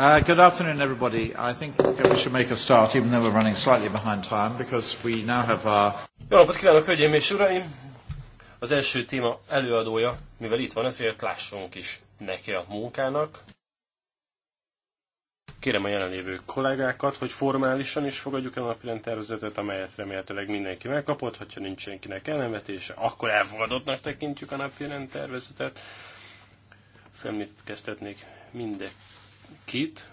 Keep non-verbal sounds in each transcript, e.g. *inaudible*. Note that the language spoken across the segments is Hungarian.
Uh, good afternoon, everybody. I think we should make a start, even though we're running slightly behind time, because we now have our... Jó napot kívánok, hölgyeim és uraim! Az első téma előadója, mivel itt van, ezért lássunk is neki a munkának. Kérem a jelenlévő kollégákat, hogy formálisan is fogadjuk el a napirend tervezetet, amelyet remélhetőleg mindenki megkapott, hogyha nincs senkinek ellenvetése, akkor elfogadottnak tekintjük a napirend tervezetet. kezdhetnék mindenki kit.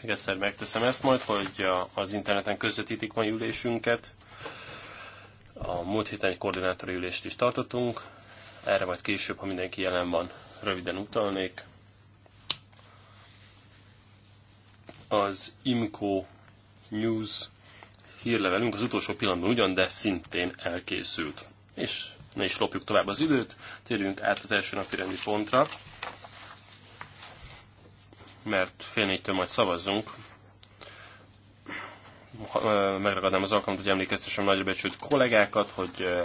Még egyszer megteszem ezt majd, hogy az interneten közvetítik mai ülésünket. A múlt héten egy koordinátori ülést is tartottunk. Erre majd később, ha mindenki jelen van, röviden utalnék. Az IMCO News hírlevelünk az utolsó pillanatban ugyan, de szintén elkészült. És ne is lopjuk tovább az időt, térjünk át az első napi rendi pontra mert fél négytől majd szavazzunk. Megragadnám az alkalmat, hogy emlékeztessem nagybecsült kollégákat, hogy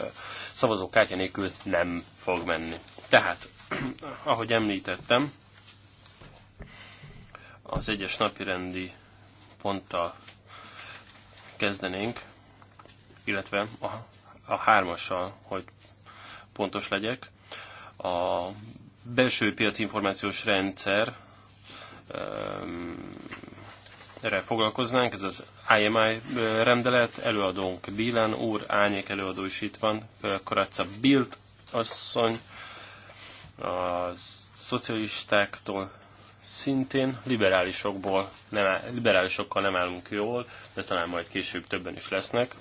szavazókártya nélkül nem fog menni. Tehát, *clears throat* ahogy említettem, az egyes napirendi ponttal kezdenénk, illetve a, a hármassal, hogy pontos legyek. A belső piaci információs rendszer erre foglalkoznánk, ez az IMI rendelet, előadónk bílán úr, Ányék előadó is itt van, Karácsa Bilt asszony, a szocialistáktól szintén, liberálisokból nem, liberálisokkal nem állunk jól, de talán majd később többen is lesznek.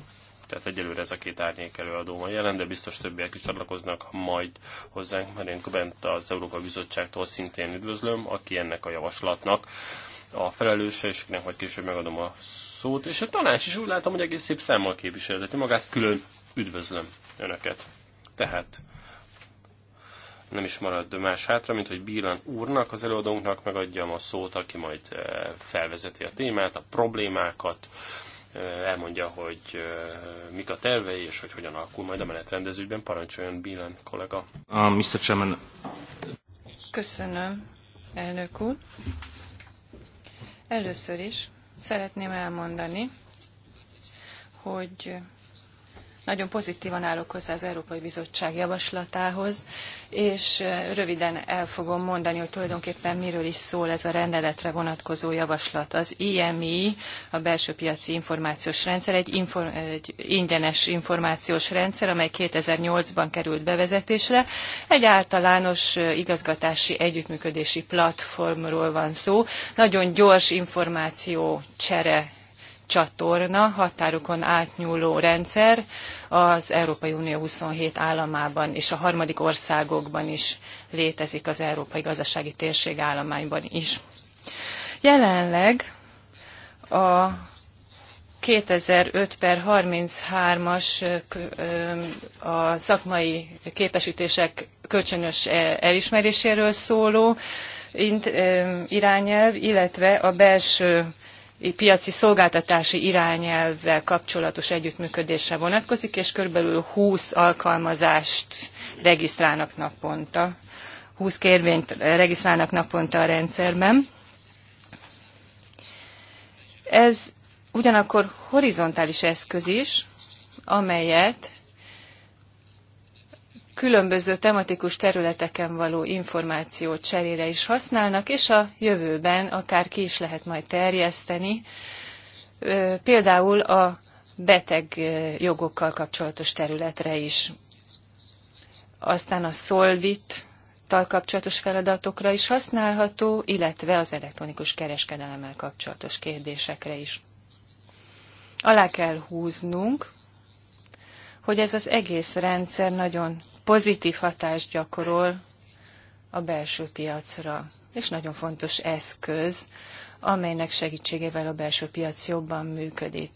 Tehát egyelőre ez a két árnyék előadó van jelen, de biztos többiek is csatlakoznak majd hozzánk, mert én Bent az Európai Bizottságtól szintén üdvözlöm, aki ennek a javaslatnak a felelőse, és akinek majd később megadom a szót. És a tanács is úgy látom, hogy egész szép számmal képviselteti magát, külön üdvözlöm Önöket. Tehát nem is marad más hátra, mint hogy Bílan úrnak, az előadónknak megadjam a szót, aki majd eh, felvezeti a témát, a problémákat, elmondja, hogy mik a tervei, és hogy hogyan alakul majd a menetrendezőben. Parancsoljon Bílen kollega. A Mr. Chairman. Köszönöm, elnök úr. Először is szeretném elmondani, hogy nagyon pozitívan állok hozzá az Európai Bizottság javaslatához, és röviden el fogom mondani, hogy tulajdonképpen miről is szól ez a rendeletre vonatkozó javaslat. Az IMI, a belső piaci információs rendszer, egy, infor, egy ingyenes információs rendszer, amely 2008-ban került bevezetésre. Egy általános igazgatási együttműködési platformról van szó. Nagyon gyors információ csere csatorna, határokon átnyúló rendszer az Európai Unió 27 államában és a harmadik országokban is létezik az Európai Gazdasági Térség állományban is. Jelenleg a 2005 per 33-as a szakmai képesítések kölcsönös e, elismeréséről szóló irányelv, illetve a belső piaci szolgáltatási irányelvvel kapcsolatos együttműködésre vonatkozik, és körülbelül 20 alkalmazást regisztrálnak naponta. 20 kérvényt regisztrálnak naponta a rendszerben. Ez ugyanakkor horizontális eszköz is, amelyet különböző tematikus területeken való információ cserére is használnak, és a jövőben akár ki is lehet majd terjeszteni, például a beteg jogokkal kapcsolatos területre is. Aztán a Solvit tal kapcsolatos feladatokra is használható, illetve az elektronikus kereskedelemmel kapcsolatos kérdésekre is. Alá kell húznunk, hogy ez az egész rendszer nagyon pozitív hatást gyakorol a belső piacra, és nagyon fontos eszköz, amelynek segítségével a belső piac jobban működik.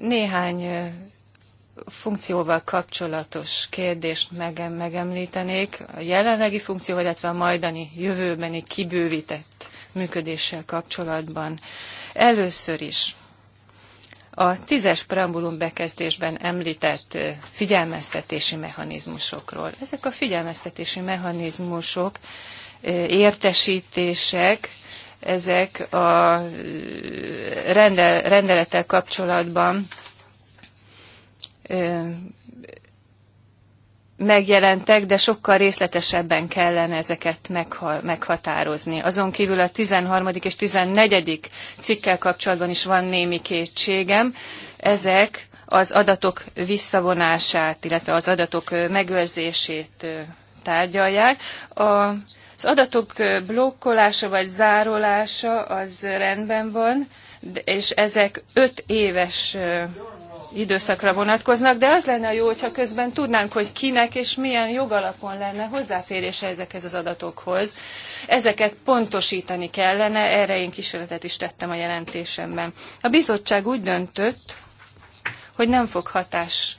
Néhány funkcióval kapcsolatos kérdést megem, megemlítenék. A jelenlegi funkció, illetve a majdani jövőbeni kibővített működéssel kapcsolatban. Először is a tízes preambulum bekezdésben említett figyelmeztetési mechanizmusokról. Ezek a figyelmeztetési mechanizmusok, értesítések, ezek a rendel, rendelettel kapcsolatban megjelentek, de sokkal részletesebben kellene ezeket meghatározni. Azon kívül a 13. és 14. cikkel kapcsolatban is van némi kétségem. Ezek az adatok visszavonását, illetve az adatok megőrzését tárgyalják. Az adatok blokkolása vagy zárolása az rendben van, és ezek öt éves időszakra vonatkoznak, de az lenne jó, hogyha közben tudnánk, hogy kinek és milyen jogalapon lenne hozzáférése ezekhez az adatokhoz. Ezeket pontosítani kellene, erre én kísérletet is tettem a jelentésemben. A bizottság úgy döntött, hogy nem fog hatás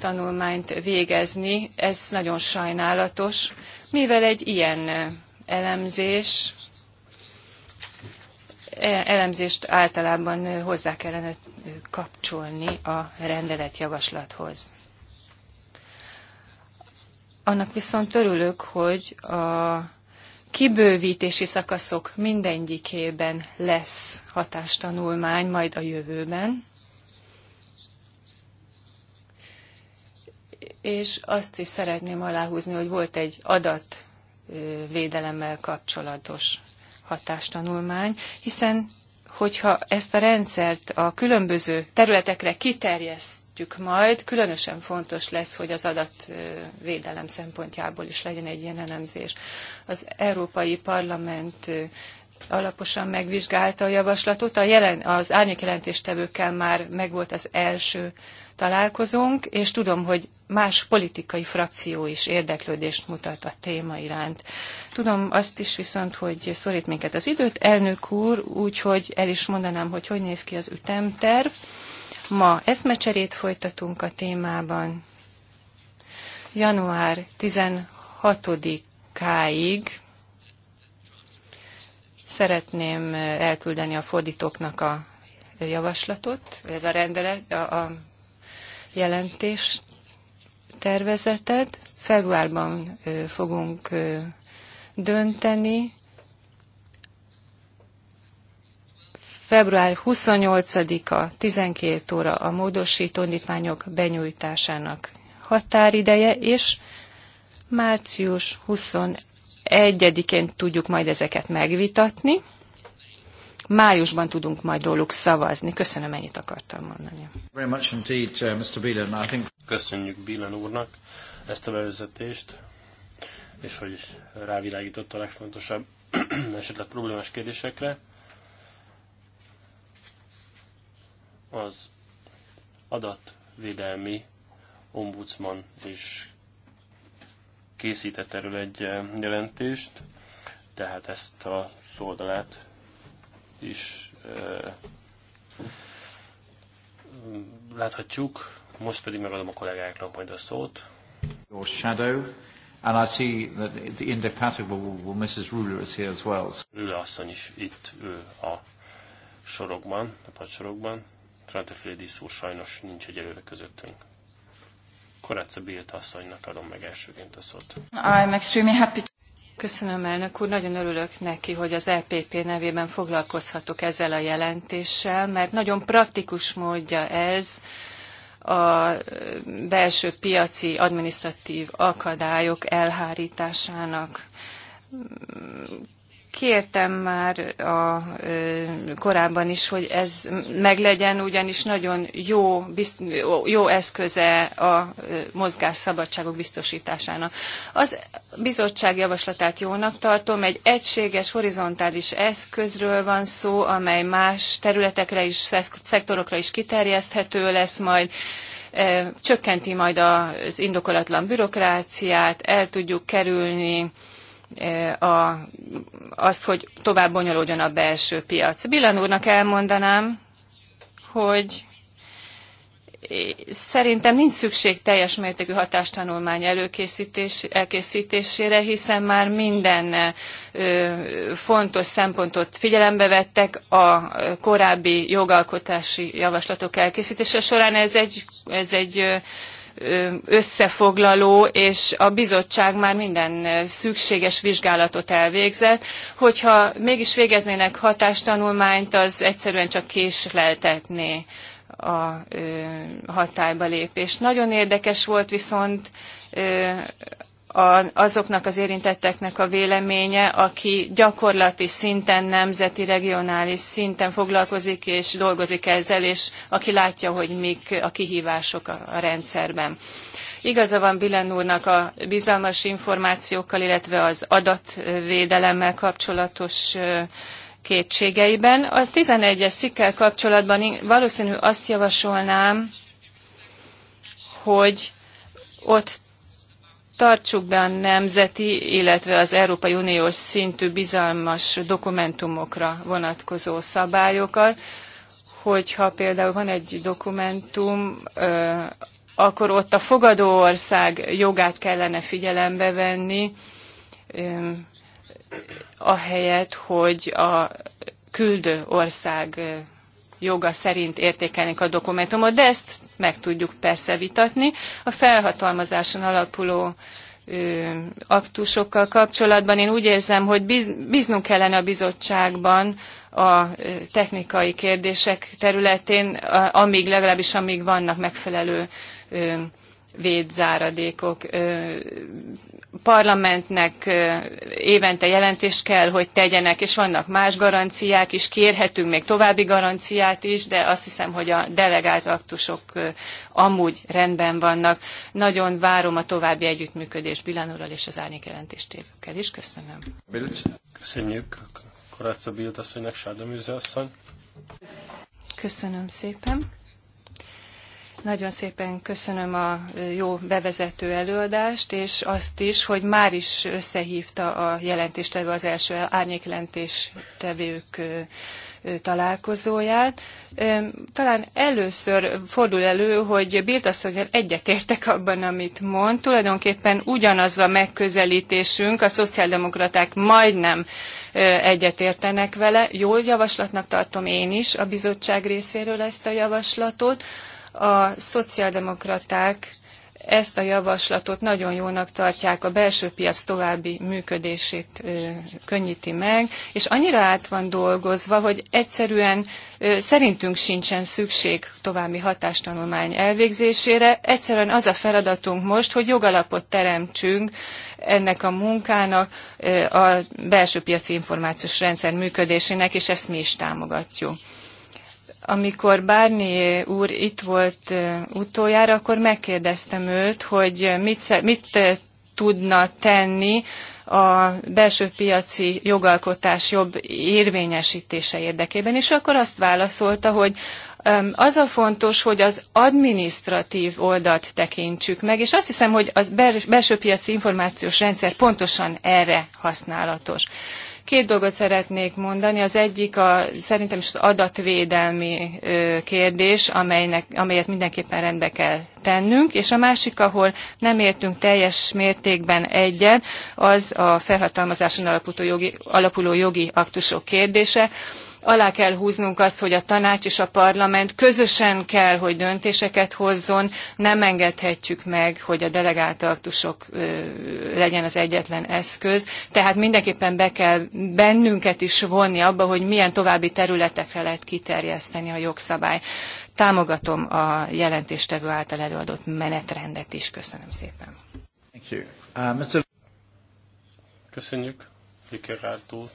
tanulmányt végezni, ez nagyon sajnálatos, mivel egy ilyen elemzés, e- elemzést általában hozzá kellene kapcsolni a rendeletjavaslathoz. Annak viszont örülök, hogy a kibővítési szakaszok mindegyikében lesz hatástanulmány majd a jövőben, és azt is szeretném aláhúzni, hogy volt egy adatvédelemmel kapcsolatos hatástanulmány, hiszen hogyha ezt a rendszert a különböző területekre kiterjesztjük majd, különösen fontos lesz, hogy az adatvédelem szempontjából is legyen egy ilyen elemzés. Az Európai Parlament alaposan megvizsgálta a javaslatot. A jelen, az árnyékjelentéstevőkkel már megvolt az első találkozunk, és tudom, hogy más politikai frakció is érdeklődést mutat a téma iránt. Tudom azt is viszont, hogy szorít minket az időt, elnök úr, úgyhogy el is mondanám, hogy hogy néz ki az ütemterv. Ma eszmecserét folytatunk a témában. Január 16-áig szeretném elküldeni a fordítóknak a javaslatot, ez a rendelet, a, a jelentés tervezetet. Februárban fogunk dönteni. Február 28-a 12 óra a módosító indítványok benyújtásának határideje, és március 21-én tudjuk majd ezeket megvitatni májusban tudunk majd róluk szavazni. Köszönöm, ennyit akartam mondani. Uh, Köszönjük Bílen úrnak ezt a bevezetést, és hogy rávilágított a legfontosabb *clears throat* esetleg problémás kérdésekre. Az adatvédelmi ombudsman is készített erről egy uh, jelentést, tehát ezt a oldalát is láthatjuk. Most pedig megadom a kollégáknak majd a szót. Your shadow, and I see that the indefatigable Mrs. Ruler is here as well. Ruler asszony is itt ő a sorokban, a padsorokban. Trantefilidi szó sajnos nincs egyelőre közöttünk. Koráca Bilt asszonynak adom meg elsőként a szót. I'm extremely happy. Köszönöm, elnök úr. Nagyon örülök neki, hogy az EPP nevében foglalkozhatok ezzel a jelentéssel, mert nagyon praktikus módja ez a belső piaci adminisztratív akadályok elhárításának kértem már a, korábban is, hogy ez meglegyen, ugyanis nagyon jó, bizt, jó eszköze a mozgás szabadságok biztosításának. Az bizottság javaslatát jónak tartom, egy egységes, horizontális eszközről van szó, amely más területekre is, szektorokra is kiterjeszthető lesz majd, csökkenti majd az indokolatlan bürokráciát, el tudjuk kerülni, a, azt, hogy tovább bonyolódjon a belső piac. Billan úrnak elmondanám, hogy szerintem nincs szükség teljes mértékű hatástanulmány előkészítés, elkészítésére, hiszen már minden ö, fontos szempontot figyelembe vettek a korábbi jogalkotási javaslatok elkészítése során. Ez egy, ez egy ö, összefoglaló, és a bizottság már minden szükséges vizsgálatot elvégzett. Hogyha mégis végeznének hatástanulmányt, az egyszerűen csak késleltetné a hatályba lépést. Nagyon érdekes volt viszont azoknak az érintetteknek a véleménye, aki gyakorlati szinten, nemzeti, regionális szinten foglalkozik és dolgozik ezzel, és aki látja, hogy mik a kihívások a rendszerben. Igaza van Billen úrnak a bizalmas információkkal, illetve az adatvédelemmel kapcsolatos kétségeiben. A 11-es szikkel kapcsolatban valószínű azt javasolnám, hogy ott tartsuk be a nemzeti, illetve az Európai Uniós szintű bizalmas dokumentumokra vonatkozó szabályokat, hogyha például van egy dokumentum, akkor ott a fogadó ország jogát kellene figyelembe venni, ahelyett, hogy a küldő ország joga szerint értékelnék a dokumentumot, de ezt meg tudjuk persze vitatni. A felhatalmazáson alapuló aktusokkal kapcsolatban én úgy érzem, hogy bíznunk kellene a bizottságban a technikai kérdések területén, amíg legalábbis amíg vannak megfelelő védzáradékok. Parlamentnek évente jelentés kell, hogy tegyenek, és vannak más garanciák is, kérhetünk még további garanciát is, de azt hiszem, hogy a delegált aktusok amúgy rendben vannak. Nagyon várom a további együttműködést Bilánóral és az árnyék jelentéstévőkkel is. Köszönöm. Köszönjük Karácsa Bild asszonynak, Sáda Műze asszony. Köszönöm szépen. Nagyon szépen köszönöm a jó bevezető előadást, és azt is, hogy már is összehívta a jelentéstevő az első árnyékjelentéstevők találkozóját. Talán először fordul elő, hogy Biltasszonyjal egyetértek abban, amit mond. Tulajdonképpen ugyanaz a megközelítésünk, a szociáldemokraták majdnem egyetértenek vele. Jó javaslatnak tartom én is a bizottság részéről ezt a javaslatot. A szociáldemokraták ezt a javaslatot nagyon jónak tartják, a belső piac további működését ö, könnyíti meg, és annyira át van dolgozva, hogy egyszerűen ö, szerintünk sincsen szükség további hatástanulmány elvégzésére. Egyszerűen az a feladatunk most, hogy jogalapot teremtsünk ennek a munkának, ö, a belső piaci információs rendszer működésének, és ezt mi is támogatjuk amikor Bárnié úr itt volt utoljára, akkor megkérdeztem őt, hogy mit, mit tudna tenni a belső piaci jogalkotás jobb érvényesítése érdekében, és akkor azt válaszolta, hogy az a fontos, hogy az administratív oldalt tekintsük meg, és azt hiszem, hogy az belső piaci információs rendszer pontosan erre használatos. Két dolgot szeretnék mondani. Az egyik a, szerintem is az adatvédelmi kérdés, amelynek, amelyet mindenképpen rendbe kell tennünk, és a másik, ahol nem értünk teljes mértékben egyet, az a felhatalmazáson alapuló jogi, alapuló jogi aktusok kérdése alá kell húznunk azt, hogy a tanács és a parlament közösen kell, hogy döntéseket hozzon, nem engedhetjük meg, hogy a delegált aktusok legyen az egyetlen eszköz. Tehát mindenképpen be kell bennünket is vonni abba, hogy milyen további területekre lehet kiterjeszteni a jogszabály. Támogatom a jelentéstevő által előadott menetrendet is. Köszönöm szépen. Thank you. Uh, Mr. Köszönjük, Likerárd úr.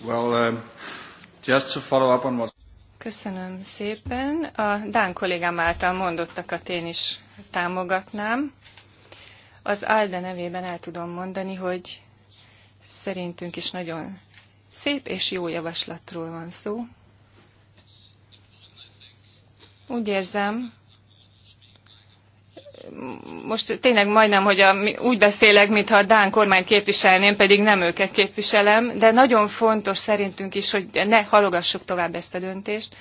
Well, um, just to follow up on what... Köszönöm szépen. A Dán kollégám által mondottakat én is támogatnám. Az Alde nevében el tudom mondani, hogy szerintünk is nagyon szép és jó javaslatról van szó. Úgy érzem, most tényleg majdnem, hogy a, úgy beszélek, mintha a Dán kormány képviselném, pedig nem őket képviselem, de nagyon fontos szerintünk is, hogy ne halogassuk tovább ezt a döntést.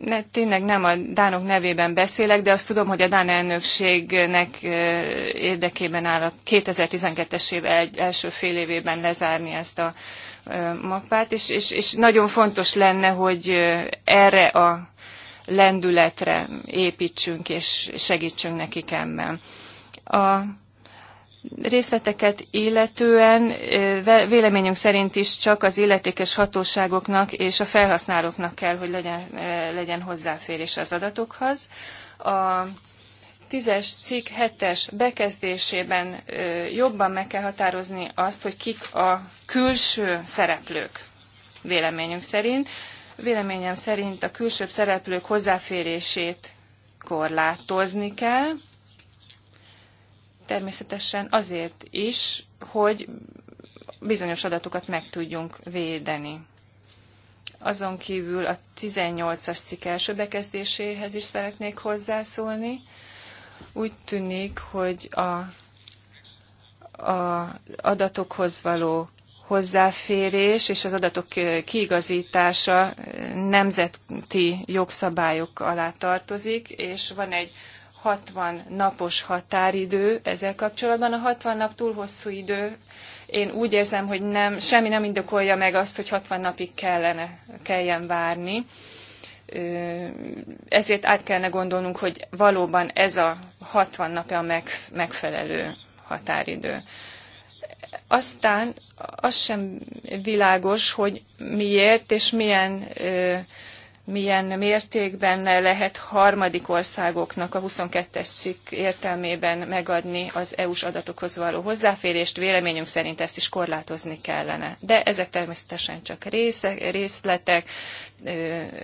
Ne, tényleg nem a dánok nevében beszélek, de azt tudom, hogy a dán elnökségnek érdekében áll a 2012-es év első fél évében lezárni ezt a mappát, és, és, és nagyon fontos lenne, hogy erre a lendületre építsünk és segítsünk nekik ebben. A részleteket illetően véleményünk szerint is csak az illetékes hatóságoknak és a felhasználóknak kell, hogy legyen, legyen hozzáférés az adatokhoz. A 10-es cikk 7-es bekezdésében jobban meg kell határozni azt, hogy kik a külső szereplők véleményünk szerint. Véleményem szerint a külsőbb szereplők hozzáférését korlátozni kell, természetesen azért is, hogy bizonyos adatokat meg tudjunk védeni. Azon kívül a 18-as cikk első bekezdéséhez is szeretnék hozzászólni. Úgy tűnik, hogy a a adatokhoz való hozzáférés és az adatok kiigazítása nemzeti jogszabályok alá tartozik, és van egy 60 napos határidő ezzel kapcsolatban. A 60 nap túl hosszú idő. Én úgy érzem, hogy nem, semmi nem indokolja meg azt, hogy 60 napig kellene, kelljen várni ezért át kellene gondolnunk, hogy valóban ez a 60 napja a megfelelő határidő. Aztán az sem világos, hogy miért és milyen milyen mértékben lehet harmadik országoknak a 22-es cikk értelmében megadni az EU-s adatokhoz való hozzáférést. Véleményünk szerint ezt is korlátozni kellene. De ezek természetesen csak részek, részletek,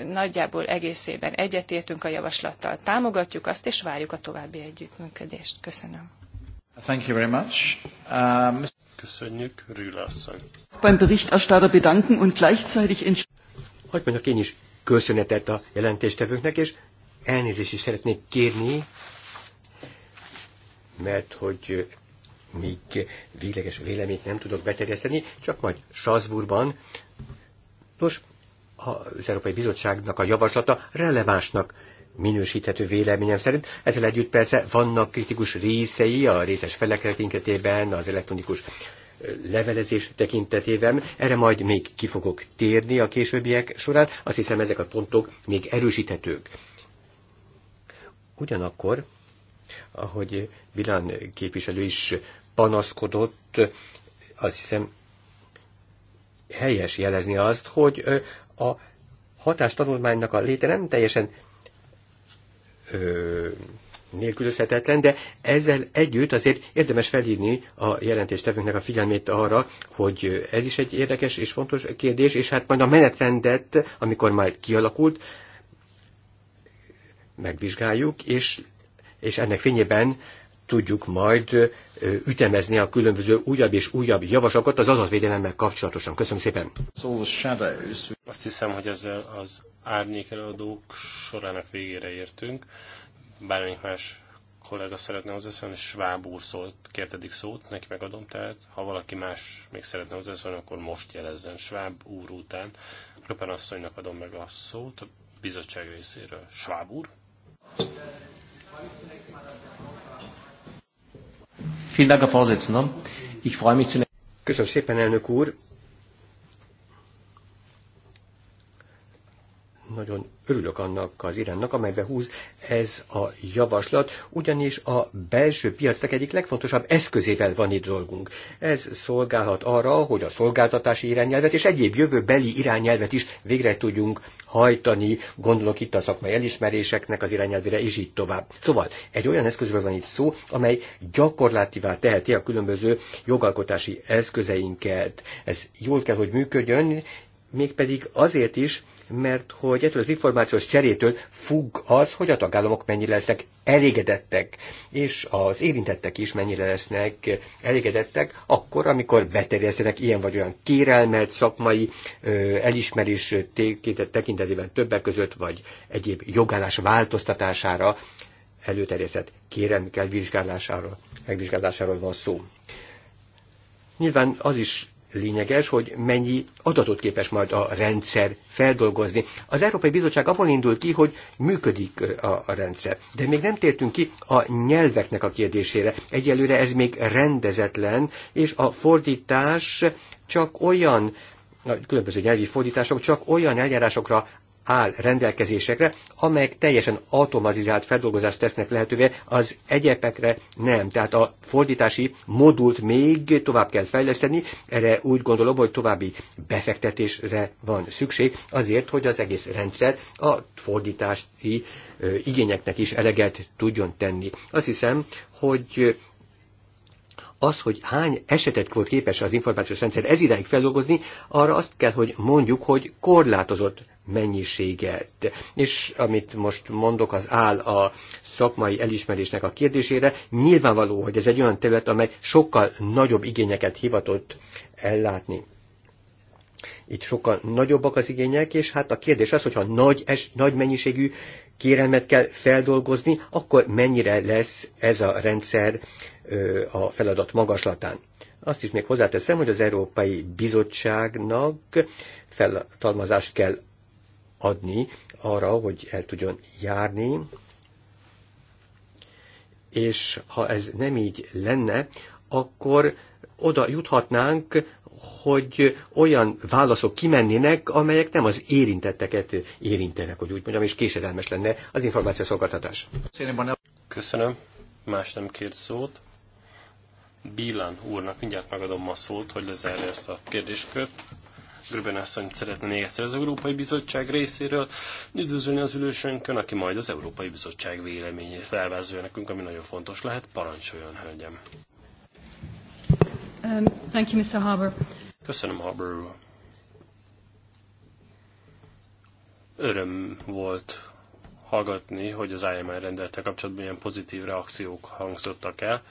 nagyjából egészében egyetértünk a javaslattal. Támogatjuk azt, és várjuk a további együttműködést. Köszönöm. Thank you very much. Um... Köszönjük, Beim Berichterstatter bedanken und gleichzeitig... Hogy mondjak én is köszönetet a jelentéstevőknek, és elnézést is szeretnék kérni, mert hogy még végleges véleményt nem tudok beterjeszteni, csak majd Salzburgban. Nos, az Európai Bizottságnak a javaslata relevánsnak minősíthető véleményem szerint. Ezzel együtt persze vannak kritikus részei a részes felek az elektronikus levelezés tekintetében. Erre majd még ki fogok térni a későbbiek során. Azt hiszem ezek a pontok még erősíthetők. Ugyanakkor, ahogy Bilán képviselő is panaszkodott, azt hiszem helyes jelezni azt, hogy a hatástanulmánynak a léte nem teljesen ö, nélkülözhetetlen, de ezzel együtt azért érdemes felírni a jelentéstevőnknek a figyelmét arra, hogy ez is egy érdekes és fontos kérdés, és hát majd a menetrendet, amikor már kialakult, megvizsgáljuk, és, és ennek fényében tudjuk majd ütemezni a különböző újabb és újabb javaslatokat az adatvédelemmel kapcsolatosan. Köszönöm szépen! Azt hiszem, hogy ezzel az árnyékeladók sorának végére értünk bármelyik más kollega szeretne hozzászólni, Schwab úr szólt, kért eddig szót, neki megadom, tehát ha valaki más még szeretne hozzászólni, akkor most jelezzen. Schwab úr után Röpen asszonynak adom meg a szót a bizottság részéről. Schwab úr? Köszönöm szépen, elnök úr. nagyon örülök annak az iránynak, amelybe húz ez a javaslat, ugyanis a belső piacnak egyik legfontosabb eszközével van itt dolgunk. Ez szolgálhat arra, hogy a szolgáltatási irányelvet és egyéb jövőbeli irányelvet is végre tudjunk hajtani, gondolok itt a szakmai elismeréseknek az irányelvére, és így tovább. Szóval egy olyan eszközről van itt szó, amely gyakorlatívá teheti a különböző jogalkotási eszközeinket. Ez jól kell, hogy működjön, mégpedig azért is, mert hogy ettől az információs cserétől függ az, hogy a tagállamok mennyire lesznek elégedettek, és az érintettek is mennyire lesznek elégedettek, akkor, amikor beterjesztenek ilyen vagy olyan kérelmet, szakmai ö, elismerés tekintetében többek között, vagy egyéb jogállás változtatására előterjesztett kérelmük elvizsgálásáról, megvizsgálásáról van szó. Nyilván az is lényeges, hogy mennyi adatot képes majd a rendszer feldolgozni. Az Európai Bizottság abból indul ki, hogy működik a, rendszer. De még nem tértünk ki a nyelveknek a kérdésére. Egyelőre ez még rendezetlen, és a fordítás csak olyan a különböző nyelvi fordítások csak olyan eljárásokra áll rendelkezésekre, amelyek teljesen automatizált feldolgozást tesznek lehetővé, az egyepekre nem. Tehát a fordítási modult még tovább kell fejleszteni, erre úgy gondolom, hogy további befektetésre van szükség, azért, hogy az egész rendszer a fordítási igényeknek is eleget tudjon tenni. Azt hiszem, hogy az, hogy hány esetet volt képes az információs rendszer ez idáig feldolgozni, arra azt kell, hogy mondjuk, hogy korlátozott mennyiséget. És amit most mondok, az áll a szakmai elismerésnek a kérdésére. Nyilvánvaló, hogy ez egy olyan terület, amely sokkal nagyobb igényeket hivatott ellátni. Itt sokkal nagyobbak az igények, és hát a kérdés az, hogyha nagy, es, nagy mennyiségű kérelmet kell feldolgozni, akkor mennyire lesz ez a rendszer a feladat magaslatán. Azt is még hozzáteszem, hogy az Európai Bizottságnak feltalmazást kell adni arra, hogy el tudjon járni, és ha ez nem így lenne, akkor oda juthatnánk, hogy olyan válaszok kimennének, amelyek nem az érintetteket érintenek, hogy úgy mondjam, és késedelmes lenne az információszolgáltatás. Köszönöm. Más nem kért szót. Bílán úrnak mindjárt megadom a szót, hogy lezárja ezt a kérdéskört. Gröben asszony szeretne még egyszer az Európai Bizottság részéről üdvözölni az ülősönkön, aki majd az Európai Bizottság véleményét felvázolja nekünk, ami nagyon fontos lehet. Parancsoljon, hölgyem! Um, thank you, Mr. Harbour. Köszönöm, Harbour Öröm volt hallgatni, hogy az IMR rendelte kapcsolatban ilyen pozitív reakciók hangzottak el.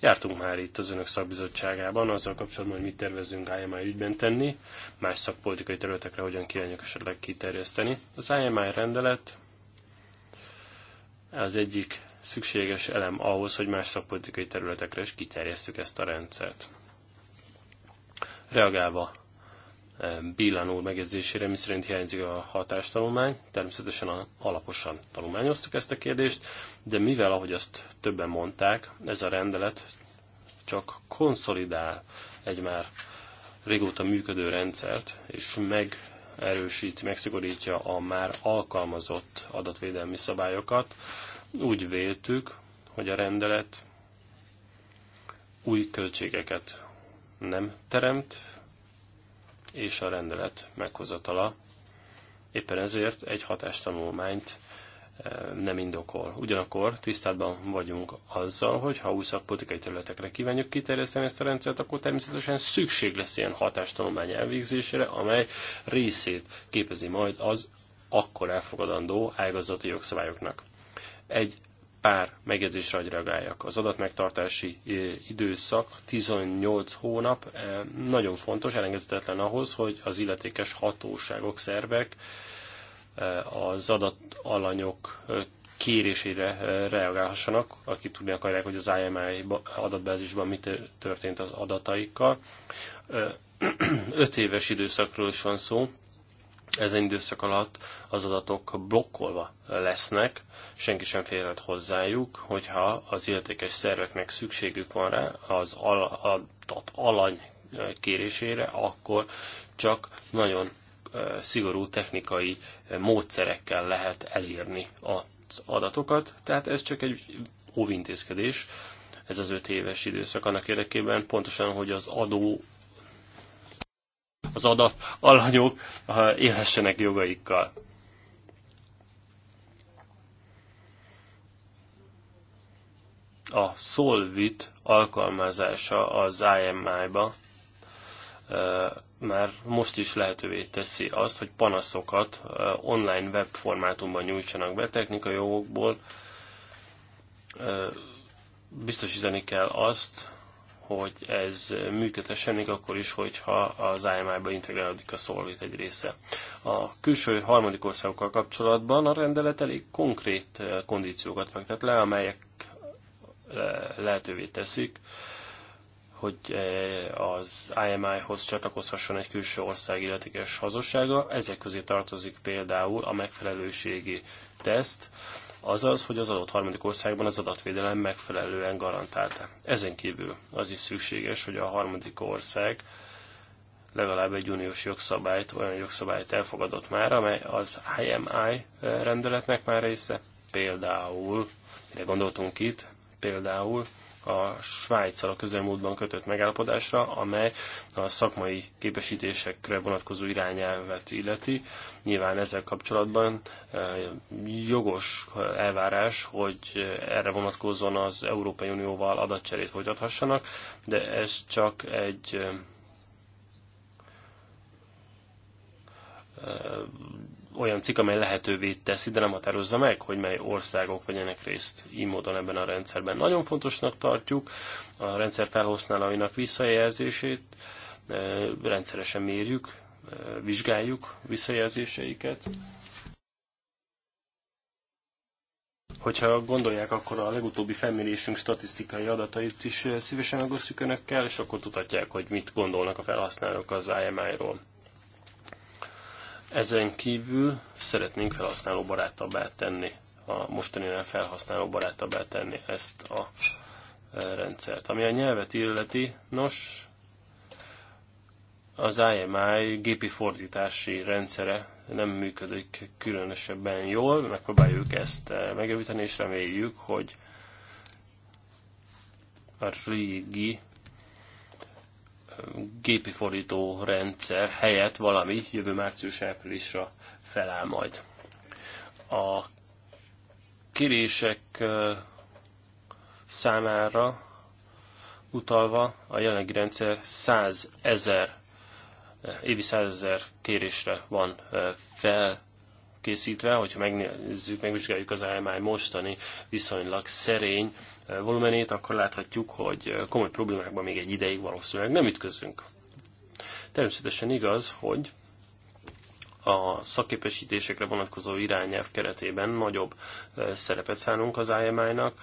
Jártunk már itt az önök szakbizottságában, azzal kapcsolatban, hogy mit tervezünk IMI ügyben tenni, más szakpolitikai területekre hogyan kívánjuk esetleg kiterjeszteni. Az IMI rendelet az egyik szükséges elem ahhoz, hogy más szakpolitikai területekre is kiterjesszük ezt a rendszert. Reagálva eh, Billán úr megjegyzésére, miszerint hiányzik a hatástanulmány, természetesen alaposan tanulmányoztuk ezt a kérdést, de mivel, ahogy azt többen mondták, ez a rendelet csak konszolidál egy már régóta működő rendszert, és megerősíti, megszigorítja a már alkalmazott adatvédelmi szabályokat, úgy véltük, hogy a rendelet új költségeket nem teremt, és a rendelet meghozatala. Éppen ezért egy hatástanulmányt eh, nem indokol. Ugyanakkor tisztában vagyunk azzal, hogy ha új szakpolitikai területekre kívánjuk kiterjeszteni ezt a rendszert, akkor természetesen szükség lesz ilyen hatástanulmány elvégzésére, amely részét képezi majd az akkor elfogadandó ágazati jogszabályoknak. Egy pár megjegyzésre hogy reagáljak. Az adatmegtartási időszak 18 hónap nagyon fontos, elengedhetetlen ahhoz, hogy az illetékes hatóságok, szervek az adatalanyok kérésére reagálhassanak, akik tudni akarják, hogy az IMI adatbázisban mi történt az adataikkal. *clears throat* Öt éves időszakról is van szó, ezen időszak alatt az adatok blokkolva lesznek, senki sem férhet hozzájuk, hogyha az illetékes szerveknek szükségük van rá az adat alany kérésére, akkor csak nagyon szigorú technikai módszerekkel lehet elérni az adatokat, tehát ez csak egy óvintézkedés, ez az öt éves időszak annak érdekében, pontosan, hogy az adó az adat alanyok élhessenek jogaikkal. A Solvit alkalmazása az IMI-ba már most is lehetővé teszi azt, hogy panaszokat online webformátumban nyújtsanak be technikai jogokból. Biztosítani kell azt, hogy ez működhessen még akkor is, hogyha az IMI-ba integrálódik a szolvét egy része. A külső harmadik országokkal kapcsolatban a rendelet elég konkrét eh, kondíciókat fektet le, amelyek eh, lehetővé teszik, hogy eh, az IMI-hoz csatlakozhasson egy külső ország illetékes hazossága. Ezek közé tartozik például a megfelelőségi teszt, azaz, hogy az adott harmadik országban az adatvédelem megfelelően garantálta. Ezen kívül az is szükséges, hogy a harmadik ország legalább egy uniós jogszabályt, olyan jogszabályt elfogadott már, amely az IMI eh, rendeletnek már része, például, mire gondoltunk itt, például a Svájccal a közelmúltban kötött megállapodásra, amely a szakmai képesítésekre vonatkozó irányelvet illeti. Nyilván ezzel kapcsolatban e, jogos elvárás, hogy erre vonatkozóan az Európai Unióval adatcserét folytathassanak, de ez csak egy e, olyan cikk, amely lehetővé teszi, de nem határozza meg, hogy mely országok vegyenek részt így módon ebben a rendszerben. Nagyon fontosnak tartjuk a rendszer felhasználóinak visszajelzését, e, rendszeresen mérjük, e, vizsgáljuk visszajelzéseiket. Hogyha gondolják, akkor a legutóbbi felmérésünk statisztikai adatait is e, szívesen megosztjuk önökkel, és akkor tudhatják, hogy mit gondolnak a felhasználók az IMI-ról. Ezen kívül szeretnénk felhasználó barátabbá tenni, a mostaninál felhasználó barátabbá tenni ezt a e, rendszert. Ami a nyelvet illeti, nos, az IMI gépi fordítási rendszere nem működik különösebben jól, megpróbáljuk ezt e, megjavítani, és reméljük, hogy a régi gépi fordító rendszer helyett valami jövő március-áprilisra feláll majd. A kérések számára utalva a jelenlegi rendszer 100 ezer, évi 100 ezer kérésre van fel készítve, hogyha megnézzük, megvizsgáljuk az AMI mostani viszonylag szerény eh, volumenét, akkor láthatjuk, hogy eh, komoly problémákban még egy ideig valószínűleg nem ütközünk. Természetesen igaz, hogy a szakképesítésekre vonatkozó irányelv keretében nagyobb eh, szerepet szánunk az IMI-nak,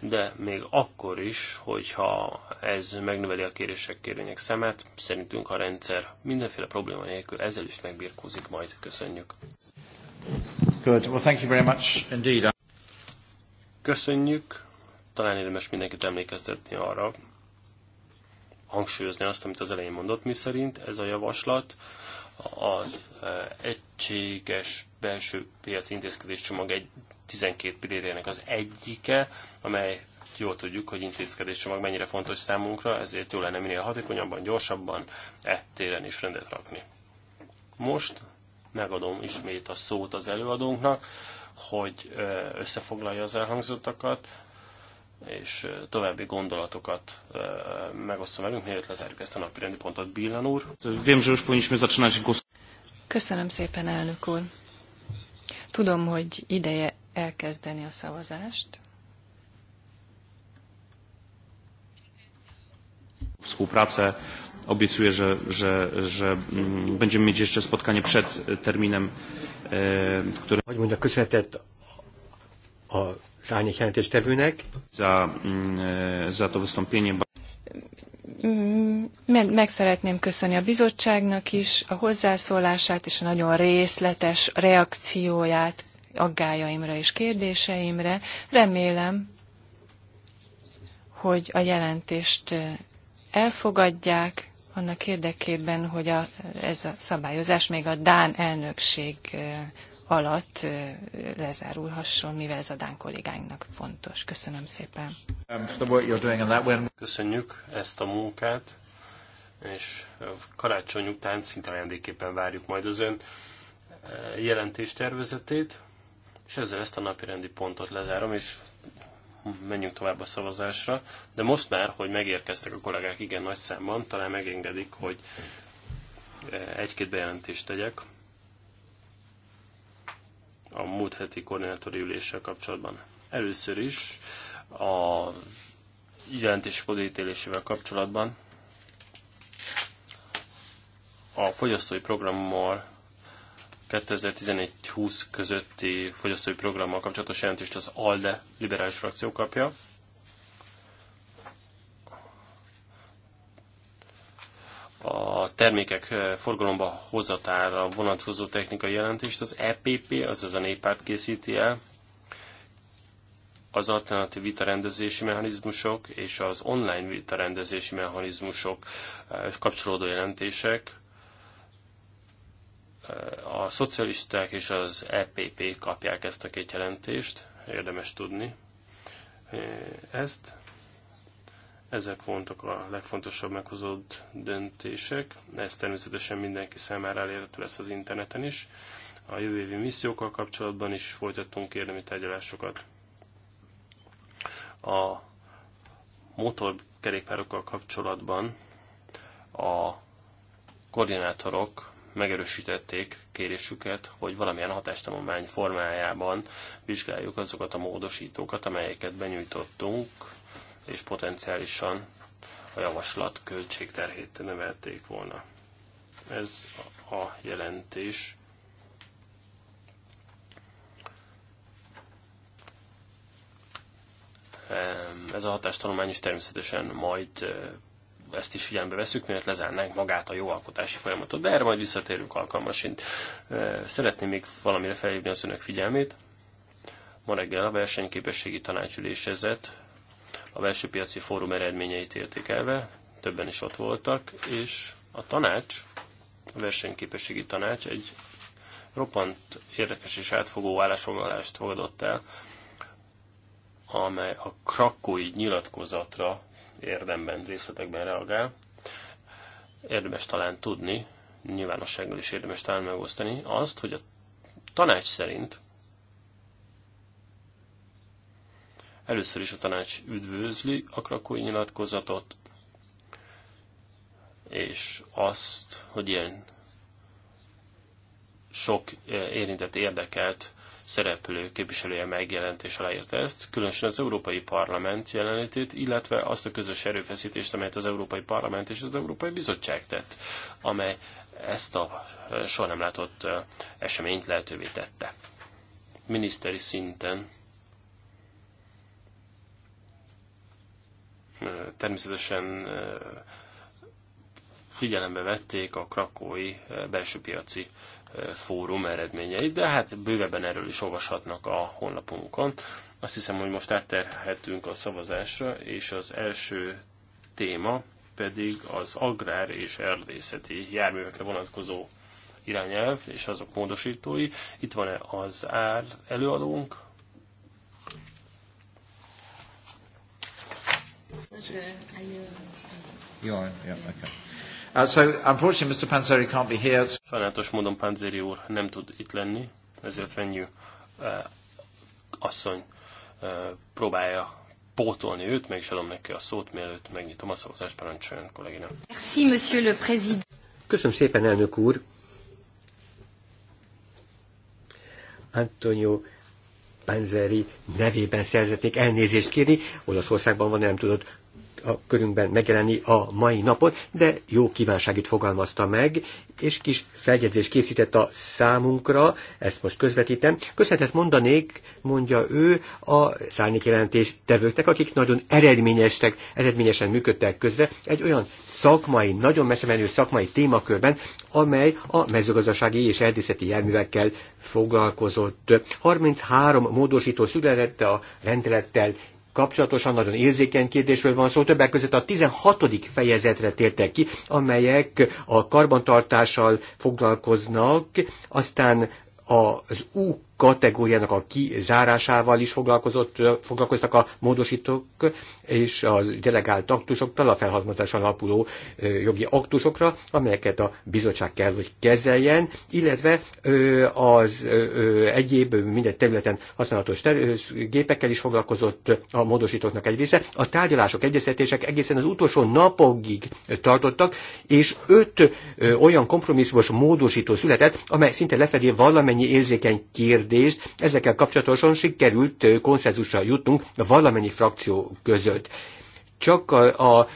de még akkor is, hogyha ez megnöveli a kérések kérvények szemet, szerintünk a rendszer mindenféle probléma nélkül ezzel is megbirkózik majd. Köszönjük! Good. Well, thank you very much indeed. Köszönjük. Talán érdemes mindenkit emlékeztetni arra, hangsúlyozni azt, amit az elején mondott, mi szerint ez a javaslat az e, egységes belső piac intézkedés csomag egy 12 pillérének az egyike, amely jól tudjuk, hogy intézkedés csomag mennyire fontos számunkra, ezért jó lenne minél hatékonyabban, gyorsabban e téren is rendet rakni. Most megadom ismét a szót az előadónknak, hogy összefoglalja az elhangzottakat, és további gondolatokat megosztom velünk, mielőtt lezárjuk ezt a napi rendi pontot. Billan úr. Köszönöm szépen, elnök úr. Tudom, hogy ideje elkezdeni a szavazást. Współpracę obiecuję, że, że, że mm, będziemy mieć jeszcze spotkanie przed terminem, w e, którym... Hogy mondjak, köszönetet az árnyék tevőnek. Za, mm, e, za to wystąpienie. Mm, meg szeretném köszönni a bizottságnak is a hozzászólását és a nagyon részletes reakcióját aggájaimra és kérdéseimre. Remélem, hogy a jelentést e, elfogadják, annak érdekében, hogy a, ez a szabályozás még a Dán elnökség alatt lezárulhasson, mivel ez a Dán kollégáinknak fontos. Köszönöm szépen. Um, Köszönjük ezt a munkát, és karácsony után szinte ajándéképpen várjuk majd az ön jelentéstervezetét, és ezzel ezt a napi rendi pontot lezárom, és menjünk tovább a szavazásra, de most már, hogy megérkeztek a kollégák igen nagy számban, talán megengedik, hogy eh, egy-két bejelentést tegyek a múlt heti koordinátori üléssel kapcsolatban. Először is a jelentési kodítélésével kapcsolatban a fogyasztói programmal 2011-20 közötti fogyasztói programmal kapcsolatos jelentést az ALDE liberális frakció kapja. A termékek eh, forgalomba hozatára vonatkozó technikai jelentést az EPP, azaz a néppárt készíti el. Az alternatív vitarendezési mechanizmusok és az online vitarendezési mechanizmusok eh, kapcsolódó jelentések a szocialisták és az EPP kapják ezt a két jelentést, érdemes tudni. Eh, ezt ezek voltak a legfontosabb meghozott döntések. Ez természetesen mindenki számára elérhető lesz az interneten is. A jövő évi missziókkal kapcsolatban is folytattunk érdemi tárgyalásokat. A motorkerékpárokkal kapcsolatban a koordinátorok megerősítették kérésüket, hogy valamilyen hatástanulmány formájában vizsgáljuk azokat a módosítókat, amelyeket benyújtottunk, és potenciálisan a javaslat költségterhét növelték volna. Ez a jelentés ez a hatástanulmány is természetesen majd ezt is figyelembe veszük, miért lezárnánk magát a jó alkotási folyamatot. De erre majd visszatérünk alkalmasint. Szeretném még valamire felhívni az önök figyelmét. Ma reggel a versenyképességi tanácsülésezett a belső piaci fórum eredményeit értékelve, többen is ott voltak, és a tanács, a versenyképességi tanács egy roppant érdekes és átfogó állásfoglalást fogadott el, amely a krakói nyilatkozatra érdemben, részletekben reagál. Érdemes talán tudni, nyilvánossággal is érdemes talán megosztani, azt, hogy a tanács szerint először is a tanács üdvözli a krakói nyilatkozatot, és azt, hogy ilyen sok eh, érintett érdekelt szereplő képviselője megjelent és aláírta ezt, különösen az Európai Parlament jelenlétét, illetve azt a közös erőfeszítést, amelyet az Európai Parlament és az Európai Bizottság tett, amely ezt a eh, soha nem látott eh, eseményt lehetővé tette. Miniszteri szinten eh, természetesen figyelembe vették a krakói belső piaci fórum eredményeit, de hát bővebben erről is olvashatnak a honlapunkon. Azt hiszem, hogy most átterhetünk a szavazásra, és az első téma pedig az agrár és erdészeti járművekre vonatkozó irányelv és azok módosítói. Itt van-e az ár előadónk? Jó, jó, nekem. Okay. Uh, so, unfortunately, Mr. Panzeri can't be here. Sajnálatos módon Panzeri úr nem tud itt lenni, ezért Venyű uh, asszony uh, próbálja pótolni őt, meg is adom neki a szót, mielőtt megnyitom a szavazást, parancsoljon kollégina. Merci, monsieur le président. Köszönöm szépen, elnök úr. Antonio Panzeri nevében szeretnék elnézést kérni. Olaszországban van, nem tudott a körünkben megjelenni a mai napot, de jó kívánságit fogalmazta meg, és kis feljegyzést készített a számunkra, ezt most közvetítem. Köszönetet mondanék, mondja ő, a jelentés tevőknek, akik nagyon eredményesek, eredményesen működtek közre, egy olyan szakmai, nagyon messze menő szakmai témakörben, amely a mezőgazdasági és erdészeti járművekkel foglalkozott. 33 módosító született a rendelettel kapcsolatosan nagyon érzékeny kérdésről van szó. Többek között a 16. fejezetre tértek ki, amelyek a karbantartással foglalkoznak, aztán az U kategóriának a kizárásával is foglalkozott, foglalkoztak a módosítók és a delegált aktusoktól, a felhalmozáson alapuló jogi aktusokra, amelyeket a bizottság kell, hogy kezeljen, illetve az egyéb minden területen használatos gépekkel is foglalkozott a módosítóknak egy része. A tárgyalások, egyeztetések egészen az utolsó napokig tartottak, és öt olyan kompromisszumos módosító született, amely szinte lefedi valamennyi érzékeny kérdést kérdést, ezekkel kapcsolatosan sikerült konszenzusra jutnunk valamennyi frakció között. Csak a, a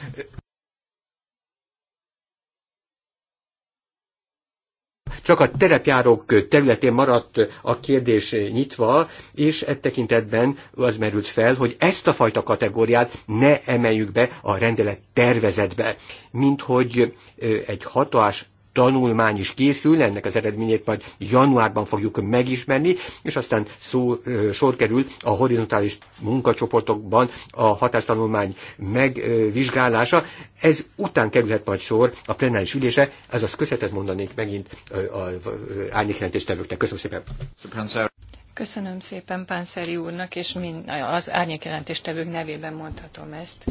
csak a terepjárók területén maradt a kérdés nyitva, és e tekintetben az merült fel, hogy ezt a fajta kategóriát ne emeljük be a rendelet tervezetbe, mint hogy egy hatás tanulmány is készül, ennek az eredményét majd januárban fogjuk megismerni, és aztán szó, sor kerül a horizontális munkacsoportokban a hatástanulmány megvizsgálása. Ez után kerülhet majd sor a plenáris ülése, az köszönetet mondanék megint a árnyékjelentéstevőknek. Köszönöm szépen! Köszönöm szépen Pánszeri úrnak, és mind, az árnyékjelentéstevők nevében mondhatom ezt.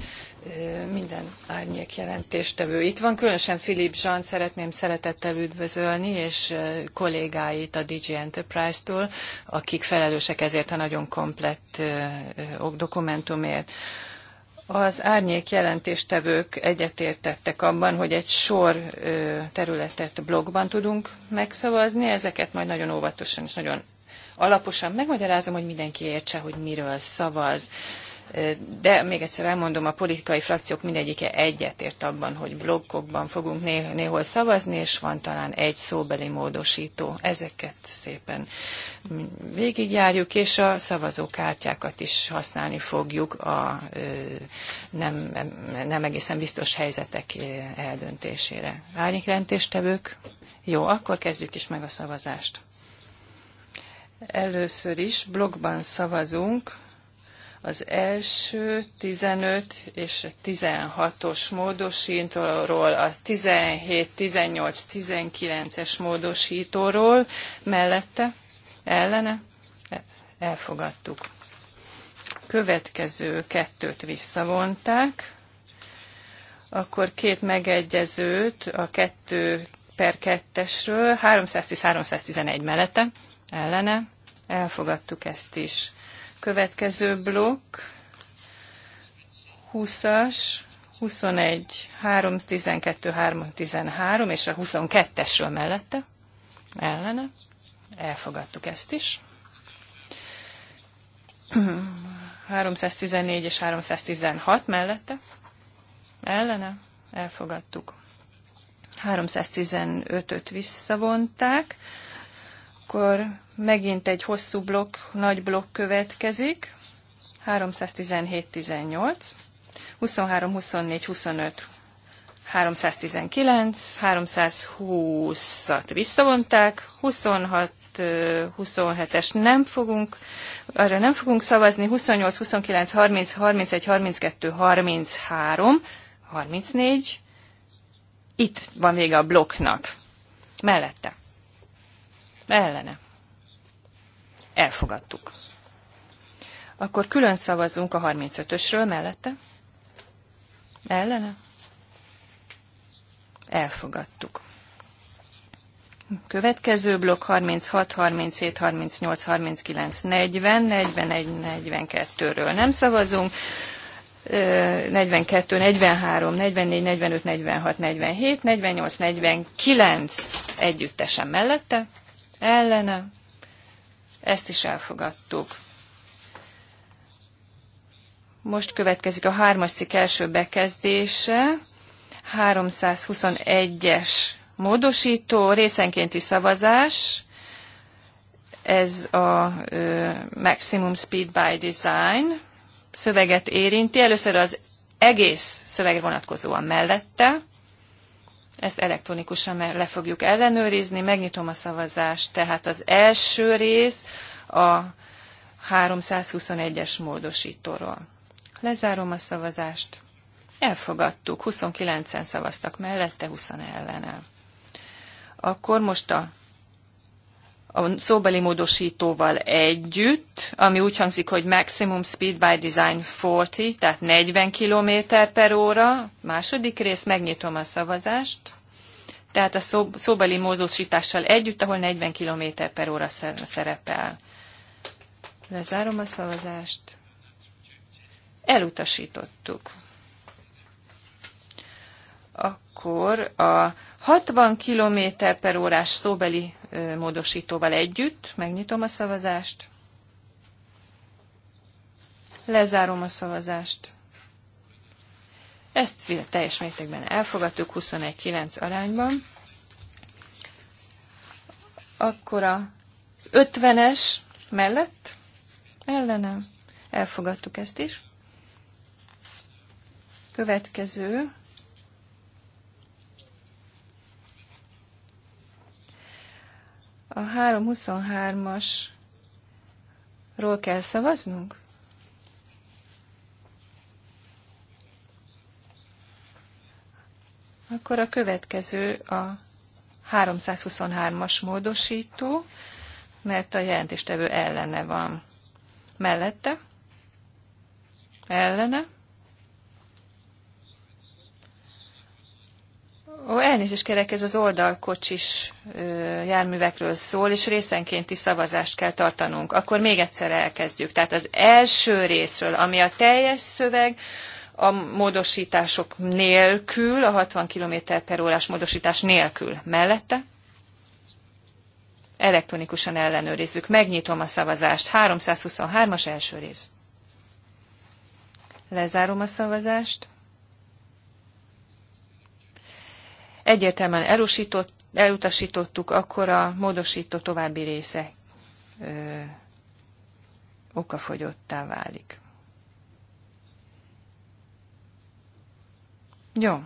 Minden árnyékjelentéstevő itt van. Különösen Filip Zsan szeretném szeretettel üdvözölni, és kollégáit a DG Enterprise-tól, akik felelősek ezért a nagyon komplett dokumentumért. Az árnyék jelentéstevők egyetértettek abban, hogy egy sor területet blogban tudunk megszavazni, ezeket majd nagyon óvatosan és nagyon alaposan megmagyarázom, hogy mindenki értse, hogy miről szavaz. De még egyszer elmondom, a politikai frakciók mindegyike egyetért abban, hogy blokkokban fogunk néhol szavazni, és van talán egy szóbeli módosító. Ezeket szépen végigjárjuk, és a szavazókártyákat is használni fogjuk a nem, nem egészen biztos helyzetek eldöntésére. Árnyékrendtéstevők? Jó, akkor kezdjük is meg a szavazást. Először is blogban szavazunk az első 15 és 16-os módosítóról, az 17, 18, 19-es módosítóról mellette, ellene elfogadtuk. Következő kettőt visszavonták, akkor két megegyezőt a 2 per 2-esről, 310-311 mellette, ellene elfogadtuk ezt is. Következő blokk, 20-as, 21, 3, 12, 3, 13 és a 22-esről mellette, ellene, elfogadtuk ezt is. 314 és 316 mellette, ellene, elfogadtuk. 315-öt visszavonták, akkor megint egy hosszú blokk, nagy blokk következik. 317-18, 23-24-25, 319, 320-at visszavonták, 26-27-es nem fogunk, arra nem fogunk szavazni, 28, 29, 30, 31, 32, 33, 34, itt van vége a blokknak. Mellette ellene. Elfogadtuk. Akkor külön szavazzunk a 35-ösről mellette. Ellene? Elfogadtuk. Következő blokk 36, 37, 38, 39, 40, 41, 42-ről nem szavazunk. 42, 43, 44, 45, 46, 47, 48, 49 együttesen mellette ellene, ezt is elfogadtuk. Most következik a hármas cikk első bekezdése, 321-es módosító, részenkénti szavazás, ez a ö, Maximum Speed by Design szöveget érinti. Először az egész szövegre vonatkozóan mellette, ezt elektronikusan le fogjuk ellenőrizni. Megnyitom a szavazást, tehát az első rész a 321-es módosítóról. Lezárom a szavazást. Elfogadtuk. 29-en szavaztak mellette, 20 ellene. Akkor most a a szóbeli módosítóval együtt, ami úgy hangzik, hogy maximum speed by design 40, tehát 40 km per óra. Második rész, megnyitom a szavazást. Tehát a szó, szóbeli módosítással együtt, ahol 40 km per óra szerepel. Lezárom a szavazást. Elutasítottuk. Akkor a 60 km per órás szóbeli módosítóval együtt. Megnyitom a szavazást. Lezárom a szavazást. Ezt teljes mértékben elfogadtuk 21-9 arányban. Akkor az 50-es mellett ellenem elfogadtuk ezt is. Következő A 323-asról kell szavaznunk? Akkor a következő a 323-as módosító, mert a jelentéstevő ellene van. Mellette? Ellene? Ó, elnézést kérek, ez az oldalkocsis járművekről szól, és részenkénti szavazást kell tartanunk. Akkor még egyszer elkezdjük. Tehát az első részről, ami a teljes szöveg, a módosítások nélkül, a 60 km per órás módosítás nélkül mellette. Elektronikusan ellenőrizzük. Megnyitom a szavazást. 323-as első rész. Lezárom a szavazást. egyértelműen elusított, elutasítottuk, akkor a módosító további része ö, okafogyottá válik. Jó.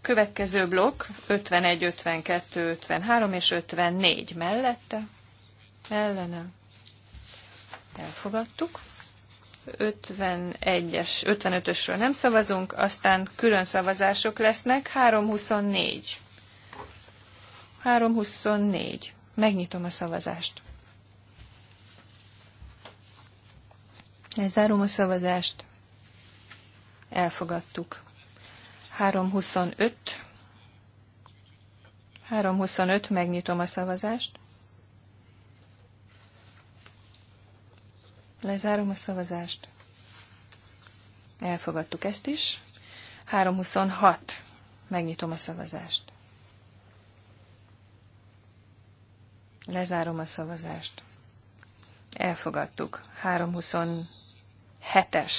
Következő blokk 51, 52, 53 és 54 mellette. Ellenem elfogadtuk. 51-es, 55-ösről nem szavazunk, aztán külön szavazások lesznek. 324. 324. Megnyitom a szavazást. Lezárom a szavazást. Elfogadtuk. 325. 325. Megnyitom a szavazást. Lezárom a szavazást. Elfogadtuk ezt is. 326. Megnyitom a szavazást. Lezárom a szavazást. Elfogadtuk. 327-es.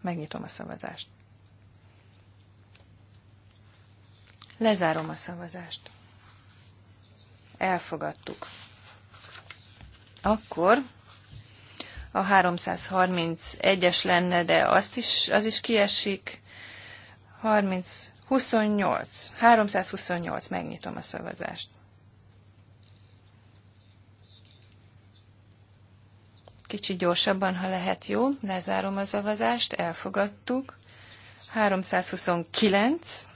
Megnyitom a szavazást. Lezárom a szavazást. Elfogadtuk. Akkor a 331-es lenne, de azt is, az is kiesik. 30, 28, 328, megnyitom a szavazást. Kicsit gyorsabban, ha lehet, jó. Lezárom a szavazást, elfogadtuk. 329,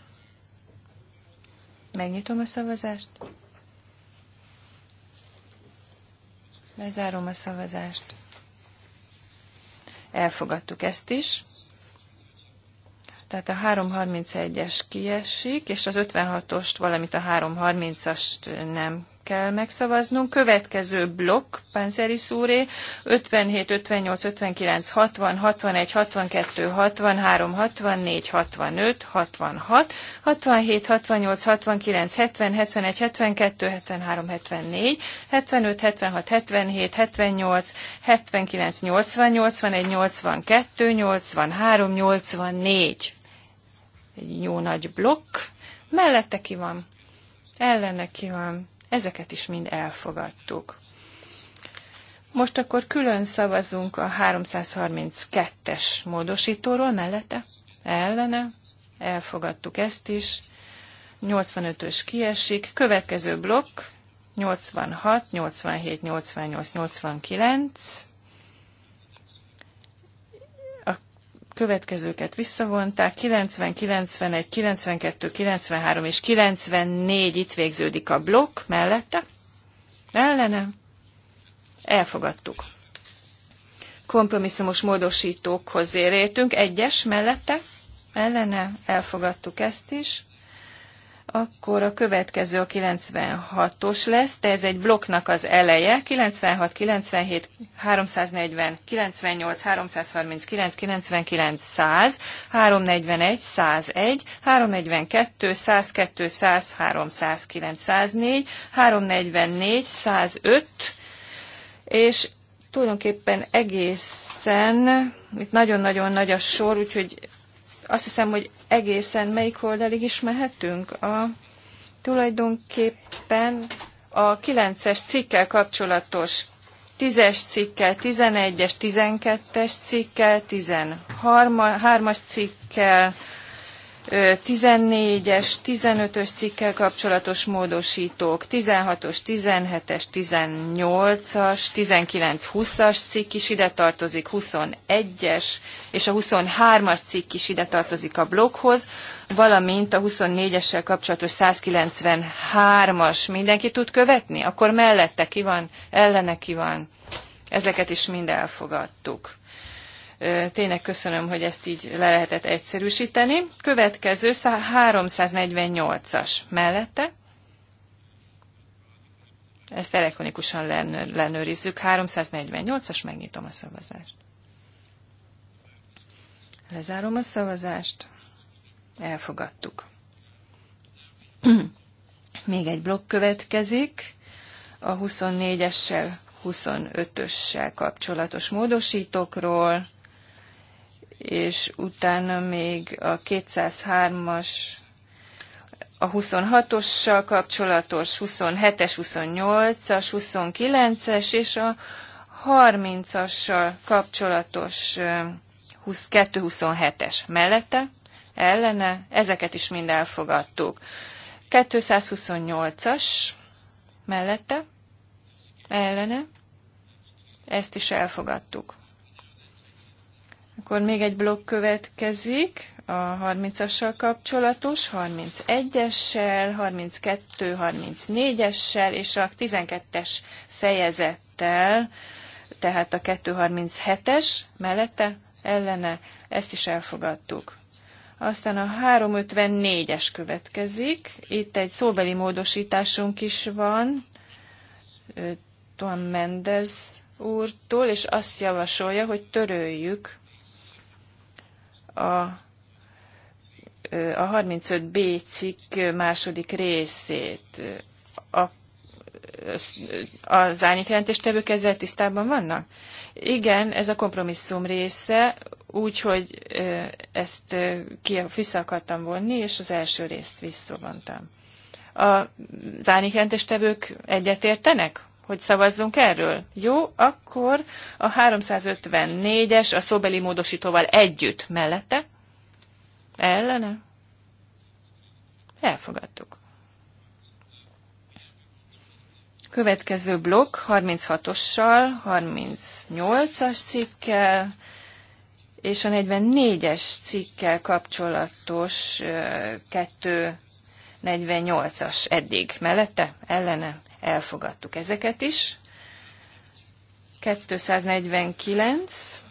megnyitom a szavazást. Lezárom a szavazást elfogadtuk ezt is. Tehát a 331-es kiesik, és az 56-ost, valamint a 330-ast nem kell megszavaznunk. Következő blokk, Panzeri Szúré, 57, 58, 59, 60, 61, 62, 63, 64, 65, 66, 67, 68, 69, 70, 71, 72, 73, 74, 75, 76, 77, 78, 79, 80, 81, 82, 83, 84. Egy jó nagy blokk. Mellette ki van? Ellene ki van? ezeket is mind elfogadtuk. Most akkor külön szavazunk a 332-es módosítóról mellette, ellene, elfogadtuk ezt is, 85-ös kiesik, következő blokk, 86, 87, 88, 89, következőket visszavonták, 90, 91, 92, 93 és 94 itt végződik a blokk mellette, ellene, elfogadtuk. Kompromisszumos módosítókhoz értünk, egyes mellette, ellene, elfogadtuk ezt is akkor a következő a 96-os lesz, de ez egy blokknak az eleje, 96, 97, 340, 98, 339, 99, 100, 341, 101, 342, 102, 100, 309, 104, 344, 105, és tulajdonképpen egészen, itt nagyon-nagyon nagy a sor, úgyhogy azt hiszem, hogy egészen melyik oldalig is mehetünk? A, tulajdonképpen a 9-es cikkel kapcsolatos 10-es cikkel, 11-es, 12-es cikkel, 13-as cikkel, 14-es, 15-ös cikkel kapcsolatos módosítók, 16-os, 17-es, 18-as, 19-20-as cikk is ide tartozik, 21-es és a 23-as cikk is ide tartozik a blokkhoz, valamint a 24-essel kapcsolatos 193-as. Mindenki tud követni? Akkor mellette ki van, ellene ki van? Ezeket is mind elfogadtuk. Tényleg köszönöm, hogy ezt így le lehetett egyszerűsíteni. Következő 348-as mellette. Ezt elektronikusan lenőrizzük. 348-as, megnyitom a szavazást. Lezárom a szavazást. Elfogadtuk. *clears throat* Még egy blokk következik. A 24-essel, 25-össel kapcsolatos módosítókról és utána még a 203-as, a 26-ossal kapcsolatos, 27-es, 28-as, 29-es és a 30-assal kapcsolatos 227-es mellette, ellene, ezeket is mind elfogadtuk. 228-as mellette, ellene, ezt is elfogadtuk. Akkor még egy blokk következik, a 30-assal kapcsolatos, 31-essel, 32, 34-essel és a 12-es fejezettel, tehát a 237-es mellette ellene, ezt is elfogadtuk. Aztán a 354-es következik, itt egy szóbeli módosításunk is van, Tom Mendez úrtól, és azt javasolja, hogy töröljük a a 35B cikk második részét. A, az árnyékjelentéstevők ezzel tisztában vannak? Igen, ez a kompromisszum része, úgyhogy ezt ki, vissza akartam vonni, és az első részt visszavontam. A Az árnyékjelentéstevők egyetértenek? hogy szavazzunk erről? Jó, akkor a 354-es a szóbeli módosítóval együtt mellette. Ellene? Elfogadtuk. Következő blokk 36-ossal, 38-as cikkel és a 44-es cikkel kapcsolatos 248-as eddig. Mellette? Ellene? elfogadtuk ezeket is. 249.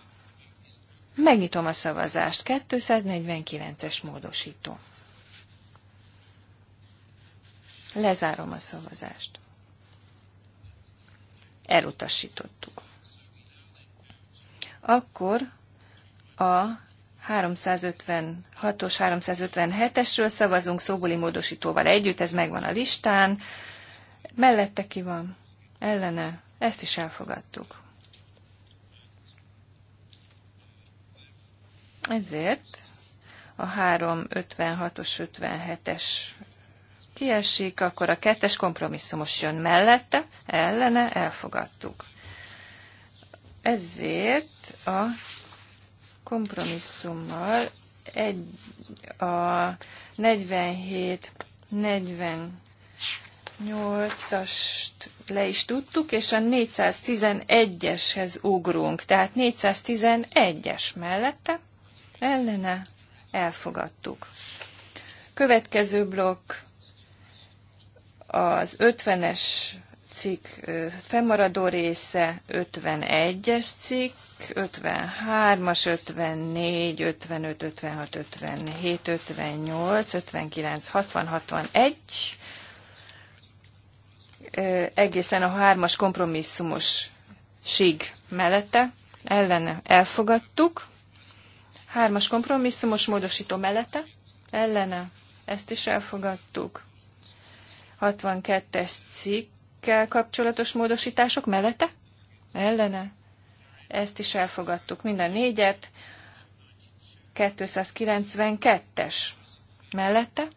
Megnyitom a szavazást. 249-es módosító. Lezárom a szavazást. Elutasítottuk. Akkor a 356-os, 357-esről szavazunk szóbuli módosítóval együtt, ez megvan a listán. Mellette ki van? Ellene? Ezt is elfogadtuk. Ezért a 356-os, 57-es kiesik, akkor a kettes kompromisszumos jön mellette, ellene elfogadtuk. Ezért a kompromisszummal egy, a 47, 49, 8-ast le is tudtuk, és a 411-eshez ugrunk. Tehát 411-es mellette ellene elfogadtuk. Következő blokk az 50-es cikk fennmaradó része, 51-es cikk, 53-as, 54, 55, 56, 57, 58, 59, 60, 61, egészen a hármas kompromisszumos sig mellette, ellene elfogadtuk, hármas kompromisszumos módosító mellette, ellene ezt is elfogadtuk, 62-es cikkkel kapcsolatos módosítások mellette, ellene ezt is elfogadtuk, mind a négyet, 292-es mellette,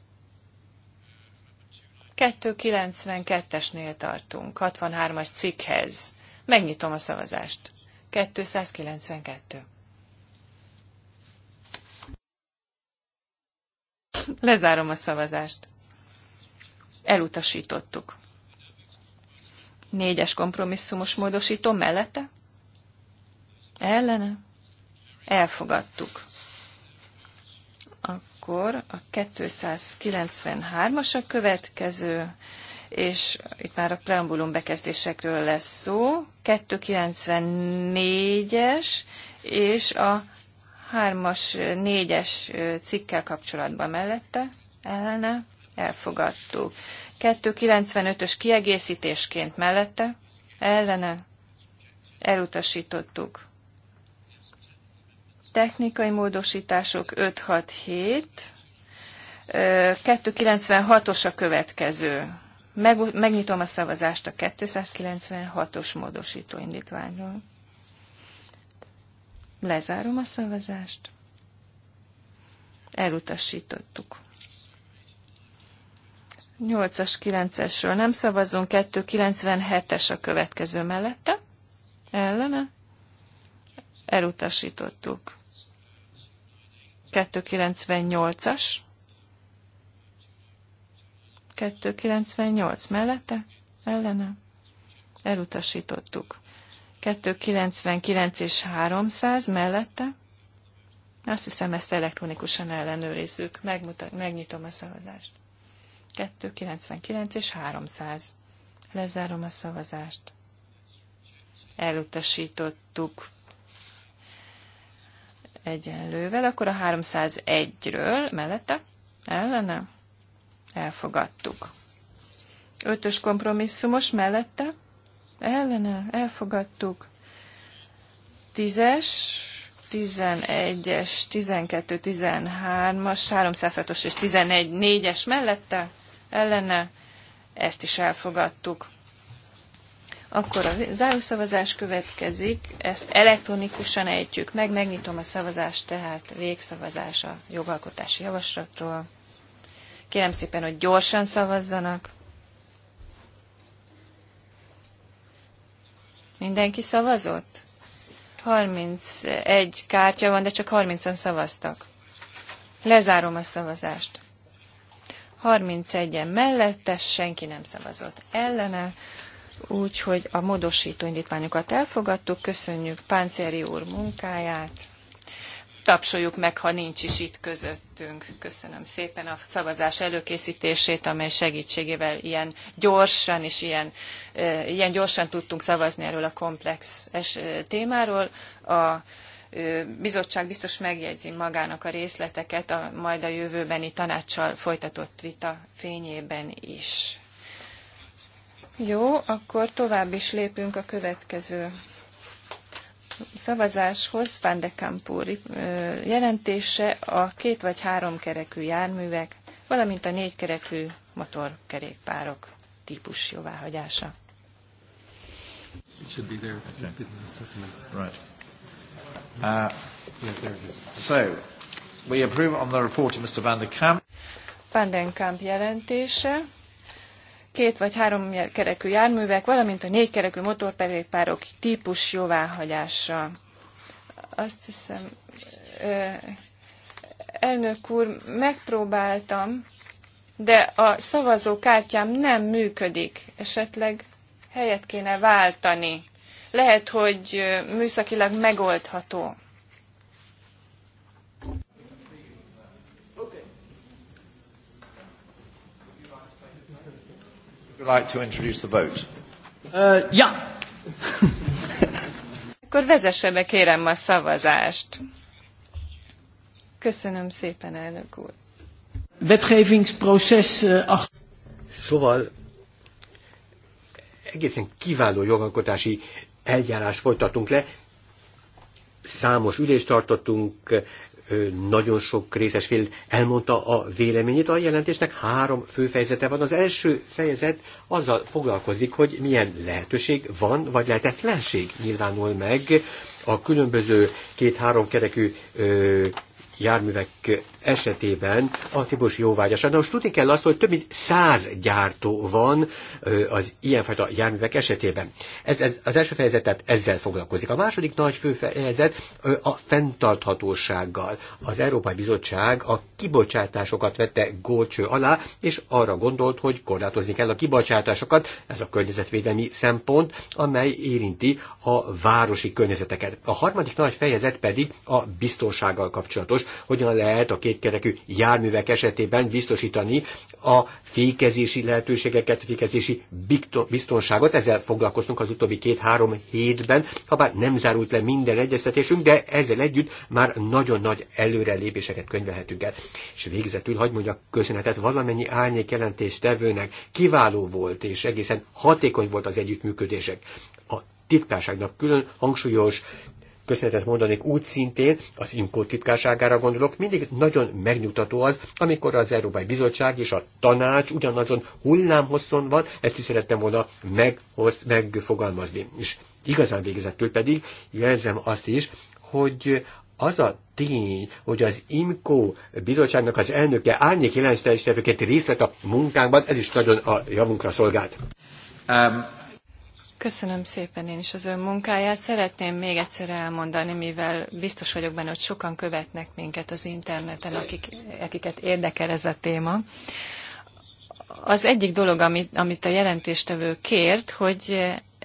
292-esnél tartunk, 63-as cikkhez. Megnyitom a szavazást. 292. Lezárom a szavazást. Elutasítottuk. Négyes kompromisszumos módosító mellette? Ellene? Elfogadtuk akkor a 293-as a következő, és itt már a preambulum bekezdésekről lesz szó, 294-es és a 3-as, 4-es cikkel kapcsolatban mellette ellene elfogadtuk. 295-ös kiegészítésként mellette ellene elutasítottuk. Technikai módosítások 5-6-7. 296-os a következő. Meg, megnyitom a szavazást a 296-os módosító indítványról. Lezárom a szavazást. Elutasítottuk. 8-as, 9-esről nem szavazunk, 297-es a következő mellette. Ellene? Elutasítottuk. 298-as. 298 mellette? Ellene? Elutasítottuk. 299 és 300 mellette? Azt hiszem, ezt elektronikusan ellenőrizzük. Megmutat, megnyitom a szavazást. 299 és 300. Lezárom a szavazást. Elutasítottuk egyenlővel, akkor a 301-ről mellette ellene elfogadtuk. Ötös kompromisszumos mellette ellene elfogadtuk. Tízes, 11-es, 12, 13-as, 306-os és 14, es mellette ellene ezt is elfogadtuk. Akkor a zárószavazás következik, ezt elektronikusan ejtjük meg, megnyitom a szavazást, tehát végszavazás a jogalkotási javaslatról. Kérem szépen, hogy gyorsan szavazzanak. Mindenki szavazott? 31 kártya van, de csak 30-an szavaztak. Lezárom a szavazást. 31-en mellette, senki nem szavazott ellene. Úgyhogy a módosító indítványokat elfogadtuk, köszönjük Páncéri úr munkáját, tapsoljuk meg, ha nincs is itt közöttünk. Köszönöm szépen a szavazás előkészítését, amely segítségével ilyen gyorsan és ilyen, ilyen gyorsan tudtunk szavazni erről a komplex témáról. A bizottság biztos megjegyzi magának a részleteket, a, majd a jövőbeni tanácssal folytatott vita fényében is. Jó, akkor tovább is lépünk a következő szavazáshoz. Van de Kampúr jelentése a két vagy három kerekű járművek, valamint a négy kerekű motorkerékpárok típus jóváhagyása. Right. Uh, uh, so, we approve on the report Mr. Van der Van den Kamp jelentése két vagy három kerekű járművek, valamint a négy kerekű motorkerékpárok típus jóváhagyása. Azt hiszem, elnök úr, megpróbáltam, de a szavazókártyám nem működik. Esetleg helyet kéne váltani. Lehet, hogy műszakilag megoldható. like to introduce the vote? Uh, yeah. Akkor vezesse be kérem a szavazást. Köszönöm szépen, elnök úr. Wetgevingsproces... Uh, szóval egészen kiváló jogalkotási eljárás folytatunk le, számos ülést tartottunk, nagyon sok részes fél elmondta a véleményét. A jelentésnek három fő fejezete van. Az első fejezet azzal foglalkozik, hogy milyen lehetőség van, vagy lehetetlenség nyilvánul meg a különböző két-három kerekű járművek esetében a típus jóvágyása. Na most tudni kell azt, hogy több mint száz gyártó van az ilyenfajta járművek esetében. Ez, ez, az első fejezetet ezzel foglalkozik. A második nagy főfejezet a fenntarthatósággal. Az Európai Bizottság a kibocsátásokat vette gócső alá, és arra gondolt, hogy korlátozni kell a kibocsátásokat. Ez a környezetvédelmi szempont, amely érinti a városi környezeteket. A harmadik nagy fejezet pedig a biztonsággal kapcsolatos, hogyan lehet a két kerekű járművek esetében biztosítani a fékezési lehetőségeket, fékezési biztonságot. Ezzel foglalkoztunk az utóbbi két-három hétben, ha bár nem zárult le minden egyeztetésünk, de ezzel együtt már nagyon nagy előrelépéseket könyvelhetünk el. És végzetül hagyd mondjak köszönetet valamennyi árnyék tevőnek. Kiváló volt és egészen hatékony volt az együttműködések. A titkárságnak külön hangsúlyos köszönetet mondanék úgy szintén, az IMCO titkárságára gondolok, mindig nagyon megnyugtató az, amikor az Európai Bizottság és a tanács ugyanazon hullámhosszon van, ezt is szerettem volna meghoz, megfogalmazni. És igazán végezettől pedig jelzem azt is, hogy az a tény, hogy az IMCO bizottságnak az elnöke árnyék jelentéstevőként részt vett a munkánkban, ez is nagyon a javunkra szolgált. Um. Köszönöm szépen én is az ön munkáját. Szeretném még egyszer elmondani, mivel biztos vagyok benne, hogy sokan követnek minket az interneten, akik, akiket érdekel ez a téma. Az egyik dolog, amit, amit a jelentéstevő kért, hogy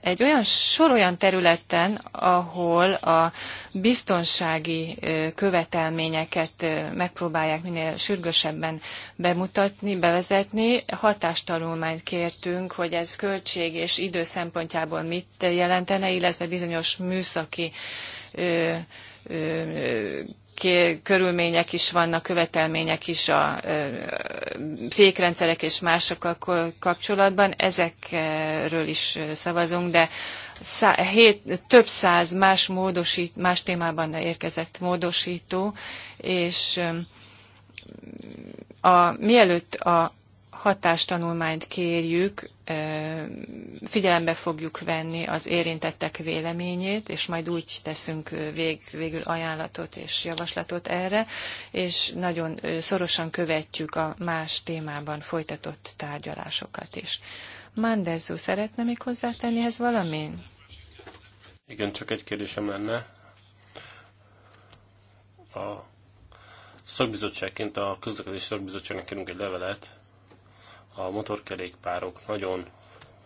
egy olyan sor olyan területen, ahol a biztonsági követelményeket megpróbálják minél sürgősebben bemutatni, bevezetni. Hatástanulmányt kértünk, hogy ez költség és idő szempontjából mit jelentene, illetve bizonyos műszaki körülmények is vannak, követelmények is a fékrendszerek és másokkal kapcsolatban, ezekről is szavazunk, de szá, hét, több száz más, módosít, más témában érkezett módosító, és a, mielőtt a hatástanulmányt kérjük, figyelembe fogjuk venni az érintettek véleményét, és majd úgy teszünk vég, végül ajánlatot és javaslatot erre, és nagyon szorosan követjük a más témában folytatott tárgyalásokat is. Manderszú szeretne még hozzátenni ez valamin? Igen, csak egy kérdésem lenne. A szakbizottságként a közlekedési szakbizottságnak kérünk egy levelet, a motorkerékpárok nagyon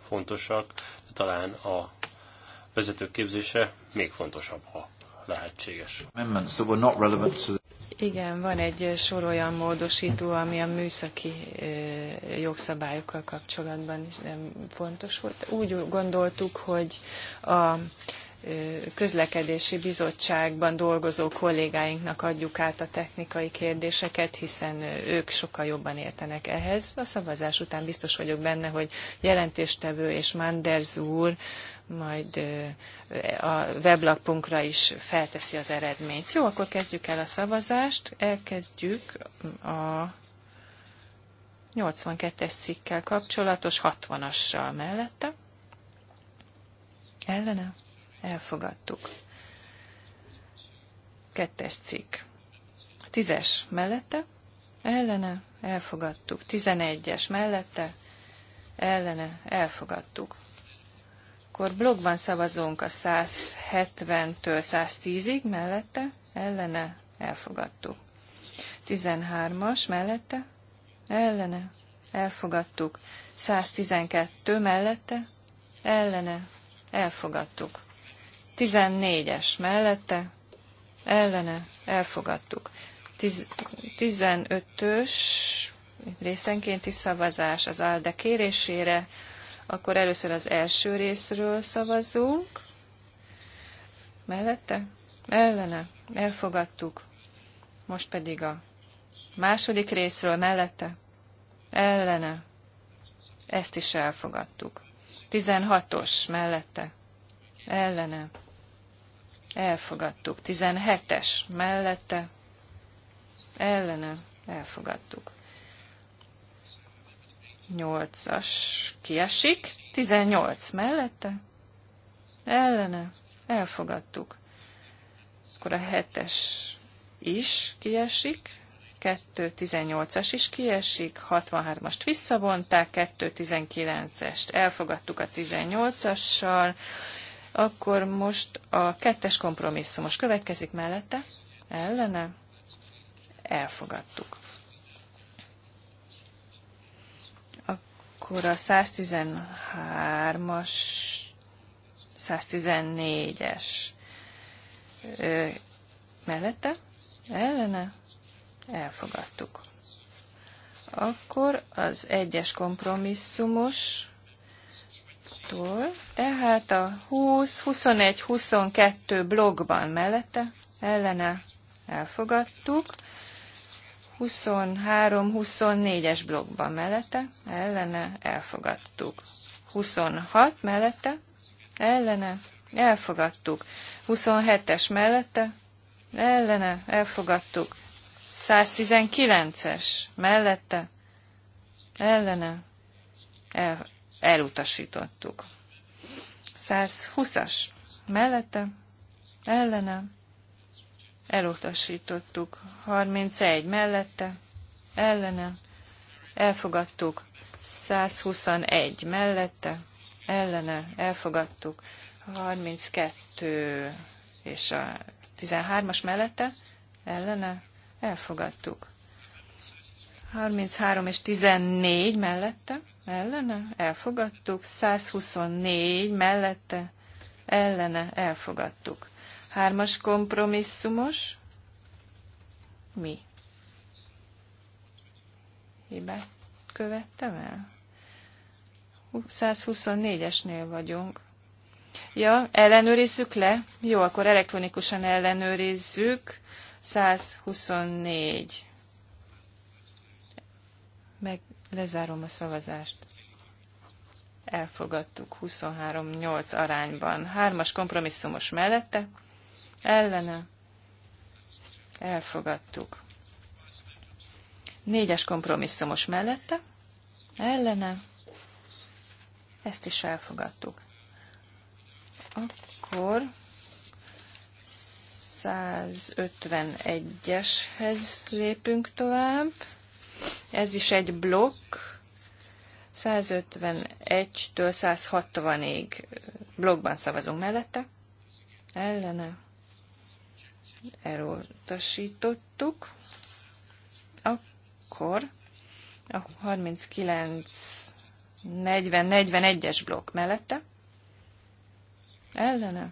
fontosak, de talán a vezetők képzése még fontosabb, ha lehetséges. Igen, van egy sor olyan módosító, ami a műszaki jogszabályokkal kapcsolatban is nem fontos volt. Úgy gondoltuk, hogy a közlekedési bizottságban dolgozó kollégáinknak adjuk át a technikai kérdéseket, hiszen ők sokkal jobban értenek ehhez. A szavazás után biztos vagyok benne, hogy jelentéstevő és Manders úr majd a weblapunkra is felteszi az eredményt. Jó, akkor kezdjük el a szavazást. Elkezdjük a 82-es cikkkel kapcsolatos 60-assal mellette. Ellene? elfogadtuk. Kettes cikk. Tízes mellette, ellene, elfogadtuk. Tizenegyes mellette, ellene, elfogadtuk. Akkor blogban szavazunk a 170-től 110-ig mellette, ellene, elfogadtuk. 13-as mellette, ellene, elfogadtuk. 112 mellette, ellene, elfogadtuk. 14-es mellette, ellene, elfogadtuk. 15-ös részenkénti szavazás az ALDE kérésére, akkor először az első részről szavazunk. Mellette? Ellene. Elfogadtuk. Most pedig a második részről mellette? Ellene. Ezt is elfogadtuk. 16-os mellette. Ellene elfogadtuk. 17-es mellette, ellene, elfogadtuk. 8-as kiesik, 18 mellette, ellene, elfogadtuk. Akkor a 7-es is kiesik, 2.18-as is kiesik, 63-ast visszavonták, 2.19-est elfogadtuk a 18-assal, akkor most a kettes kompromisszumos következik mellette, ellene, elfogadtuk. Akkor a 113-as, 114-es mellette, ellene, elfogadtuk. Akkor az egyes kompromisszumos tól tehát a 20, 21, 22 blogban mellette ellene elfogadtuk, 23, 24-es blogban mellette ellene elfogadtuk, 26 mellette ellene elfogadtuk, 27-es mellette ellene elfogadtuk, 119-es mellette ellene el, elutasítottuk. 120-as mellette, ellene, elutasítottuk. 31 mellette, ellene, elfogadtuk. 121 mellette, ellene, elfogadtuk. 32 és a 13-as mellette, ellene, elfogadtuk. 33 és 14 mellette, ellene elfogadtuk, 124 mellette ellene elfogadtuk. Hármas kompromisszumos, mi? Hibát követtem el? 124-esnél vagyunk. Ja, ellenőrizzük le? Jó, akkor elektronikusan ellenőrizzük. 124. Meg Lezárom a szavazást. Elfogadtuk 23-8 arányban. Hármas kompromisszumos mellette, ellene, elfogadtuk. Négyes kompromisszumos mellette, ellene, ezt is elfogadtuk. Akkor 151-eshez lépünk tovább. Ez is egy blokk, 151-től 160-ig blokkban szavazunk mellette. Ellene elutasítottuk. Akkor a 39 40 41-es blokk mellette. Ellene.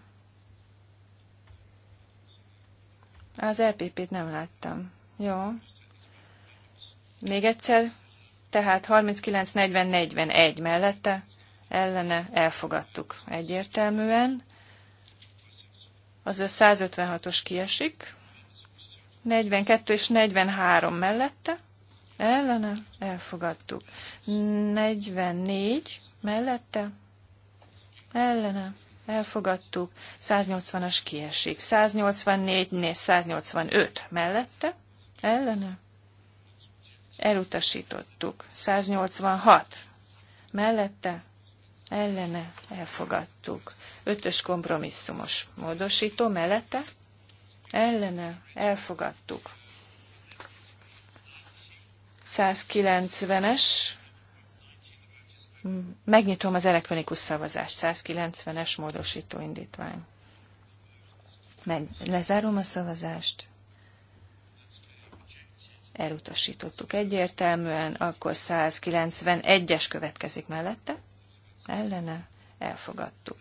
Az LPP-t e nem láttam. Jó. Még egyszer, tehát 39-40-41 mellette ellene elfogadtuk egyértelműen. Az 156-os kiesik. 42 és 43 mellette ellene elfogadtuk. 44 mellette ellene elfogadtuk. 180-as kiesik. 184-185 mellette ellene elutasítottuk. 186 mellette, ellene elfogadtuk. Ötös kompromisszumos módosító mellette, ellene elfogadtuk. 190-es, megnyitom az elektronikus szavazást, 190-es módosító indítvány. Meg, lezárom a szavazást elutasítottuk egyértelműen, akkor 191-es következik mellette, ellene, elfogadtuk.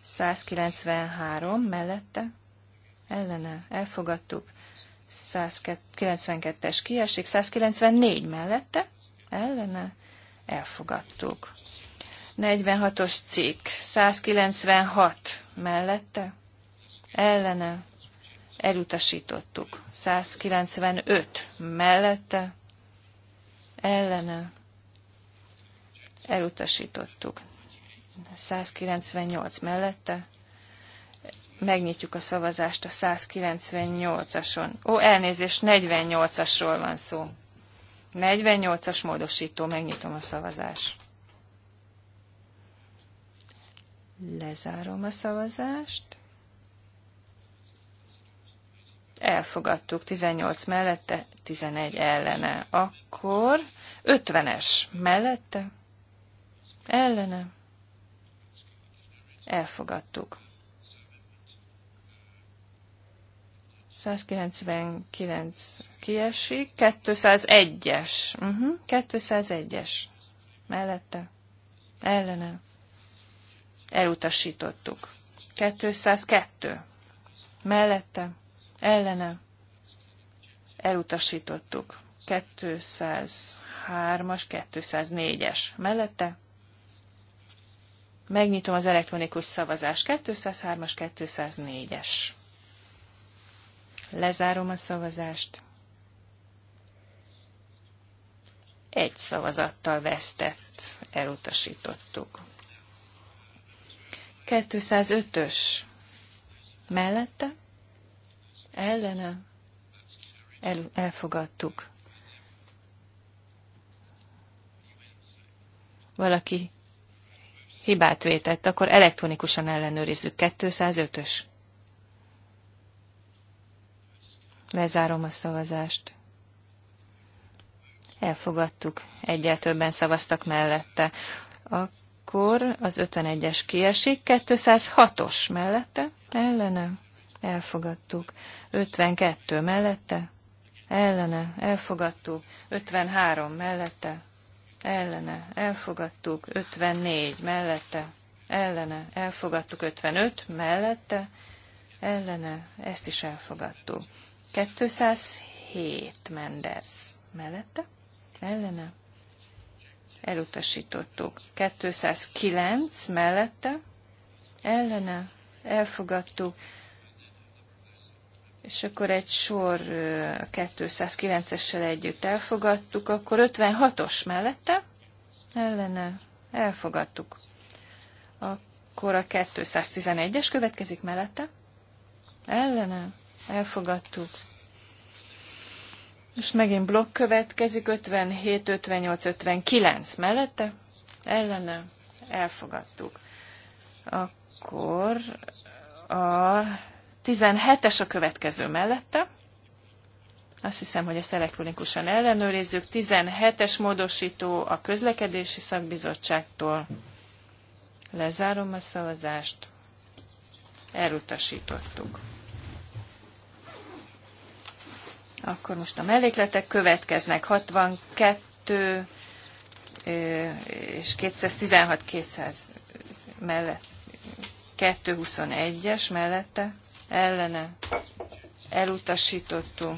193 mellette, ellene, elfogadtuk. 192-es kiesik, 194 mellette, ellene, elfogadtuk. 46-os cikk, 196 mellette, ellene, elutasítottuk. 195 mellette, ellene, elutasítottuk. 198 mellette, megnyitjuk a szavazást a 198-ason. Ó, elnézést, 48-asról van szó. 48-as módosító, megnyitom a szavazást. Lezárom a szavazást elfogadtuk 18 mellette, 11 ellene. Akkor 50-es mellette, ellene, elfogadtuk. 199 kiesik, 201-es, uh-huh, 201-es mellette, ellene, elutasítottuk. 202 mellette, ellene elutasítottuk. 203-as, 204-es mellette. Megnyitom az elektronikus szavazást. 203-as, 204-es. Lezárom a szavazást. Egy szavazattal vesztett, elutasítottuk. 205-ös mellette ellene el, elfogadtuk. Valaki hibát vétett, akkor elektronikusan ellenőrizzük. 205-ös. Lezárom a szavazást. Elfogadtuk. Egyel többen szavaztak mellette. Akkor az 51-es kiesik, 206-os mellette. Ellenem elfogadtuk. 52 mellette, ellene, elfogadtuk. 53 mellette, ellene, elfogadtuk. 54 mellette, ellene, elfogadtuk. 55 mellette, ellene, ezt is elfogadtuk. 207 Menders mellette, ellene, elutasítottuk. 209 mellette, ellene, elfogadtuk és akkor egy sor 209-essel együtt elfogadtuk, akkor 56-os mellette ellene elfogadtuk. Akkor a 211-es következik mellette. Ellene elfogadtuk. És megint blokk következik, 57, 58, 59 mellette. Ellene elfogadtuk. Akkor a 17-es a következő mellette. Azt hiszem, hogy ezt elektronikusan ellenőrizzük. 17-es módosító a közlekedési szakbizottságtól. Lezárom a szavazást. Elutasítottuk. Akkor most a mellékletek következnek. 62 és 216 200 mellett 221-es mellette ellene elutasítottuk.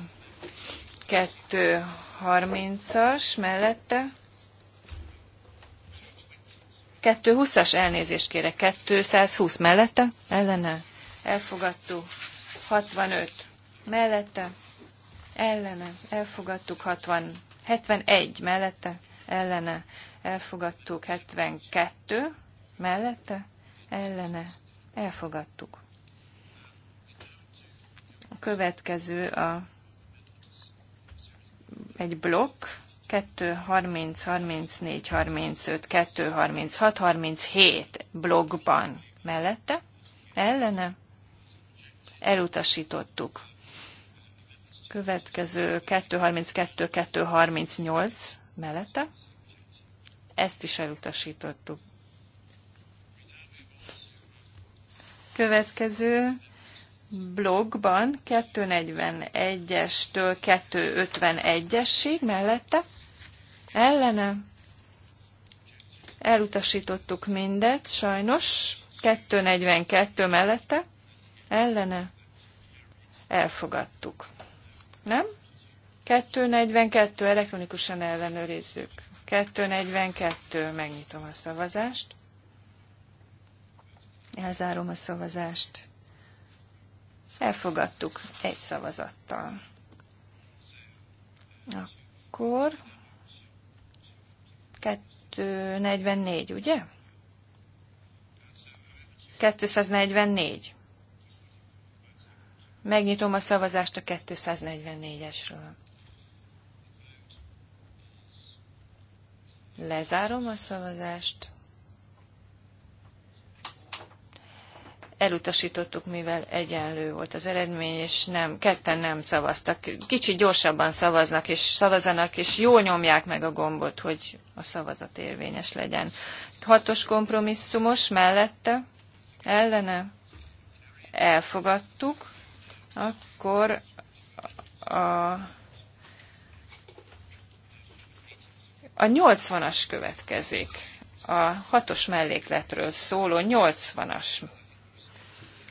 2.30-as mellette. 2.20-as elnézést kérek. 220 mellette. Ellene. Elfogadtuk. 65 mellette. Ellene. Elfogadtuk. 60. 71 mellette. Ellene. Elfogadtuk. 72 mellette. Ellene. Elfogadtuk következő a, egy blokk, 2, 30, 34, 35, 2, 36, 37 blokkban mellette, ellene, elutasítottuk. Következő 232, 238 mellette, ezt is elutasítottuk. Következő blogban 241-estől 251-esig mellette ellene elutasítottuk mindet, sajnos 242 mellette ellene elfogadtuk. Nem? 242 elektronikusan ellenőrizzük. 242 megnyitom a szavazást. Elzárom a szavazást. Elfogadtuk egy szavazattal. Akkor 244, ugye? 244. Megnyitom a szavazást a 244-esről. Lezárom a szavazást. elutasítottuk, mivel egyenlő volt az eredmény, és nem, ketten nem szavaztak. Kicsit gyorsabban szavaznak és szavazanak, és jól nyomják meg a gombot, hogy a szavazat érvényes legyen. Hatos kompromisszumos mellette, ellene elfogadtuk, akkor a, a 80-as következik. A hatos mellékletről szóló 80-as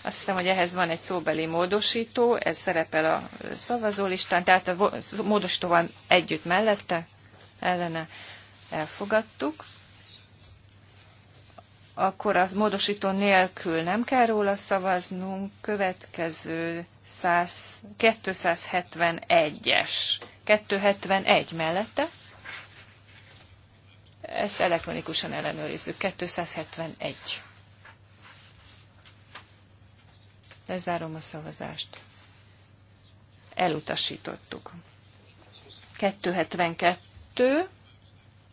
azt hiszem, hogy ehhez van egy szóbeli módosító, ez szerepel a szavazólistán, tehát a módosító van együtt mellette, ellene elfogadtuk. Akkor a módosító nélkül nem kell róla szavaznunk. Következő 100, 271-es. 271 mellette. Ezt elektronikusan ellenőrizzük. 271. Lezárom a szavazást. Elutasítottuk. 272.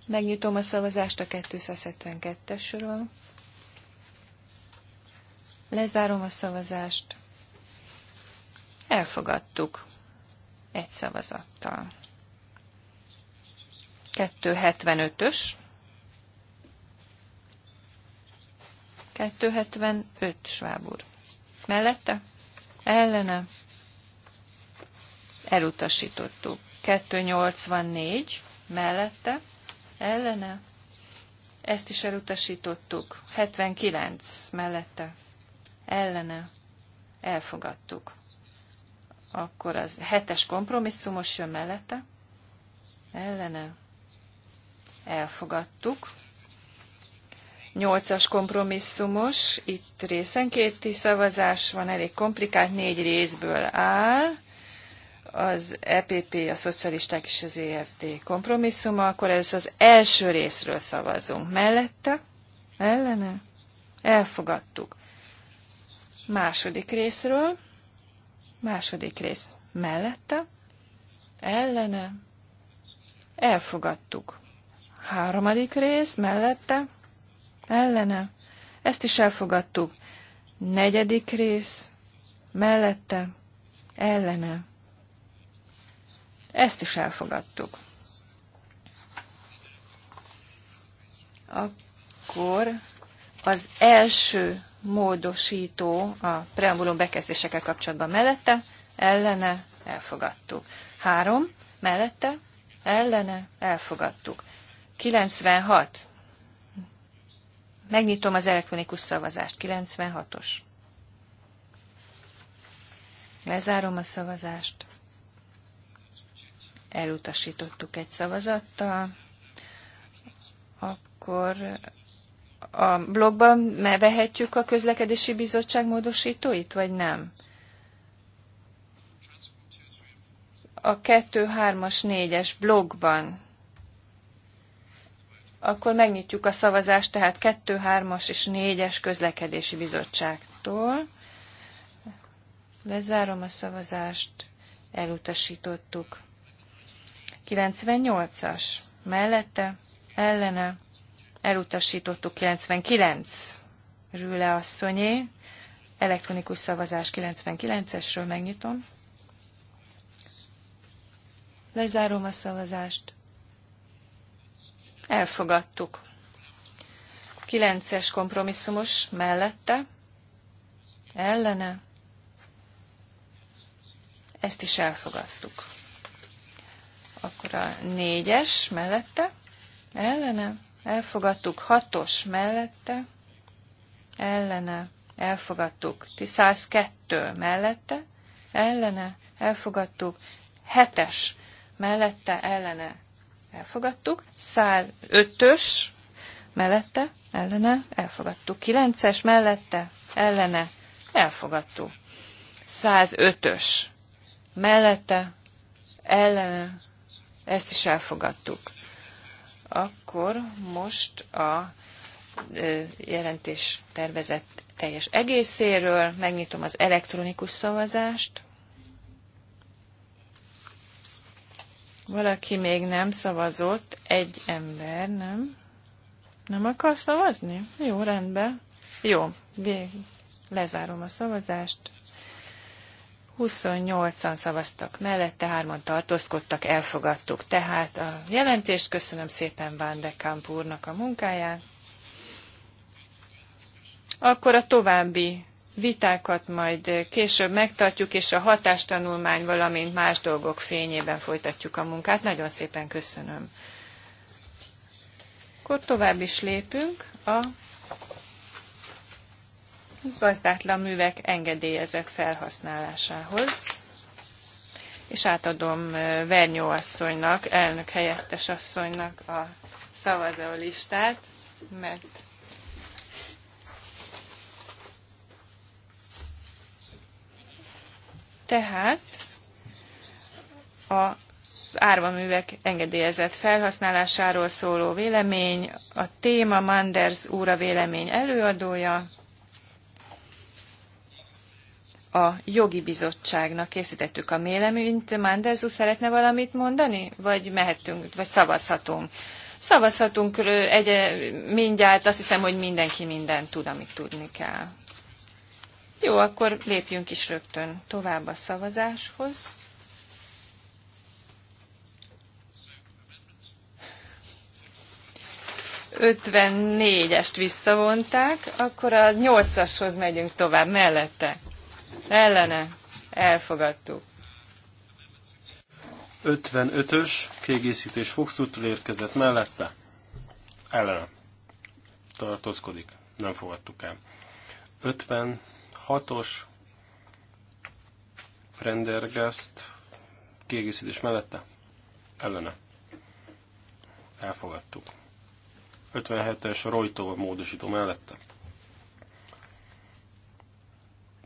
Megnyitom a szavazást a 272-esről. Lezárom a szavazást. Elfogadtuk. Egy szavazattal. 275-ös. 275 Schwab úr mellette, ellene, elutasítottuk. 284 mellette, ellene, ezt is elutasítottuk. 79 mellette, ellene, elfogadtuk. Akkor az hetes kompromisszumos jön mellette, ellene, elfogadtuk. Nyolcas kompromisszumos, itt részenkéti szavazás van, elég komplikált, négy részből áll. Az EPP, a szocialisták és az EFD kompromisszuma, akkor először az első részről szavazunk. Mellette? Ellene? Elfogadtuk. Második részről? Második rész. Mellette? Ellene? Elfogadtuk. Harmadik rész mellette ellene, ezt is elfogadtuk. Negyedik rész, mellette, ellene, ezt is elfogadtuk. Akkor az első módosító a preambulum bekezdésekkel kapcsolatban mellette, ellene, elfogadtuk. Három, mellette, ellene, elfogadtuk. 96, Megnyitom az elektronikus szavazást. 96-os. Lezárom a szavazást. Elutasítottuk egy szavazattal. Akkor a blogban mevehetjük a közlekedési bizottság módosítóit, vagy nem? A 2, 3-as, 4-es blogban akkor megnyitjuk a szavazást, tehát 2, 3-as és 4-es közlekedési bizottságtól. Lezárom a szavazást, elutasítottuk. 98-as mellette, ellene, elutasítottuk 99 Rüle asszonyé, elektronikus szavazás 99-esről megnyitom. Lezárom a szavazást. Elfogadtuk. kilences kompromisszumos mellette, ellene, ezt is elfogadtuk. Akkor a négyes mellette, ellene, elfogadtuk. hatos mellette, ellene, elfogadtuk. 102 mellette, ellene, elfogadtuk. hetes mellette, ellene, elfogadtuk. 105-ös mellette, ellene, elfogadtuk. 9-es mellette, ellene, elfogadtuk. 105-ös mellette, ellene, ezt is elfogadtuk. Akkor most a jelentés tervezett teljes egészéről megnyitom az elektronikus szavazást. Valaki még nem szavazott, egy ember, nem? Nem akar szavazni? Jó, rendben. Jó, vég. lezárom a szavazást. 28-an szavaztak mellette, hárman tartózkodtak, elfogadtuk. Tehát a jelentést köszönöm szépen Van de Kamp úrnak a munkáját. Akkor a további vitákat majd később megtartjuk, és a hatástanulmány, valamint más dolgok fényében folytatjuk a munkát. Nagyon szépen köszönöm. Akkor tovább is lépünk a gazdátlan művek engedélyezett felhasználásához, és átadom eh, Vernyó asszonynak, elnök helyettes asszonynak a szavazólistát, mert Tehát az árvaművek engedélyezett felhasználásáról szóló vélemény, a téma Manders úra vélemény előadója, a jogi bizottságnak készítettük a véleményt. Manders úr szeretne valamit mondani? Vagy mehetünk, vagy szavazhatunk? Szavazhatunk egy, mindjárt, azt hiszem, hogy mindenki mindent tud, amit tudni kell. Jó, akkor lépjünk is rögtön tovább a szavazáshoz. Ötvennégyest visszavonták, akkor a nyolcashoz megyünk tovább, mellette. Ellene, elfogadtuk. 55-ös kiegészítés Foxuttól érkezett mellette. Ellene. Tartózkodik. Nem fogadtuk el. 56 6-os Prendergast kiegészítés mellette ellene elfogadtuk. 57-es Rojtó módosító mellette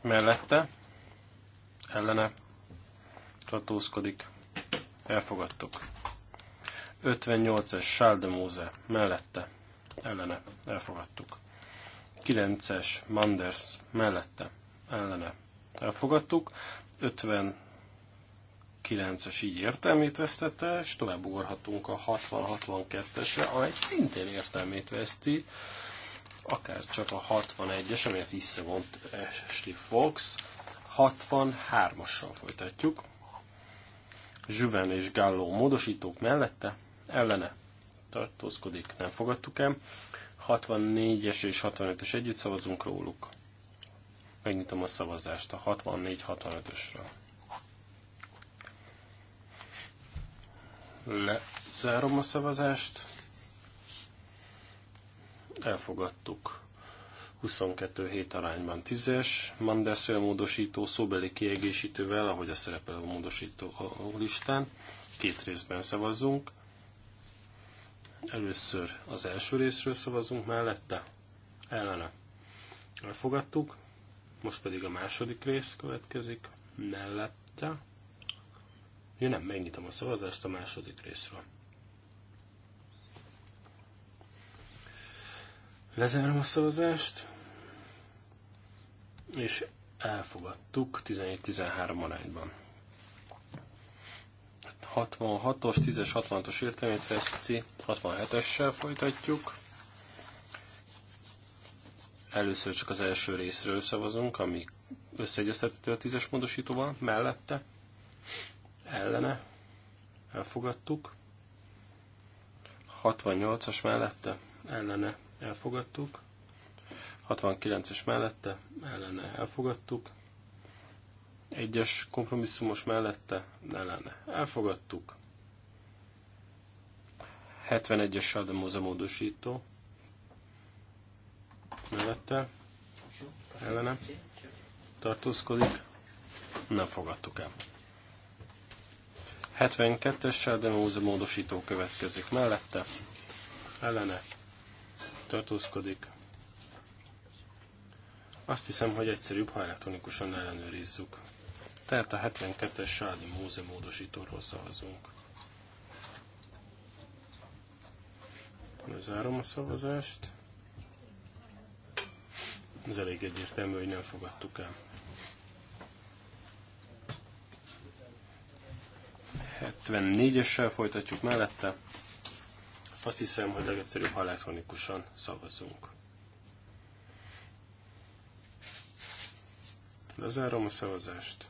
mellette ellene tartózkodik elfogadtuk. 58-es Sáldemóze mellette ellene elfogadtuk. 9-es Manders mellette ellene elfogadtuk, 59-es így értelmét vesztette, és tovább ugorhatunk a 60-62-esre, amely szintén értelmét veszti, akár csak a 61-es, amelyet visszavont Ashley Fox, 63-assal folytatjuk. Zsüven és Gallo módosítók mellette, ellene tartózkodik, nem fogadtuk el. 64-es és 65-ös együtt szavazunk róluk. Megnyitom a szavazást a 64-65-ösről. Lezárom a szavazást. Elfogadtuk. 22 hét arányban 10-es, Mandelsfél módosító szóbeli kiegészítővel, ahogy a szerepel a módosító listán. Két részben szavazzunk. Először az első részről szavazunk mellette, ellene. Elfogadtuk, most pedig a második rész következik, mellette. Ja nem, megnyitom a szavazást a második részről. Lezárom a szavazást, és elfogadtuk 11-13 arányban. 66-os, 10-es, 66-os értelmét veszti, 67-essel folytatjuk. Először csak az első részről szavazunk, ami összeegyeztethető a 10-es módosítóval, mellette, ellene, elfogadtuk. 68-as mellette, ellene, elfogadtuk. 69-es mellette, ellene, elfogadtuk. Egyes kompromisszumos mellette lenne. Elfogadtuk. 71-es Sádemóza módosító mellette ellene tartózkodik. Nem fogadtuk el. 72-es Sádemóza módosító következik mellette ellene tartózkodik. Azt hiszem, hogy egyszerűbb, ha elektronikusan ellenőrizzük. Tehát a 72-es Sádi Móze módosítóról szavazunk. Lezárom a szavazást. Ez elég egyértelmű, hogy nem fogadtuk el. 74-essel folytatjuk mellette. Azt hiszem, hogy legegyszerűbb, ha elektronikusan szavazunk. Lezárom a szavazást.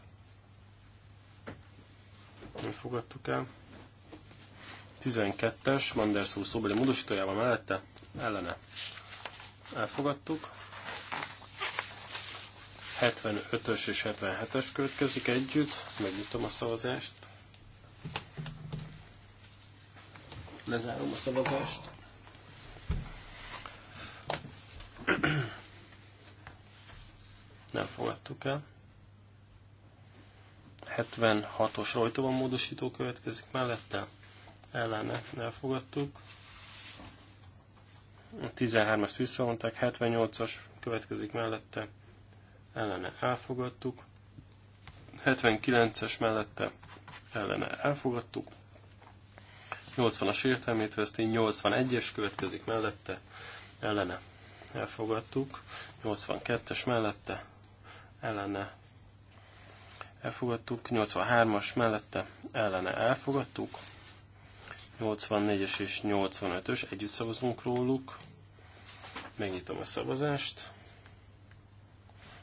Mi fogadtuk el. 12-es, Manderszó szóbeli módosítójával mellette, ellene elfogadtuk. 75-ös és 77-es következik együtt, megnyitom a szavazást. Lezárom a szavazást. Nem fogadtuk el. 76-os rajtóban módosító következik mellette. Ellene elfogadtuk. A 13-ast visszavonták, 78-as következik mellette. Ellene elfogadtuk. 79-es mellette ellene elfogadtuk. 80-as értelmét veszti, 81-es következik mellette, ellene elfogadtuk, 82-es mellette, ellene elfogadtuk, 83-as mellette ellene elfogadtuk, 84-es és 85-ös, együtt szavazunk róluk, megnyitom a szavazást,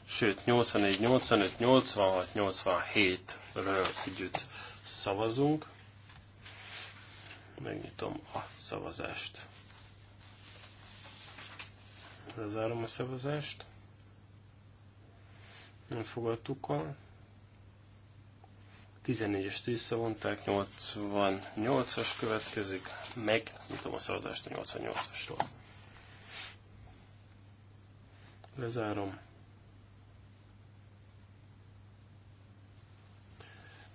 sőt 84, 85, 86, 87-ről együtt szavazunk, megnyitom a szavazást. Lezárom a szavazást. Nem fogadtuk a 14-es visszavonták, 88-as következik, meg nyitom a szavazást a 88-asról. Lezárom.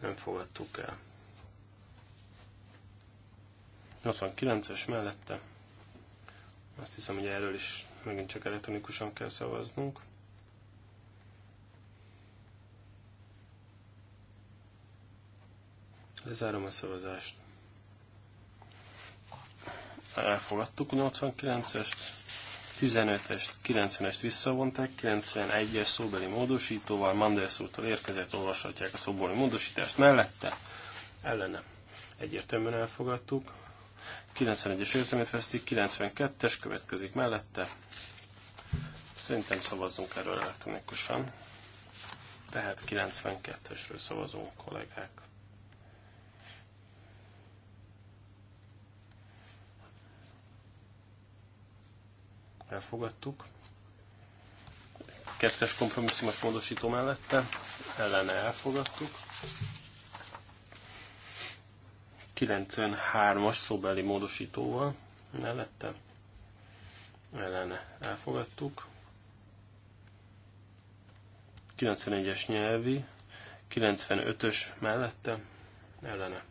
Nem fogadtuk el. 89-es mellette. Azt hiszem, hogy erről is megint csak elektronikusan kell szavaznunk. Lezárom a szavazást. Elfogadtuk 89-est, 15-est, 90-est visszavonták, 91-es szóbeli módosítóval, Manders úrtól érkezett, olvashatják a szóbeli módosítást mellette, ellene. Egyértelműen elfogadtuk. 91-es értelmét vesztik, 92-es következik mellette. Szerintem szavazzunk erről elektronikusan. Tehát 92-esről szavazunk, kollégák. elfogadtuk. Kettes kompromisszumos módosító mellette, ellene elfogadtuk. 93-as szóbeli módosítóval mellette, ellene elfogadtuk. 91-es nyelvi, 95-ös mellette, ellene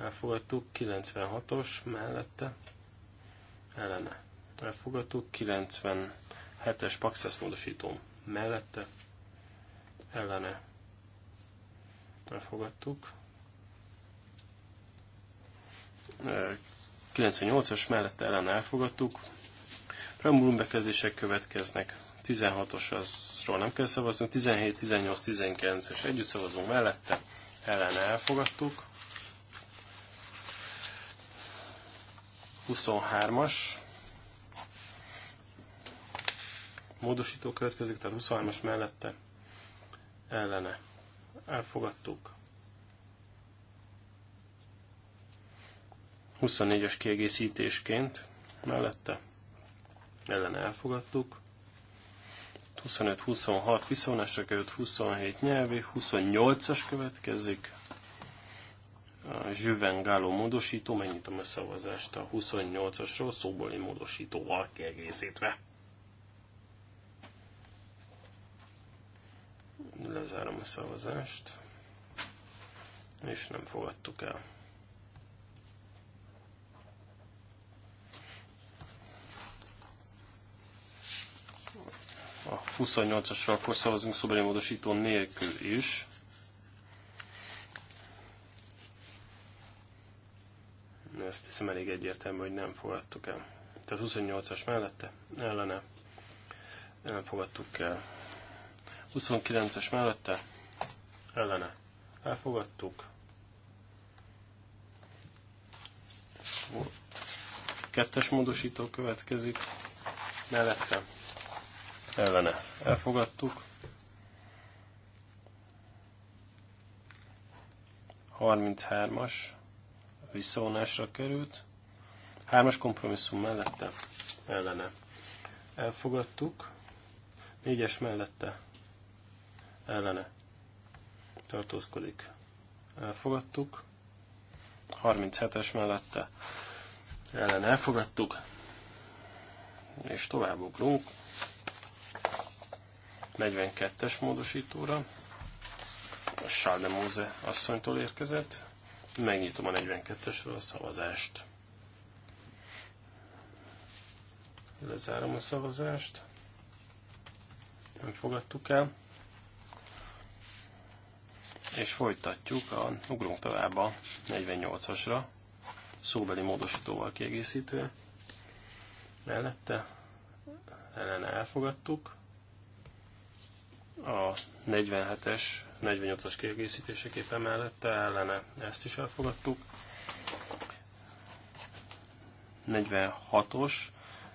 elfogadtuk, 96-os mellette, ellene elfogadtuk, 97-es Paxas módosító mellette, ellene elfogadtuk, 98-as mellette ellene elfogadtuk, Preambulum bekezdések következnek, 16 os azról nem kell szavaznunk, 17, 18, 19-es együtt szavazunk mellette, ellene elfogadtuk, 23-as módosító következik, tehát 23-as mellette ellene. Elfogadtuk. 24-es kiegészítésként mellette ellene elfogadtuk. 25-26 viszonásra került 27 nyelvi, 28-as következik. A Zsüven Gáló módosító, megnyitom a szavazást a 28-asról szóbóli módosítóval kiegészítve. Lezárom a szavazást, és nem fogadtuk el. A 28-asra akkor szavazunk szobeli módosító nélkül is. Ezt hiszem elég egyértelmű, hogy nem fogadtuk el. Tehát 28-as mellette, ellene nem fogadtuk el. 29-es mellette ellene elfogadtuk. Kettes módosító következik mellette ellene elfogadtuk. 33-as visszavonásra került. Hármas kompromisszum mellette ellene elfogadtuk. Négyes mellette ellene tartózkodik. Elfogadtuk. 37-es mellette ellen elfogadtuk. És tovább ugrunk. 42-es módosítóra. A Sáldemóze asszonytól érkezett. Megnyitom a 42-esről a szavazást. Lezárom a szavazást. Nem fogadtuk el. És folytatjuk, a, ugrunk tovább a 48-asra, szóbeli módosítóval kiegészítve. Mellette ellen elfogadtuk. A 47-es, 48-as kiegészítéseképpen mellette ellene ezt is elfogadtuk. 46-os,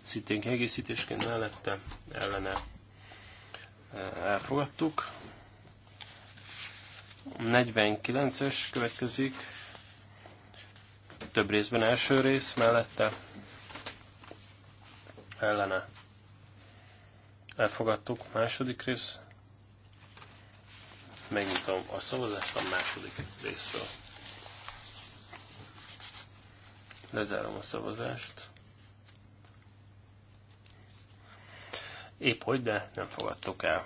szintén kiegészítésként mellette ellene eh, elfogadtuk. 49-es következik, több részben első rész mellette, ellene. Elfogadtuk, második rész. Megnyitom a szavazást a második részről. Lezárom a szavazást. Épp hogy, de nem fogadtok el.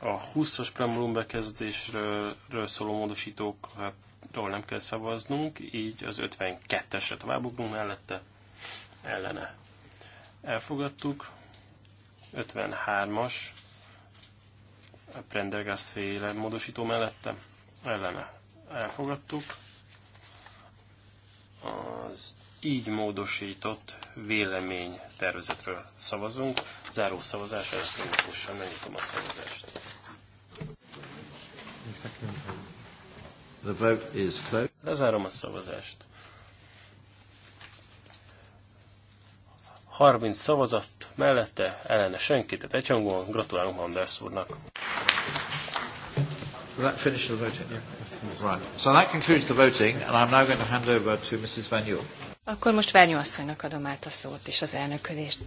A 20-as premolum bekezdésről szóló módosítókról nem kell szavaznunk, így az 52-esre továbbugrunk mellette ellene. Elfogadtuk. 53-as a Prendergast féle módosító mellette ellene. Elfogadtuk. Az így módosított vélemény tervezetről szavazunk. Záró szavazás elektronikusan, megnyitom a szavazást. The vote is closed. Lezárom a szavazást. 30 szavazat mellette, ellene senki, tehát egyhangúan gratulálunk Anders úrnak. That finishes the voting. Yeah. Right. So that concludes the voting, and I'm now going to hand over to Mrs. Van Yule. Akkor most Várnyó asszonynak adom át a szót és az elnökölést.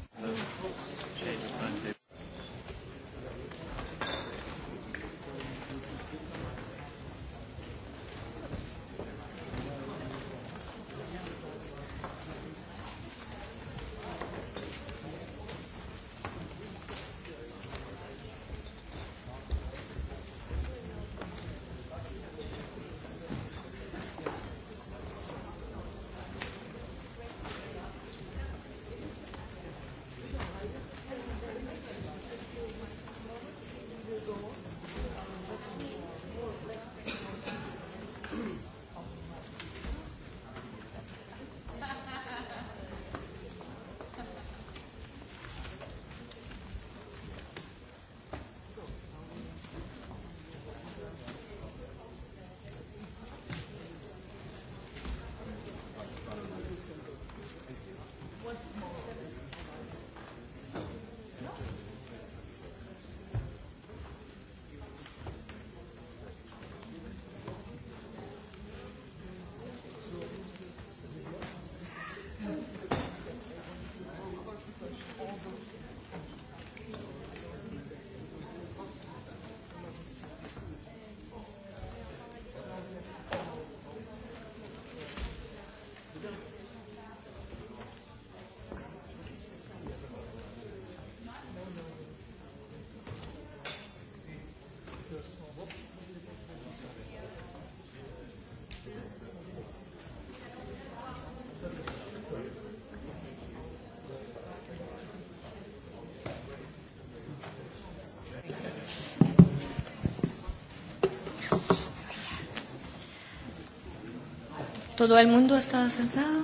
Todo el mundo está sentado?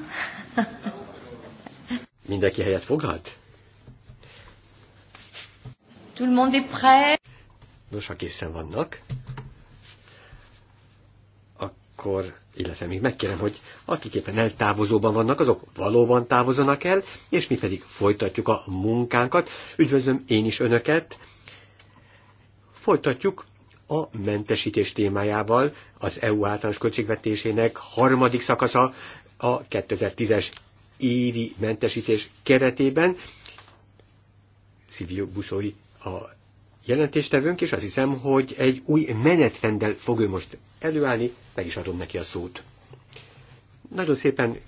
Mindenki helyet foglalt? Tout le monde est prêt? Nos, ha készen vannak, akkor, illetve még megkérem, hogy akik éppen eltávozóban vannak, azok valóban távozanak el, és mi pedig folytatjuk a munkánkat. Üdvözlöm én is Önöket. Folytatjuk a mentesítés témájával az EU általános költségvetésének harmadik szakasza a 2010-es évi mentesítés keretében. Szilvio Buszói a jelentéstevőnk, és azt hiszem, hogy egy új menetrenddel fog ő most előállni, meg is adom neki a szót. Nagyon szépen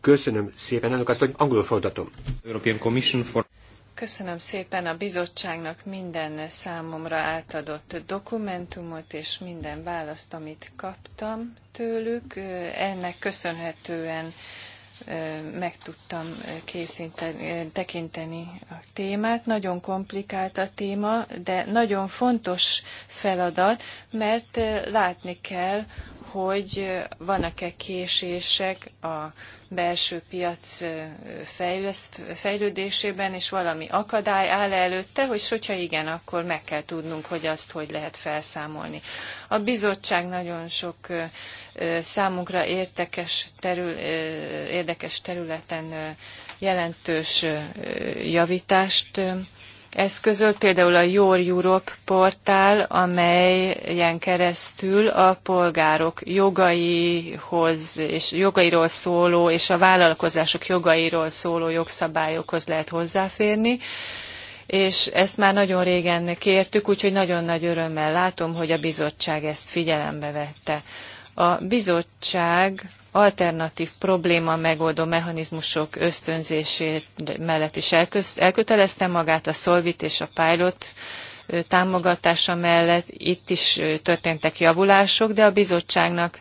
köszönöm szépen, elnök azt, hogy angolul fordatom. European Commission for... Köszönöm szépen a bizottságnak minden számomra átadott dokumentumot és minden választ, amit kaptam tőlük. Ennek köszönhetően meg tudtam készíteni, tekinteni a témát. Nagyon komplikált a téma, de nagyon fontos feladat, mert látni kell, hogy vannak-e késések a belső piac fejlődésében, és valami akadály áll előtte, hogy hogyha igen, akkor meg kell tudnunk, hogy azt hogy lehet felszámolni. A bizottság nagyon sok számunkra értekes terül, érdekes területen jelentős javítást eszközök, például a Your Europe portál, amelyen keresztül a polgárok jogaihoz és jogairól szóló és a vállalkozások jogairól szóló jogszabályokhoz lehet hozzáférni és ezt már nagyon régen kértük, úgyhogy nagyon nagy örömmel látom, hogy a bizottság ezt figyelembe vette a bizottság alternatív probléma megoldó mechanizmusok ösztönzését mellett is elkötelezte magát a Solvit és a Pilot támogatása mellett. Itt is történtek javulások, de a bizottságnak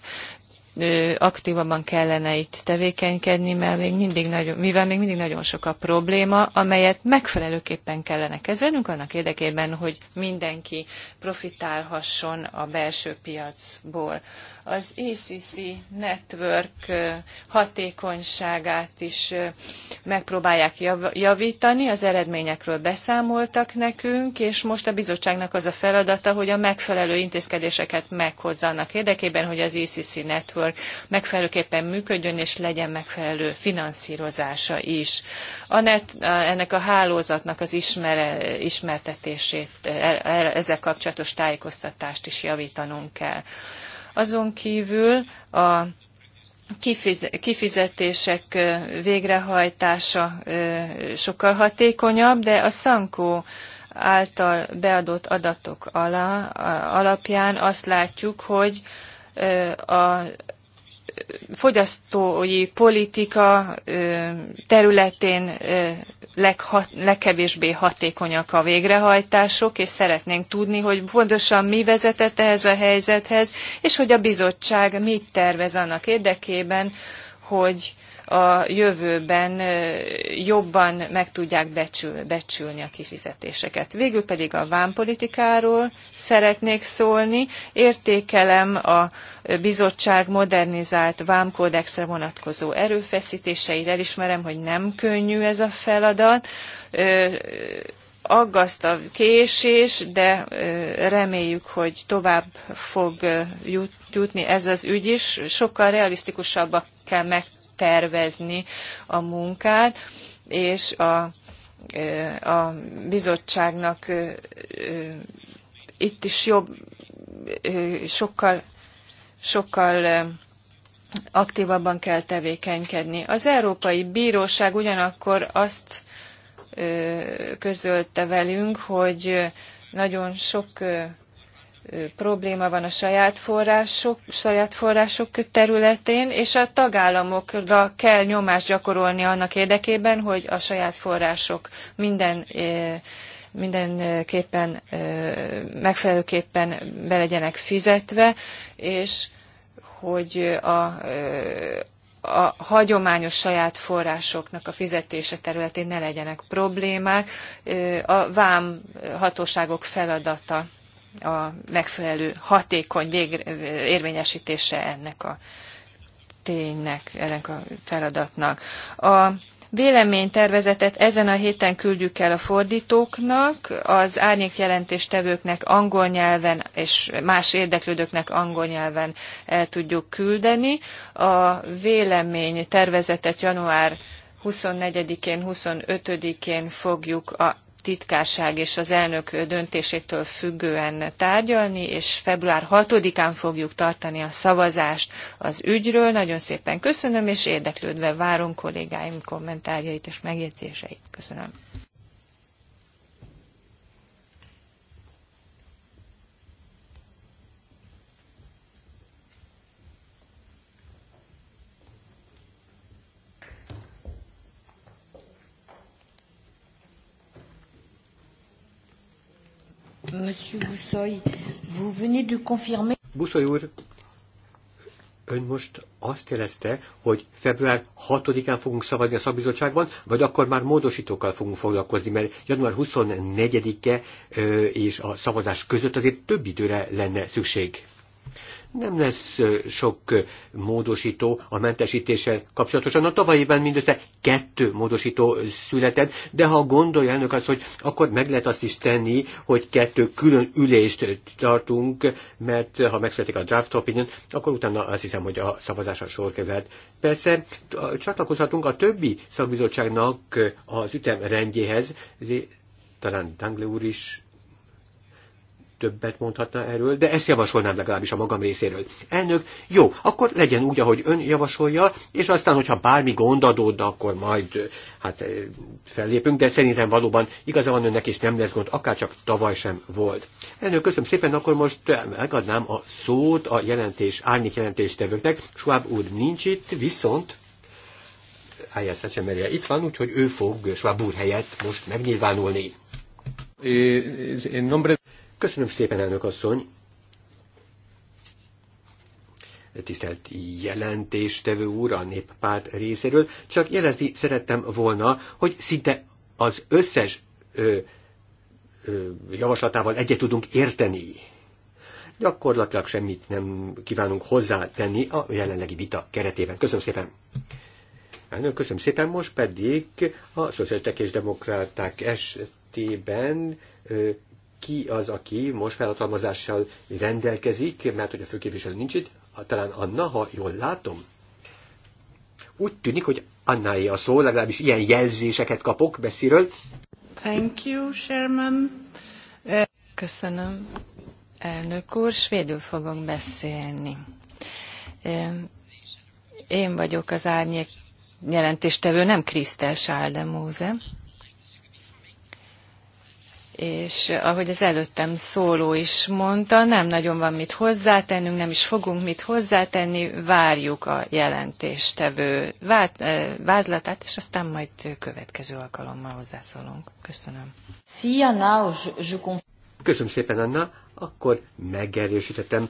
aktívabban kellene itt tevékenykedni, mert még mindig nagyon, mivel még mindig nagyon sok a probléma, amelyet megfelelőképpen kellene kezelnünk annak érdekében, hogy mindenki profitálhasson a belső piacból az ECC network hatékonyságát is megpróbálják javítani, az eredményekről beszámoltak nekünk, és most a bizottságnak az a feladata, hogy a megfelelő intézkedéseket meghozza annak érdekében, hogy az ECC network megfelelőképpen működjön, és legyen megfelelő finanszírozása is. A net, ennek a hálózatnak az ismere, ismertetését, e, e, ezzel kapcsolatos tájékoztatást is javítanunk kell. Azon kívül a kifizetések végrehajtása sokkal hatékonyabb, de a Szankó által beadott adatok alapján azt látjuk, hogy a fogyasztói politika területén leghat, legkevésbé hatékonyak a végrehajtások, és szeretnénk tudni, hogy pontosan mi vezetett ehhez a helyzethez, és hogy a bizottság mit tervez annak érdekében, hogy a jövőben jobban meg tudják becsül, becsülni a kifizetéseket. Végül pedig a vámpolitikáról szeretnék szólni. Értékelem a bizottság modernizált vámkódexre vonatkozó erőfeszítéseit. Elismerem, hogy nem könnyű ez a feladat aggaszt a késés, de reméljük, hogy tovább fog jutni ez az ügy is. Sokkal realisztikusabbak kell meg tervezni a munkát, és a, a bizottságnak itt is jobb, sokkal, sokkal aktívabban kell tevékenykedni. Az Európai Bíróság ugyanakkor azt közölte velünk, hogy nagyon sok probléma van a saját források, saját források területén, és a tagállamokra kell nyomást gyakorolni annak érdekében, hogy a saját források minden mindenképpen megfelelőképpen be legyenek fizetve, és hogy a, a hagyományos saját forrásoknak a fizetése területén ne legyenek problémák, a vám hatóságok feladata a megfelelő hatékony végre, érvényesítése ennek a ténynek, ennek a feladatnak. A véleménytervezetet ezen a héten küldjük el a fordítóknak, az árnyék jelentéstevőknek angol nyelven és más érdeklődőknek angol nyelven el tudjuk küldeni. A véleménytervezetet január 24-én, 25-én fogjuk a titkárság és az elnök döntésétől függően tárgyalni, és február 6-án fogjuk tartani a szavazást az ügyről. Nagyon szépen köszönöm, és érdeklődve várom kollégáim kommentárjait és megjegyzéseit. Köszönöm. Monsieur Buszoy, vous venez de confirmer... Buszoy úr, ön most azt jelezte, hogy február 6-án fogunk szavazni a szakbizottságban, vagy akkor már módosítókkal fogunk foglalkozni, mert január 24-e és a szavazás között azért több időre lenne szükség nem lesz sok módosító a mentesítéssel kapcsolatosan. A tavalyi évben mindössze kettő módosító született, de ha gondolja elnök az, hogy akkor meg lehet azt is tenni, hogy kettő külön ülést tartunk, mert ha megszületik a draft opinion, akkor utána azt hiszem, hogy a szavazásra sor kevert. Persze csatlakozhatunk a többi szakbizottságnak az ütemrendjéhez, talán Dangle úr is többet mondhatna erről, de ezt javasolnám legalábbis a magam részéről. Elnök, jó, akkor legyen úgy, ahogy ön javasolja, és aztán, hogyha bármi gond adódna, akkor majd hát fellépünk, de szerintem valóban igaza van önnek, és nem lesz gond, akár csak tavaly sem volt. Elnök, köszönöm szépen, akkor most megadnám a szót a jelentés, árnyék jelentéstevőknek. Schwab úr nincs itt, viszont Ájá Szecsemeria itt van, úgyhogy ő fog Schwab úr helyett most megnyilvánulni. É, é, é, nombre... Köszönöm szépen, elnök asszony! tisztelt jelentéstevő úr a néppárt részéről, csak jelezni szerettem volna, hogy szinte az összes ö, ö, javaslatával egyet tudunk érteni. Gyakorlatilag semmit nem kívánunk hozzátenni a jelenlegi vita keretében. Köszönöm szépen! Elnök, köszönöm szépen, most pedig a szocialisták és demokraták esetében ki az, aki most felhatalmazással rendelkezik, mert hogy a főképviselő nincs itt, talán Anna, ha jól látom. Úgy tűnik, hogy Annáé a szó, legalábbis ilyen jelzéseket kapok beszéről. Thank you, Sherman. Eh, Köszönöm, elnök úr. Svédül fogok beszélni. Eh, én vagyok az árnyék jelentéstevő, nem Krisztel Sáldemóze és ahogy az előttem szóló is mondta, nem nagyon van mit hozzátennünk, nem is fogunk mit hozzátenni, várjuk a jelentéstevő eh, vázlatát, és aztán majd következő alkalommal hozzászólunk. Köszönöm. Szia, Köszönöm szépen, Anna. Akkor megerősítettem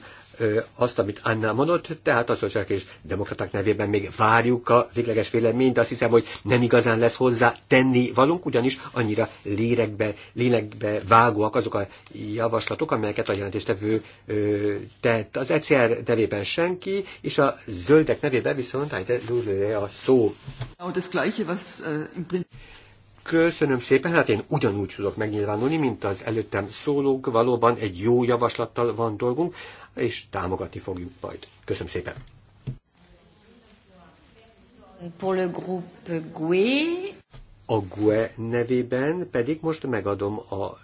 azt, amit Anna mondott, tehát a szociák és demokraták nevében még várjuk a végleges véleményt, azt hiszem, hogy nem igazán lesz hozzá tenni valunk, ugyanis annyira lélekbe, lélekbe vágóak azok a javaslatok, amelyeket a jelentéstevő tett. Az ECR nevében senki, és a zöldek nevében viszont a szó. Äh, Köszönöm szépen, hát én ugyanúgy tudok megnyilvánulni, mint az előttem szólók, valóban egy jó javaslattal van dolgunk, és támogatni fogjuk majd. Köszönöm szépen! Pour le groupe GUE. A GUE nevében pedig most megadom a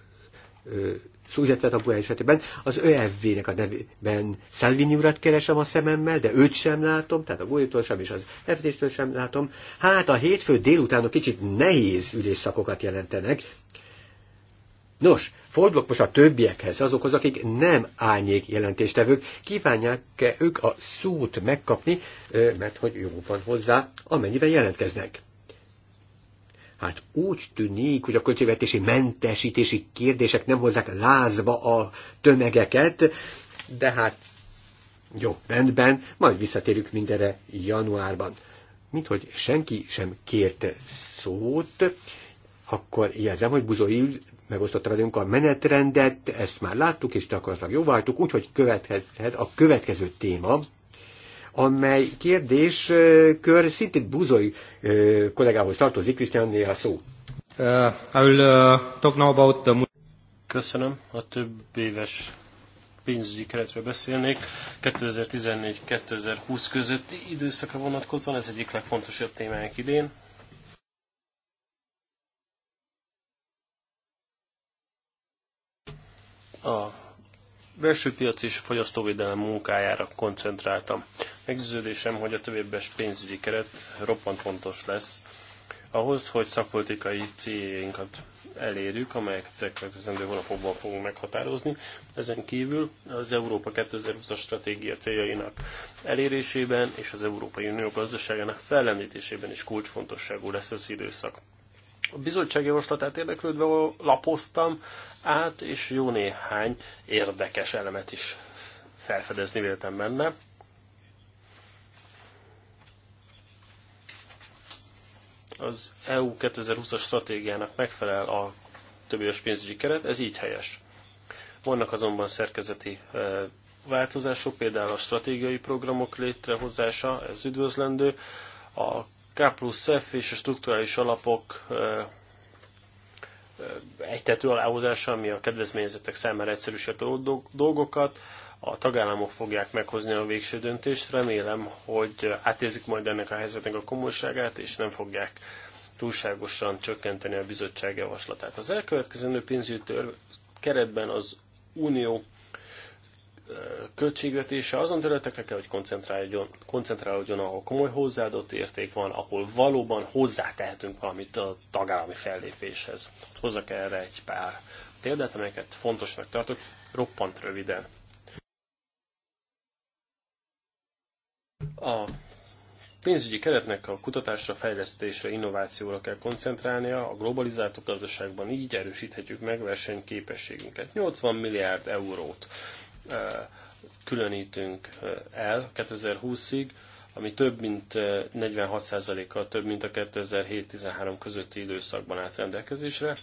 szó, a GUE esetében az ÖFV-nek a nevében Szelvini urat keresem a szememmel, de őt sem látom, tehát a GUE-től sem és az FD-től sem látom. Hát a hétfő délutánok kicsit nehéz ülésszakokat jelentenek, Nos, fordulok most a többiekhez, azokhoz, akik nem álnyék jelentéstevők, kívánják-e ők a szót megkapni, mert hogy jó van hozzá, amennyiben jelentkeznek. Hát úgy tűnik, hogy a költségvetési mentesítési kérdések nem hozzák lázba a tömegeket, de hát jó, rendben, majd visszatérünk mindenre januárban. Mint hogy senki sem kérte szót, akkor jelzem, hogy Buzói megosztotta velünk a menetrendet, ezt már láttuk és gyakorlatilag jóvá hagytuk, úgyhogy következhet a következő téma, amely kérdéskör szintén Buzoly kollégához tartozik, Krisztián néha szó. Uh, I will uh, talk now about the... Köszönöm. A több éves pénzügyi keretről beszélnék. 2014-2020 közötti időszakra vonatkozóan ez egyik legfontosabb témánk idén. a belső piac és a fogyasztóvédelem munkájára koncentráltam. Meggyőződésem, hogy a többéves pénzügyi keret roppant fontos lesz ahhoz, hogy szakpolitikai céljainkat elérjük, amelyeket ezekkövetkezendő hónapokban fogunk meghatározni. Ezen kívül az Európa 2020-as stratégia céljainak elérésében és az Európai Unió gazdaságának fellendítésében is kulcsfontosságú lesz az időszak. A bizottság javaslatát érdeklődve lapoztam, át, és jó néhány érdekes elemet is felfedezni véltem benne. Az EU 2020-as stratégiának megfelel a többiös pénzügyi keret, ez így helyes. Vannak azonban szerkezeti változások, például a stratégiai programok létrehozása, ez üdvözlendő, a K plusz F és a strukturális alapok egy tető aláhozása, ami a kedvezményezettek számára egyszerűsítő dolgokat. A tagállamok fogják meghozni a végső döntést. Remélem, hogy átérzik majd ennek a helyzetnek a komolyságát, és nem fogják túlságosan csökkenteni a bizottság javaslatát. Az elkövetkező pénzügyi keretben az Unió költségvetése azon területekre kell, hogy koncentrálódjon, koncentrálódjon, ahol komoly hozzáadott érték van, ahol valóban hozzátehetünk valamit a tagállami fellépéshez. Hozzak erre egy pár példát, amelyeket fontosnak tartok, roppant röviden. A pénzügyi keretnek a kutatásra, fejlesztésre, innovációra kell koncentrálnia, a globalizált gazdaságban így erősíthetjük meg versenyképességünket. 80 milliárd eurót különítünk el 2020-ig, ami több mint 46%-kal több, mint a 2007-13 közötti időszakban állt rendelkezésre.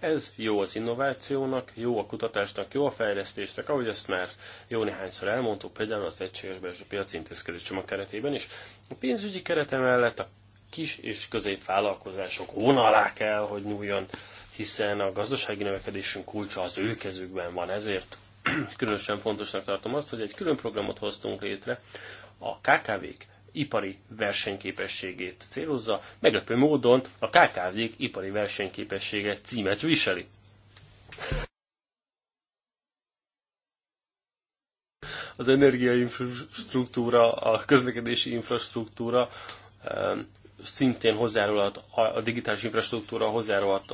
Ez jó az innovációnak, jó a kutatásnak, jó a fejlesztésnek, ahogy ezt már jó néhányszor elmondtuk, például az egységes belső piaci intézkedés csomag keretében is. A pénzügyi kerete mellett a kis és középvállalkozások vonalá kell, hogy nyúljon, hiszen a gazdasági növekedésünk kulcsa az ő kezükben van, ezért *clears throat* Különösen fontosnak tartom azt, hogy egy külön programot hoztunk létre, a KKV-k ipari versenyképességét célozza, meglepő módon a KKV-k ipari versenyképessége címet viseli. Az energiainfrastruktúra, a közlekedési infrastruktúra szintén hozzárulhat, a digitális infrastruktúra hozzárulhat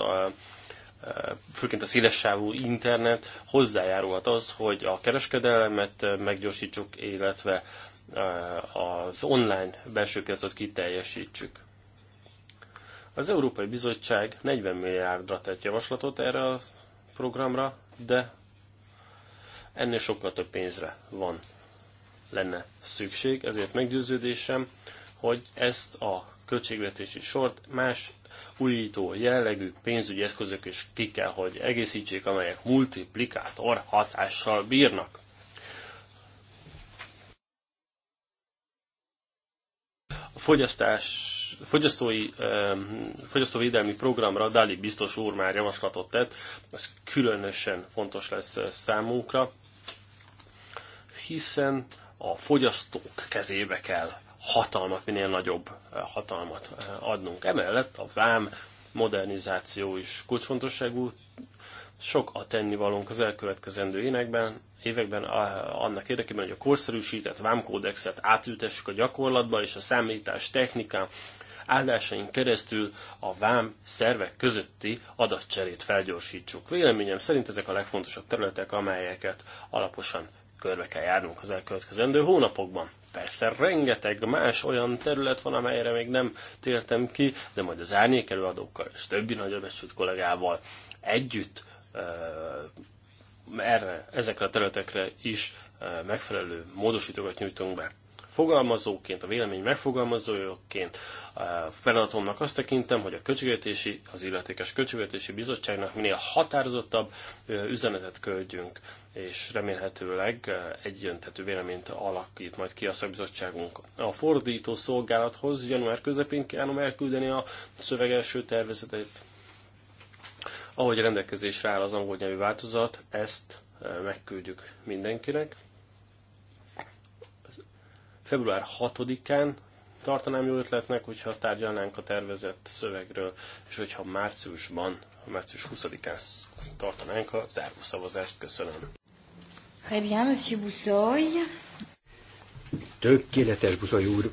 főként a szélessávú internet hozzájárulhat az, hogy a kereskedelmet meggyorsítsuk, illetve eh, az online belső piacot kiteljesítsük. Az Európai Bizottság 40 milliárdra tett javaslatot erre a programra, de ennél sokkal több pénzre van lenne szükség, ezért meggyőződésem, hogy ezt a költségvetési sort más újító jellegű pénzügyi eszközök is ki kell, hogy egészítsék, amelyek multiplikátor hatással bírnak. A fogyasztás fogyasztói, fogyasztóvédelmi programra Dali biztos úr már javaslatot tett, ez különösen fontos lesz eh, számunkra, hiszen a fogyasztók kezébe kell hatalmat, minél nagyobb eh, hatalmat eh, adnunk. Emellett a vám modernizáció is kulcsfontosságú, sok a tennivalónk az elkövetkezendő énekben, években annak érdekében, hogy a korszerűsített vámkódexet átültessük a gyakorlatba, és a számítás technika áldásaink keresztül a vám szervek közötti adatcserét felgyorsítsuk. Véleményem szerint ezek a legfontosabb területek, amelyeket alaposan körbe kell járnunk az elkövetkezendő hónapokban. Persze rengeteg más olyan terület van, amelyre még nem tértem ki, de majd az árnyékelőadókkal és többi nagyobb esőt kollégával együtt eh, erre, ezekre a területekre is eh, megfelelő módosítókat nyújtunk be. Fogalmazóként, a vélemény megfogalmazójaként eh, feladatomnak azt tekintem, hogy a költségvetési, az illetékes költségvetési bizottságnak minél határozottabb üzenetet küldjünk és remélhetőleg eh, egyöntetű véleményt alakít majd ki a szakbizottságunk. A fordító szolgálathoz január közepén kívánom elküldeni a szöveg első tervezetét. Ahogy rendelkezésre áll az angol nyelvű változat, ezt eh, megküldjük mindenkinek. Február 6-án tartanám jó ötletnek, hogyha tárgyalnánk a tervezett szövegről, és hogyha márciusban, március 20-án tartanánk a zárószavazást. Köszönöm. Très bien, Monsieur Boussoy. Tökéletes, Boussoy úr.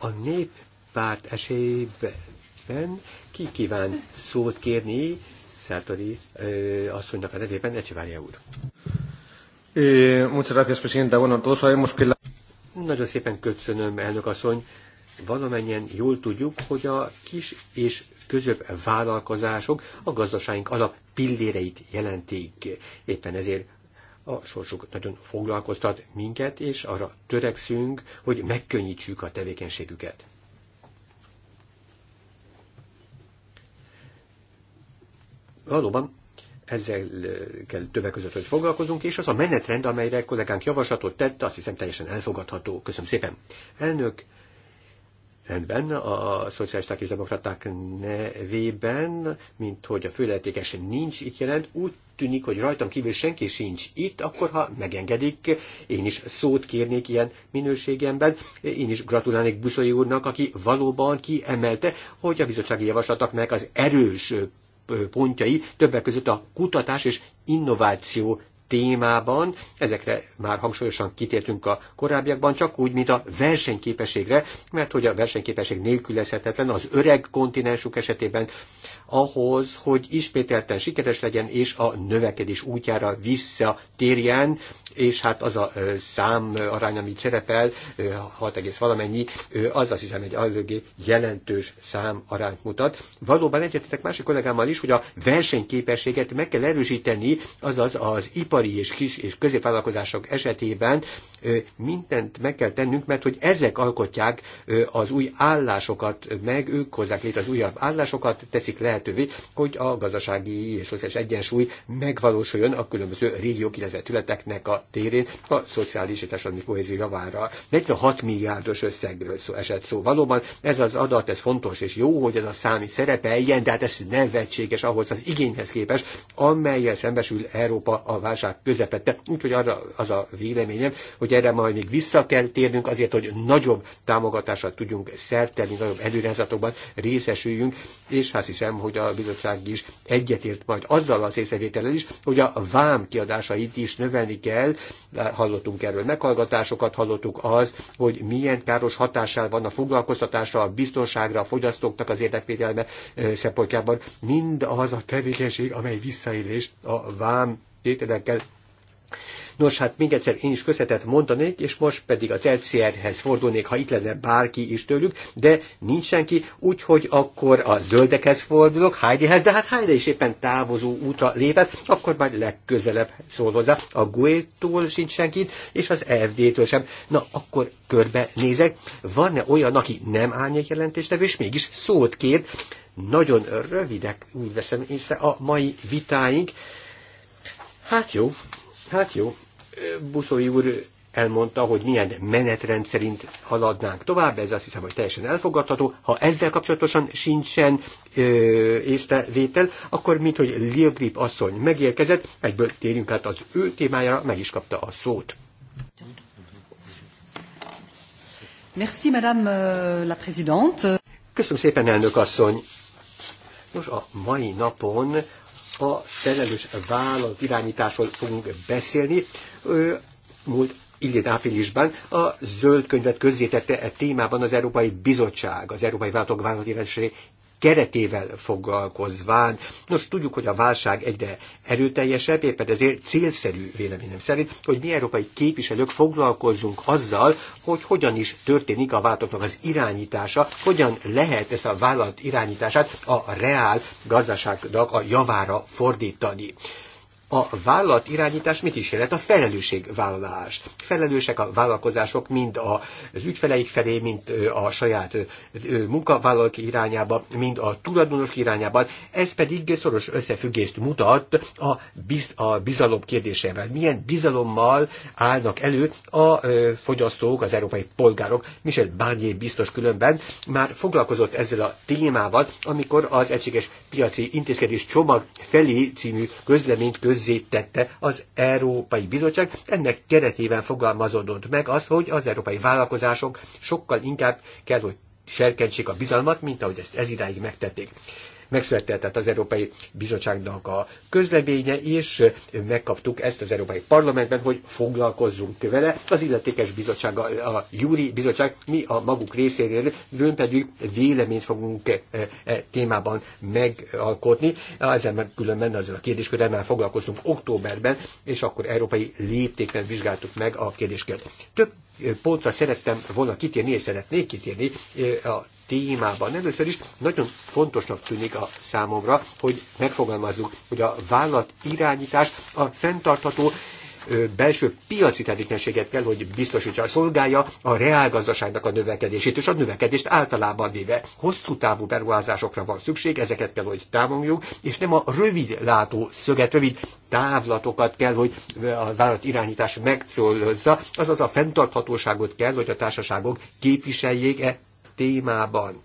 A néppárt esélyben ki kíván szót kérni Szátori ö, asszonynak a nevében, Ecsivárja úr. Eh, muchas gracias, presidente. Bueno, todos sabemos que la... Nagyon szépen köszönöm, elnök asszony. Valamennyien jól tudjuk, hogy a kis és közöbb vállalkozások a gazdaságunk alap pilléreit jelentik. Éppen ezért a sorsuk nagyon foglalkoztat minket, és arra törekszünk, hogy megkönnyítsük a tevékenységüket. Valóban ezzel eh, kell többek között, hogy foglalkozunk, és az a menetrend, amelyre kollégánk javaslatot tett, azt hiszem teljesen elfogadható. Köszönöm szépen. Elnök, Rendben, a szocialisták és demokraták nevében, mint hogy a főletékes nincs itt jelent, úgy tűnik, hogy rajtam kívül senki sincs itt, akkor ha megengedik, én is szót kérnék ilyen minőségemben. Én is gratulálnék Buszai úrnak, aki valóban kiemelte, hogy a bizottsági javaslatoknak az erős pontjai, többek között a kutatás és innováció témában, ezekre már hangsúlyosan kitértünk a korábbiakban, csak úgy, mint a versenyképességre, mert hogy a versenyképesség nélkülözhetetlen az öreg kontinensük esetében ahhoz, hogy ismételten sikeres legyen, és a növekedés útjára visszatérjen, és hát az a szám arány, amit szerepel, 6, valamennyi, az azt hiszem egy eléggé jelentős szám arányt mutat. Valóban egyetetek másik kollégámmal is, hogy a versenyképességet meg kell erősíteni, azaz az ipari és kis és középvállalkozások esetében mindent meg kell tennünk, mert hogy ezek alkotják az új állásokat meg, ők hozzák létre az újabb állásokat, teszik lehet lehetővé, hogy a gazdasági és szociális egyensúly megvalósuljon a különböző régiók, illetve tületeknek a térén a szociális és társadalmi kohézió javára. 46 milliárdos összegről szó, esett szó. Valóban ez az adat, ez fontos és jó, hogy ez a szám szerepeljen, de hát ez nevetséges ahhoz az igényhez képest, amelyel szembesül Európa a válság közepette. Úgyhogy arra az a véleményem, hogy erre majd még vissza kell térnünk azért, hogy nagyobb támogatásra tudjunk szertelni, nagyobb előreházatokban részesüljünk, és hát hiszem, hogy hogy a bizottság is egyetért majd azzal az észrevétellel is, hogy a vám kiadásait is növelni kell. Hallottunk erről meghallgatásokat, hallottuk az, hogy milyen káros hatással van a foglalkoztatásra, a biztonságra, a fogyasztóknak az érdekvédelme szempontjában. Mind az a tevékenység, amely visszaélést a vám tételekkel Nos, hát még egyszer én is köszönetet mondanék, és most pedig a LCR-hez fordulnék, ha itt lenne bárki is tőlük, de nincs senki, úgyhogy akkor a zöldekhez fordulok, Heidihez, de hát Heidi is éppen távozó útra lépett, akkor már legközelebb szól hozzá. A Guétól sincs senki, és az FD-től sem. Na, akkor körbe nézek, van-e olyan, aki nem árnyék jelentéstevő, és mégis szót kér? Nagyon rövidek, úgy veszem észre, a mai vitáink. Hát jó, hát jó. Buszói úr elmondta, hogy milyen menetrend szerint haladnánk tovább, ez azt hiszem, hogy teljesen elfogadható. Ha ezzel kapcsolatosan sincsen ö, észrevétel, akkor mint hogy Grip asszony megérkezett, egyből térjünk át az ő témájára, meg is kapta a szót. Merci, Madame euh, la Présidente. Köszönöm szépen, elnök asszony. Nos, a mai napon a felelős vállalat irányításról fogunk beszélni. Múlt idén áprilisban a zöld könyvet közzétette e témában az Európai Bizottság, az Európai Vállalatok Vállalatirányítási keretével foglalkozván. Nos, tudjuk, hogy a válság egyre erőteljesebb, éppen ezért célszerű véleményem szerint, hogy mi európai képviselők foglalkozzunk azzal, hogy hogyan is történik a vállalatoknak az irányítása, hogyan lehet ezt a vállalat irányítását a reál gazdaságnak a javára fordítani a vállalat irányítás mit is jelent? A felelősségvállalás. Felelősek a vállalkozások mind az ügyfeleik felé, mind a saját munkavállalók irányába, mind a tulajdonos irányában. Ez pedig szoros összefüggést mutat a, biz, a bizalom kérdésével. Milyen bizalommal állnak elő a fogyasztók, az európai polgárok. Michel Barnier biztos különben már foglalkozott ezzel a témával, amikor az egységes piaci intézkedés csomag felé című közleményt köz közzétette az Európai Bizottság. Ennek keretében fogalmazódott meg az, hogy az európai vállalkozások sokkal inkább kell, hogy serkentsék a bizalmat, mint ahogy ezt ez idáig megtették megszületett tehát az Európai Bizottságnak a közleménye, és megkaptuk ezt az Európai Parlamentben, hogy foglalkozzunk vele. Az illetékes bizottság, a Júri Bizottság, mi a maguk részéről pedig véleményt fogunk e, e, témában megalkotni. Ezzel meg különben azzal a kérdéskörrel már foglalkoztunk októberben, és akkor európai léptékben vizsgáltuk meg a kérdéskört. Több pontra szerettem volna kitérni, és szeretnék kitérni e, a témában. Először is nagyon fontosnak tűnik a számomra, hogy megfogalmazzuk, hogy a vállalat irányítás a fenntartható belső piaci tevékenységet kell, hogy biztosítsa, szolgálja a reálgazdaságnak a növekedését, és a növekedést általában véve hosszú távú beruházásokra van szükség, ezeket kell, hogy támogjuk, és nem a rövid látó szöget, rövid távlatokat kell, hogy a vállalat irányítás megszólozza, azaz a fenntarthatóságot kell, hogy a társaságok képviseljék e témában.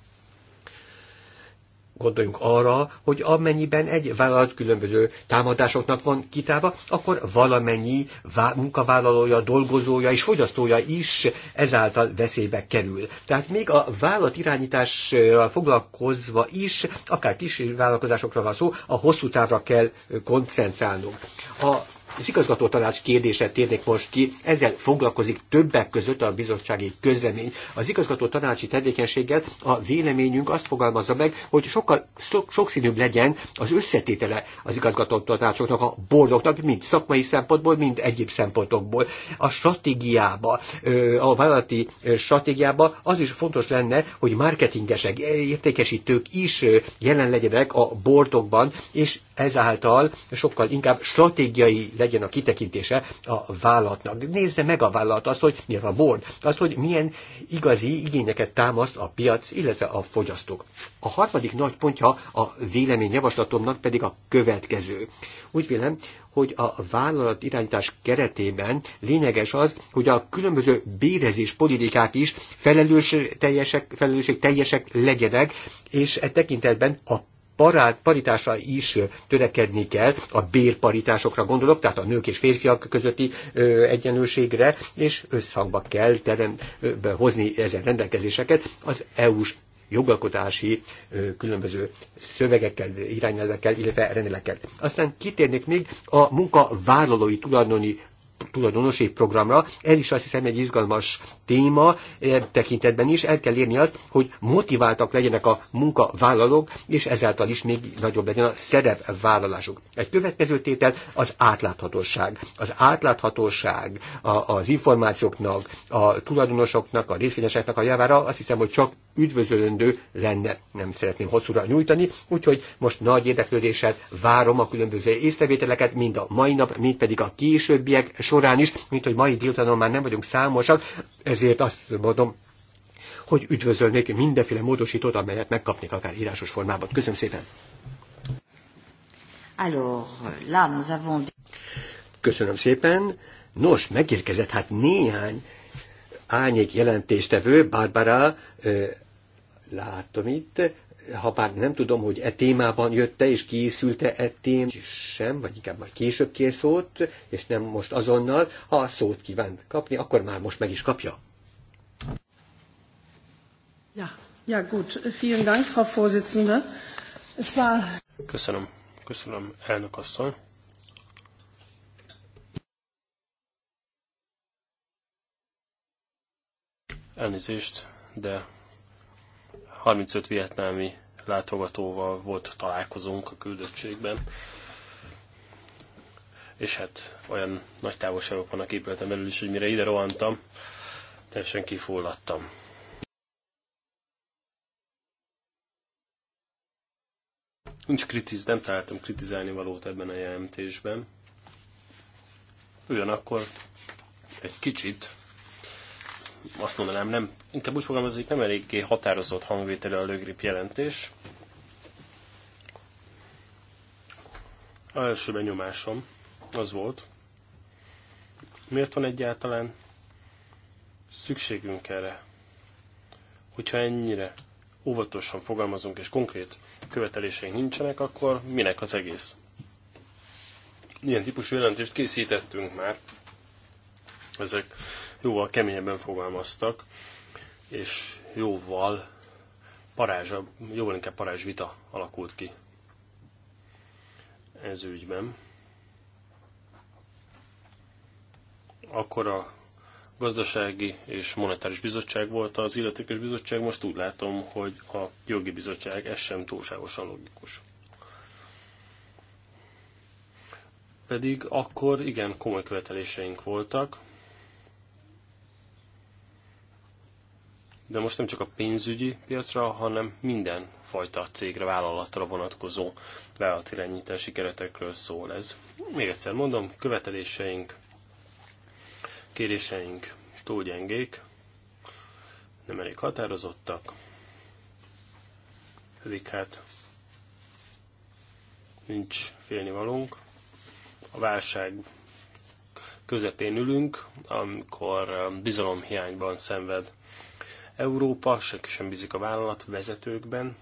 Gondoljunk arra, hogy amennyiben egy vállalat különböző támadásoknak van kitába, akkor valamennyi munkavállalója, dolgozója és fogyasztója is ezáltal veszélybe kerül. Tehát még a vállalat irányítással foglalkozva is, akár kis vállalkozásokra van szó, a hosszú távra kell koncentrálnunk. A az igazgató tanács kérdésre térnék most ki, ezzel foglalkozik többek között a bizottsági közlemény. Az igazgató tanácsi tevékenységgel a véleményünk azt fogalmazza meg, hogy sokkal sokszínűbb legyen az összetétele az igazgató tanácsoknak, a boldognak, mind szakmai szempontból, mind egyéb szempontokból. A stratégiába, a vállalati stratégiába az is fontos lenne, hogy marketingesek, e, értékesítők is jelen legyenek a boldogban, és ezáltal sokkal inkább stratégiai legyen legyen a kitekintése a vállalatnak. Nézze meg a vállalat azt, hogy mi a board, azt, hogy milyen igazi igényeket támaszt a piac, illetve a fogyasztók. A harmadik nagy pontja a véleményjavaslatomnak pedig a következő. Úgy vélem, hogy a vállalat irányítás keretében lényeges az, hogy a különböző bérezés politikák is felelős teljesek, felelősség teljesek legyenek, és e tekintetben a parát, paritásra is törekedni kell, a bérparitásokra gondolok, tehát a nők és férfiak közötti ö, egyenlőségre, és összhangba kell terem, ö, hozni ezen rendelkezéseket az EU-s jogalkotási ö, különböző szövegekkel, irányelvekkel, illetve rendelekkel. Aztán kitérnék még a munkavállalói tulajdoni tulajdonosi programra. Ez is azt hiszem egy izgalmas téma e, tekintetben is. El kell érni azt, hogy motiváltak legyenek a munkavállalók, és ezáltal is még nagyobb legyen a szerepvállalásuk. Egy következő tétel az átláthatóság. Az átláthatóság a, az információknak, a tulajdonosoknak, a részvényeseknek a javára azt hiszem, hogy csak üdvözölendő lenne. Nem szeretném hosszúra nyújtani, úgyhogy most nagy érdeklődéssel várom a különböző észrevételeket, mind a mai nap, mind pedig a későbbiek során is, mint hogy mai délután már nem vagyunk számosak, ezért azt mondom, hogy üdvözölnék mindenféle módosítót, amelyet megkapnék akár írásos formában. Köszönöm szépen! Köszönöm szépen! Nos, megérkezett hát néhány árnyék jelentéstevő, Barbara, látom itt, ha bár nem tudom, hogy e témában jött-e és készült-e e tém sem, vagy inkább majd később kér szót, és nem most azonnal, ha szót kíván kapni, akkor már most meg is kapja. Ja, ja gut. Vielen Dank, Frau Vorsitzende. Es war... Köszönöm. Köszönöm, elnök asszony. Elnézést, de 35 vietnámi látogatóval volt találkozónk a küldöttségben, és hát olyan nagy távolságok vannak épületen belül is, hogy mire ide rohantam, teljesen kifulladtam. Nincs kritiz, nem találtam kritizálni valót ebben a jelentésben. Ugyanakkor egy kicsit azt mondanám, nem, inkább úgy fogalmazik, nem eléggé határozott hangvételű a lőgrip jelentés. A első benyomásom az volt, miért van egyáltalán szükségünk erre, hogyha ennyire óvatosan fogalmazunk és konkrét követeléseink nincsenek, akkor minek az egész? Ilyen típusú jelentést készítettünk már. Ezek jóval keményebben fogalmaztak, és jóval parázs, jóval inkább parázs vita alakult ki ez ügyben. Akkor a gazdasági és monetáris bizottság volt az illetékes bizottság, most úgy látom, hogy a jogi bizottság, ez sem túlságosan logikus. Pedig akkor igen komoly követeléseink voltak, de most nem csak a pénzügyi piacra, hanem minden fajta cégre, vállalatra vonatkozó vállalatirányítási keretekről szól ez. Még egyszer mondom, követeléseink, kéréseink túl gyengék, nem elég határozottak, pedig hát nincs félnivalónk. A válság közepén ülünk, amikor um, bizalomhiányban szenved Európa, senki sem bízik a vállalat vezetőkben,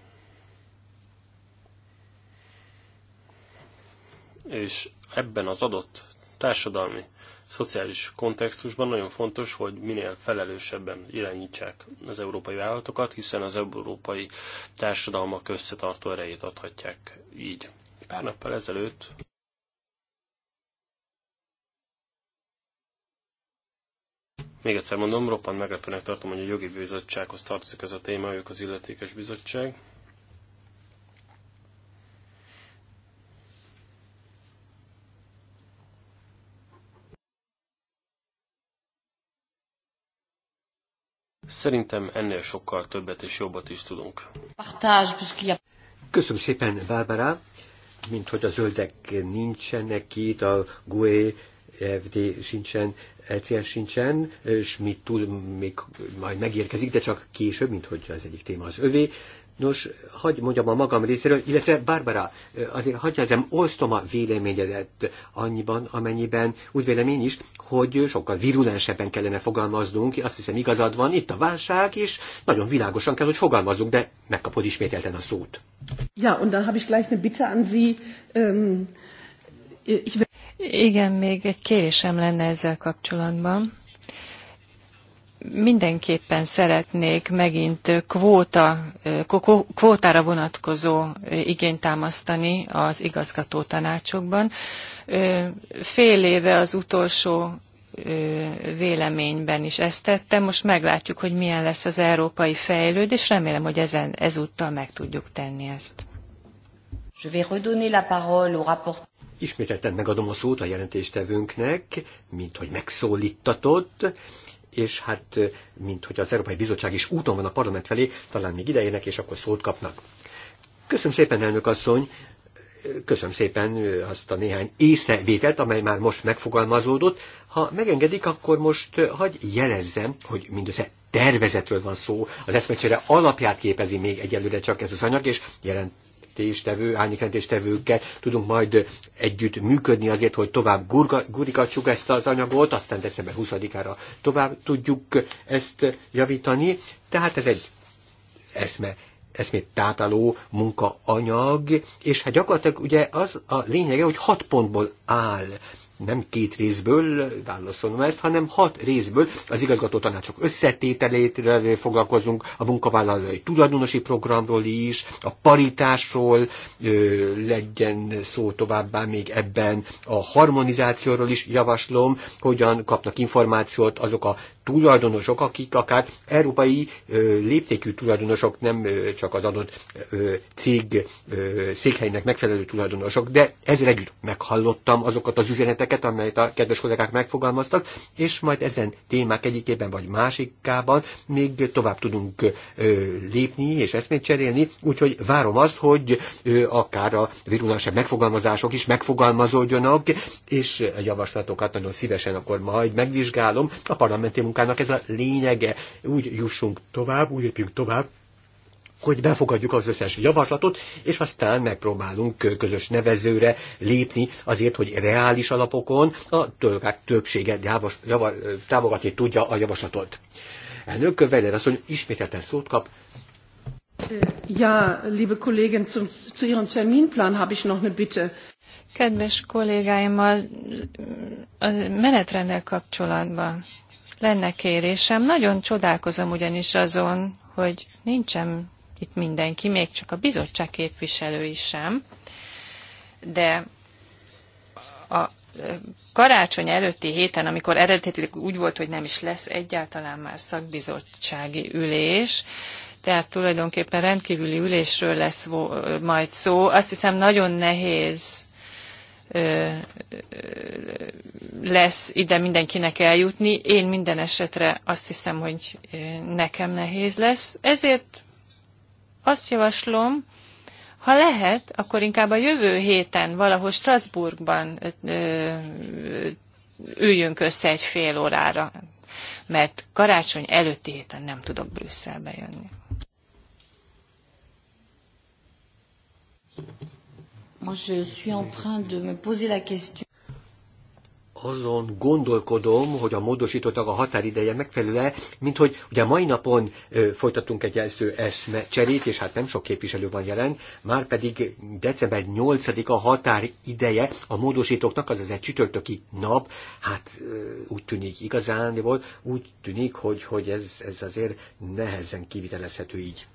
és ebben az adott társadalmi, szociális kontextusban nagyon fontos, hogy minél felelősebben irányítsák az európai vállalatokat, hiszen az európai társadalmak összetartó erejét adhatják így. Pár nappal ezelőtt Még egyszer mondom, roppant meglepőnek tartom, hogy a jogi bizottsághoz tartozik ez a téma, ők az illetékes bizottság. Szerintem ennél sokkal többet és jobbat is tudunk. Köszönöm szépen, Bárbara. Mint hogy a zöldek nincsenek itt, a GUE e, FD sincsen egyszer sincsen, Schmidt túl még majd megérkezik, de csak később, mint hogy az egyik téma az övé. Nos, hagyd mondjam a magam részéről, illetve Barbara, azért hagyj ezem, osztom a véleményedet annyiban, amennyiben úgy vélem én is, hogy sokkal virulensebben kellene fogalmaznunk, azt hiszem igazad van, itt a válság, és nagyon világosan kell, hogy fogalmazzunk, de megkapod ismételten a szót. Ja, und dann habe ich gleich eine Bitte an Sie. Ähm, ich igen, még egy kérésem lenne ezzel kapcsolatban. Mindenképpen szeretnék megint kvóta, kvótára vonatkozó igényt támasztani az igazgató tanácsokban. Fél éve az utolsó véleményben is ezt tettem. Most meglátjuk, hogy milyen lesz az európai fejlődés. Remélem, hogy ezen, ezúttal meg tudjuk tenni ezt. Je vais redonner la parole au rapporteur. Ismételten megadom a szót a jelentéstevőnknek, mint hogy megszólítatott, és hát, mint hogy az Európai Bizottság is úton van a parlament felé, talán még idejének, és akkor szót kapnak. Köszönöm szépen, elnök asszony, köszönöm szépen azt a néhány észrevételt, amely már most megfogalmazódott. Ha megengedik, akkor most hagy jelezzem, hogy mindössze tervezetről van szó, az eszmecsere alapját képezi még egyelőre csak ez az anyag, és jelent jelentéstevő, árnyékjelentéstevőkkel tudunk majd együtt működni azért, hogy tovább gurikatsuk ezt az anyagot, aztán december 20-ára tovább tudjuk ezt javítani. Tehát ez egy eszme eszmét tápláló munkaanyag, és hát gyakorlatilag ugye az a lényege, hogy hat pontból áll nem két részből válaszolom ezt, hanem hat részből az igazgató tanácsok összetételétről foglalkozunk, a munkavállalói tulajdonosi programról is, a paritásról ö, legyen szó továbbá még ebben a harmonizációról is javaslom, hogyan kapnak információt azok a tulajdonosok, akik akár európai léptékű tulajdonosok, nem csak az adott cég székhelynek megfelelő tulajdonosok, de ezzel együtt meghallottam azokat az üzeneteket, amelyet a kedves kollégák megfogalmaztak, és majd ezen témák egyikében vagy másikában még tovább tudunk lépni és eszmét cserélni, úgyhogy várom azt, hogy akár a virulánsabb megfogalmazások is megfogalmazódjanak, és a javaslatokat nagyon szívesen akkor majd megvizsgálom a parlamenti munkának ez a lényege. Úgy jussunk tovább, úgy lépjünk tovább, hogy befogadjuk az összes javaslatot, és aztán megpróbálunk közös nevezőre lépni azért, hogy reális alapokon a tölkák többsége javas, java, támogatni tudja a javaslatot. Elnök Weller asszony ismételten szót kap. Ja, liebe Kollégen, zum, zu Ihrem Terminplan habe ich noch eine Bitte. Kedves kollégáimmal a menetrendel kapcsolatban lenne kérésem. Nagyon csodálkozom ugyanis azon, hogy nincsen itt mindenki, még csak a bizottság képviselői sem, de a karácsony előtti héten, amikor eredetileg úgy volt, hogy nem is lesz egyáltalán már szakbizottsági ülés, tehát tulajdonképpen rendkívüli ülésről lesz majd szó. Azt hiszem nagyon nehéz lesz ide mindenkinek eljutni. Én minden esetre azt hiszem, hogy nekem nehéz lesz. Ezért azt javaslom, ha lehet, akkor inkább a jövő héten valahol Strasbourgban üljünk össze egy fél órára, mert karácsony előtti héten nem tudok Brüsszelbe jönni. Moi, je suis en train de me poser la question. Azon gondolkodom, hogy a módosítottak a határideje megfelelő, mint hogy ugye mai napon ö, folytatunk egy első eszme cserét, és hát nem sok képviselő van jelen, már pedig december 8-a határideje a módosítóknak, azaz egy csütörtöki nap, hát ö, úgy tűnik igazán, úgy tűnik, hogy, hogy ez, ez azért nehezen kivitelezhető így.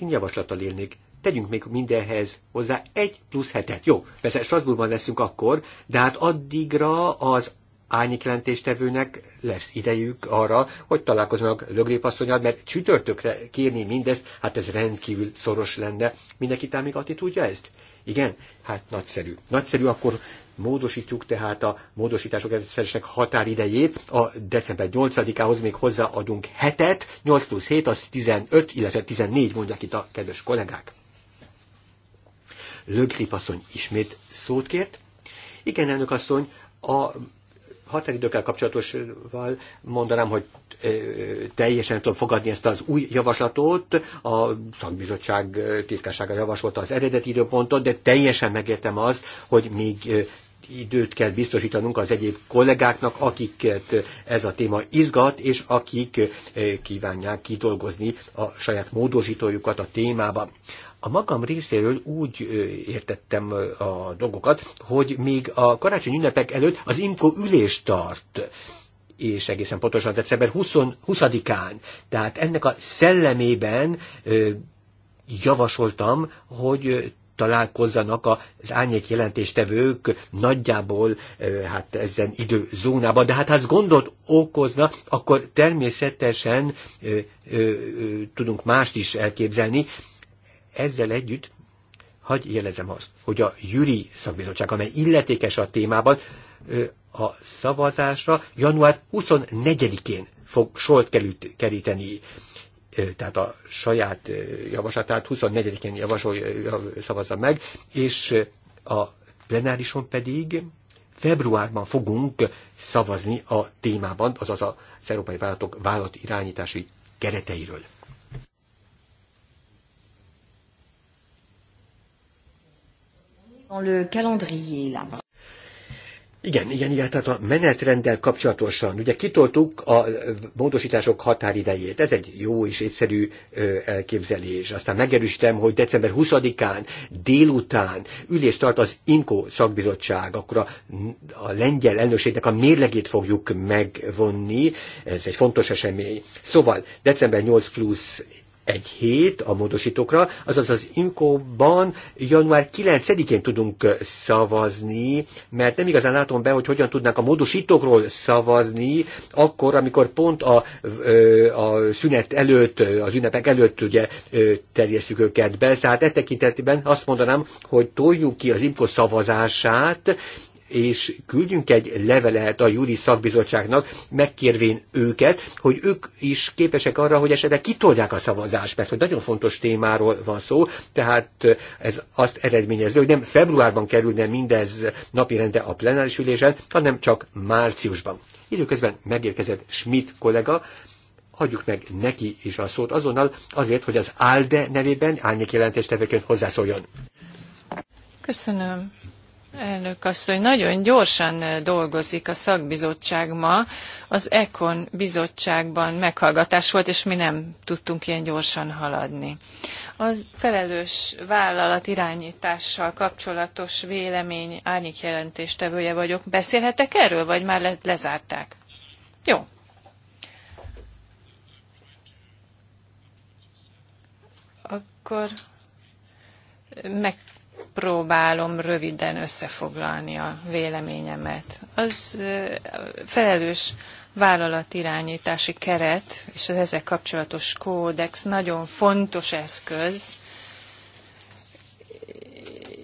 Én javaslattal élnék. Tegyünk még mindenhez hozzá egy plusz hetet. Jó, persze Strasbourgban leszünk akkor, de hát addigra az Ányik jelentéstevőnek lesz idejük arra, hogy találkoznak Lögrép asszonyal, mert csütörtökre kérni mindezt, hát ez rendkívül szoros lenne. Mindenki támogatni tudja ezt? Igen? Hát nagyszerű. Nagyszerű, akkor Módosítjuk tehát a módosítások egyszerűsnek határidejét. A december 8-ához még hozzáadunk hetet, 8 plusz 7 az 15, illetve 14 mondják itt a kedves kollégák. Lögrip asszony ismét szót kért. Igen, elnök asszony, a határidőkkel kapcsolatosval mondanám, hogy teljesen tudom fogadni ezt az új javaslatot, a szakbizottság titkársága javasolta az eredeti időpontot, de teljesen megértem azt, hogy még időt kell biztosítanunk az egyéb kollégáknak, akiket ez a téma izgat, és akik eh, kívánják kidolgozni a saját módosítójukat a témában. A magam részéről úgy eh, értettem eh, a dolgokat, hogy még a karácsony ünnepek előtt az IMKO ülést tart és egészen pontosan december 20-án. Tehát ennek a szellemében javasoltam, hogy találkozzanak az árnyék jelentéstevők nagyjából hát ezen időzónában. De hát ha ez gondot okozna, akkor természetesen ö, ö, tudunk mást is elképzelni. Ezzel együtt hagy jelezem azt, hogy a Jüri szakbizottság, amely illetékes a témában, ö, a szavazásra január 24-én fog sort került, keríteni tehát a saját javaslatát 24-én javasolja szavazza meg, és a plenárison pedig februárban fogunk szavazni a témában, azaz az európai vállalatok vállalat irányítási kereteiről. Dans le calendrier, là. Igen, igen, igen, tehát a menetrenddel kapcsolatosan, ugye kitoltuk a módosítások határidejét, ez egy jó és egyszerű elképzelés. Aztán megerősítem, hogy december 20-án délután ülést tart az INKO szakbizottság, akkor a, a lengyel elnökségnek a mérlegét fogjuk megvonni, ez egy fontos esemény. Szóval december 8 plusz egy hét a módosítókra, azaz az Inkóban január 9-én tudunk szavazni, mert nem igazán látom be, hogy hogyan tudnánk a módosítókról szavazni, akkor, amikor pont a, a szünet előtt, az ünnepek előtt ugye terjesztjük őket be. Tehát e tekintetben azt mondanám, hogy toljuk ki az Inkó szavazását, és küldjünk egy levelet a júri szakbizottságnak, megkérvén őket, hogy ők is képesek arra, hogy esetleg kitolják a szavazást, mert hogy nagyon fontos témáról van szó, tehát ez azt eredményezi, hogy nem februárban kerülne mindez napirende a plenáris ülésen, hanem csak márciusban. Időközben megérkezett Schmidt kollega, hagyjuk meg neki is a szót azonnal, azért, hogy az ALDE nevében árnyék jelentéstevőként hozzászóljon. Köszönöm, Elnök asszony, nagyon gyorsan eh, dolgozik a szakbizottság ma. Az ECON bizottságban meghallgatás volt, és mi nem tudtunk ilyen gyorsan haladni. A felelős vállalat irányítással kapcsolatos vélemény árnyék jelentéstevője vagyok. Beszélhetek erről, vagy már le- lezárták? Jó. Akkor meg Próbálom röviden összefoglalni a véleményemet. Az felelős vállalatirányítási keret és az ezzel kapcsolatos kódex nagyon fontos eszköz,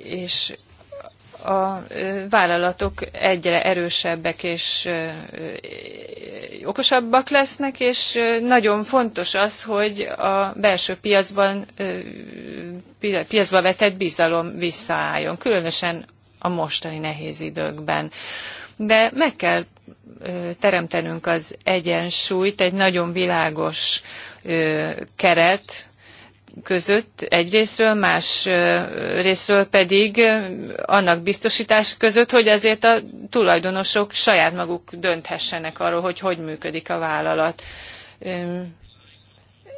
és a vállalatok egyre erősebbek és okosabbak lesznek, és nagyon fontos az, hogy a belső piacban, piacba vetett bizalom visszaálljon, különösen a mostani nehéz időkben. De meg kell teremtenünk az egyensúlyt, egy nagyon világos keret, között egyrésztről, más részről pedig annak biztosítás között, hogy azért a tulajdonosok saját maguk dönthessenek arról, hogy hogy működik a vállalat.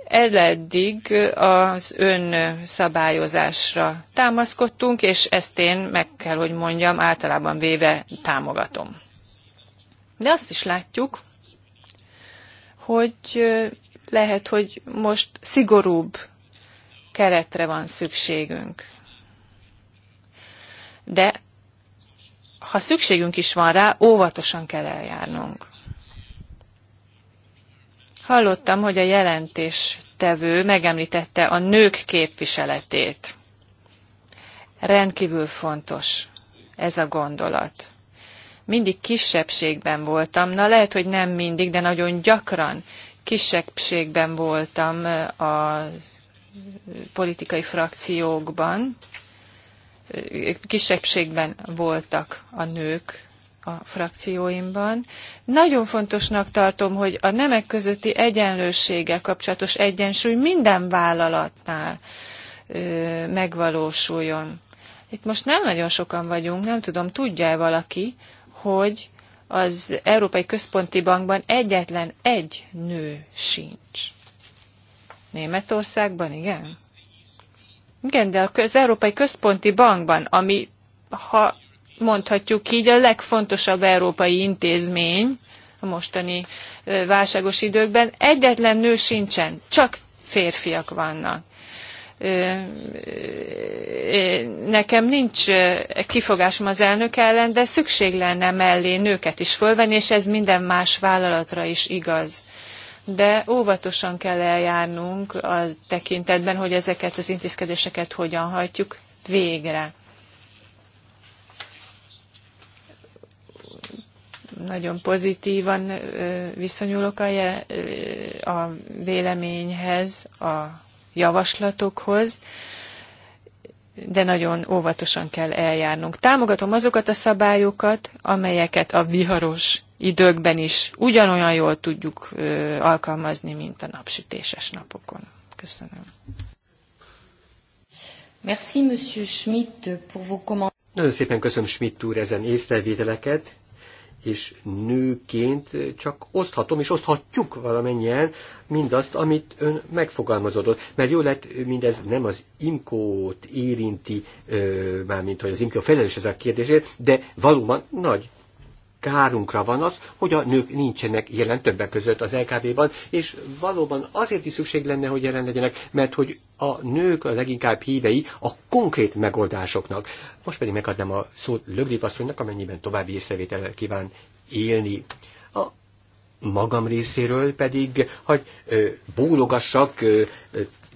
Eddig az ön szabályozásra támaszkodtunk, és ezt én meg kell, hogy mondjam, általában véve támogatom. De azt is látjuk, hogy lehet, hogy most szigorúbb keretre van szükségünk. De ha szükségünk is van rá, óvatosan kell eljárnunk. Hallottam, hogy a jelentés tevő megemlítette a nők képviseletét. Rendkívül fontos ez a gondolat. Mindig kisebbségben voltam, na lehet, hogy nem mindig, de nagyon gyakran kisebbségben voltam a politikai frakciókban kisebbségben voltak a nők a frakcióimban. Nagyon fontosnak tartom, hogy a nemek közötti egyenlőséggel kapcsolatos egyensúly minden vállalatnál megvalósuljon. Itt most nem nagyon sokan vagyunk, nem tudom, tudja-e valaki, hogy az Európai Központi Bankban egyetlen egy nő sincs. Németországban, igen? Igen, de az Európai Központi Bankban, ami, ha mondhatjuk így, a legfontosabb európai intézmény a mostani válságos időkben, egyetlen nő sincsen, csak férfiak vannak nekem nincs kifogásom az elnök ellen, de szükség lenne mellé nőket is fölvenni, és ez minden más vállalatra is igaz de óvatosan kell eljárnunk a tekintetben, hogy ezeket az intézkedéseket hogyan hajtjuk végre. Nagyon pozitívan viszonyulok a, a véleményhez, a javaslatokhoz de nagyon óvatosan kell eljárnunk. Támogatom azokat a szabályokat, amelyeket a viharos időkben is ugyanolyan jól tudjuk alkalmazni, mint a napsütéses napokon. Köszönöm. Merci, Monsieur Schmidt, pour vos commentaires. Nagyon szépen köszönöm Schmidt úr ezen észrevételeket, és nőként csak oszthatom és oszthatjuk valamennyien mindazt, amit ön megfogalmazott. Mert jó lett, mindez nem az imkót érinti, mármint hogy az imkó felelős ez a kérdésért, de valóban nagy kárunkra van az, hogy a nők nincsenek jelen többek között az LKB-ban, és valóban azért is szükség lenne, hogy jelen legyenek, mert hogy a nők a leginkább hívei a konkrét megoldásoknak. Most pedig megadnám a szót Lögdi asszonynak, amennyiben további észrevétellel kíván élni. A magam részéről pedig, hogy bólogassak,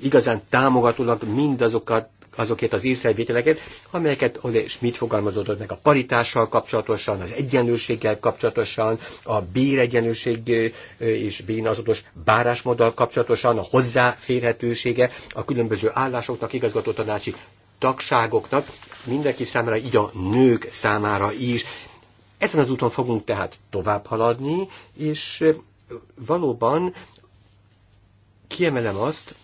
igazán támogatólag mindazokat azokért az észrevételeket, amelyeket Ole Schmidt fogalmazott meg a paritással kapcsolatosan, az egyenlőséggel kapcsolatosan, a béregyenlőség és bénazonos bárásmóddal kapcsolatosan, a hozzáférhetősége a különböző állásoknak, igazgatótanácsi tagságoknak, mindenki számára, így a nők számára is. Ezen az úton fogunk tehát tovább haladni, és valóban kiemelem azt,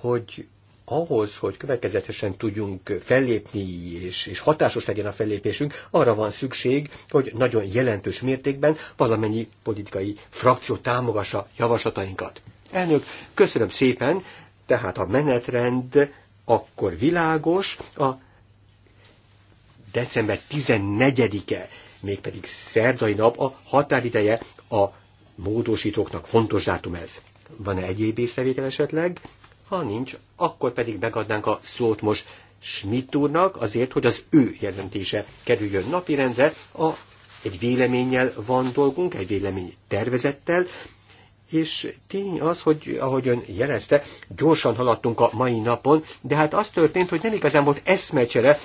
hogy ahhoz, hogy következetesen tudjunk fellépni, és, és hatásos legyen a fellépésünk, arra van szükség, hogy nagyon jelentős mértékben valamennyi politikai frakció támogassa javaslatainkat. Elnök, köszönöm szépen, tehát a menetrend akkor világos, a december 14-e, mégpedig szerdai nap a határideje a módosítóknak fontos dátum ez. Van-e egyéb észrevétel esetleg? Ha nincs, akkor pedig megadnánk a szót most Schmidt úrnak azért, hogy az ő jelentése kerüljön napirendre. A, egy véleménnyel van dolgunk, egy vélemény tervezettel, és tény az, hogy ahogy ön jelezte, gyorsan haladtunk a mai napon, de hát az történt, hogy nem igazán volt eszmecsere,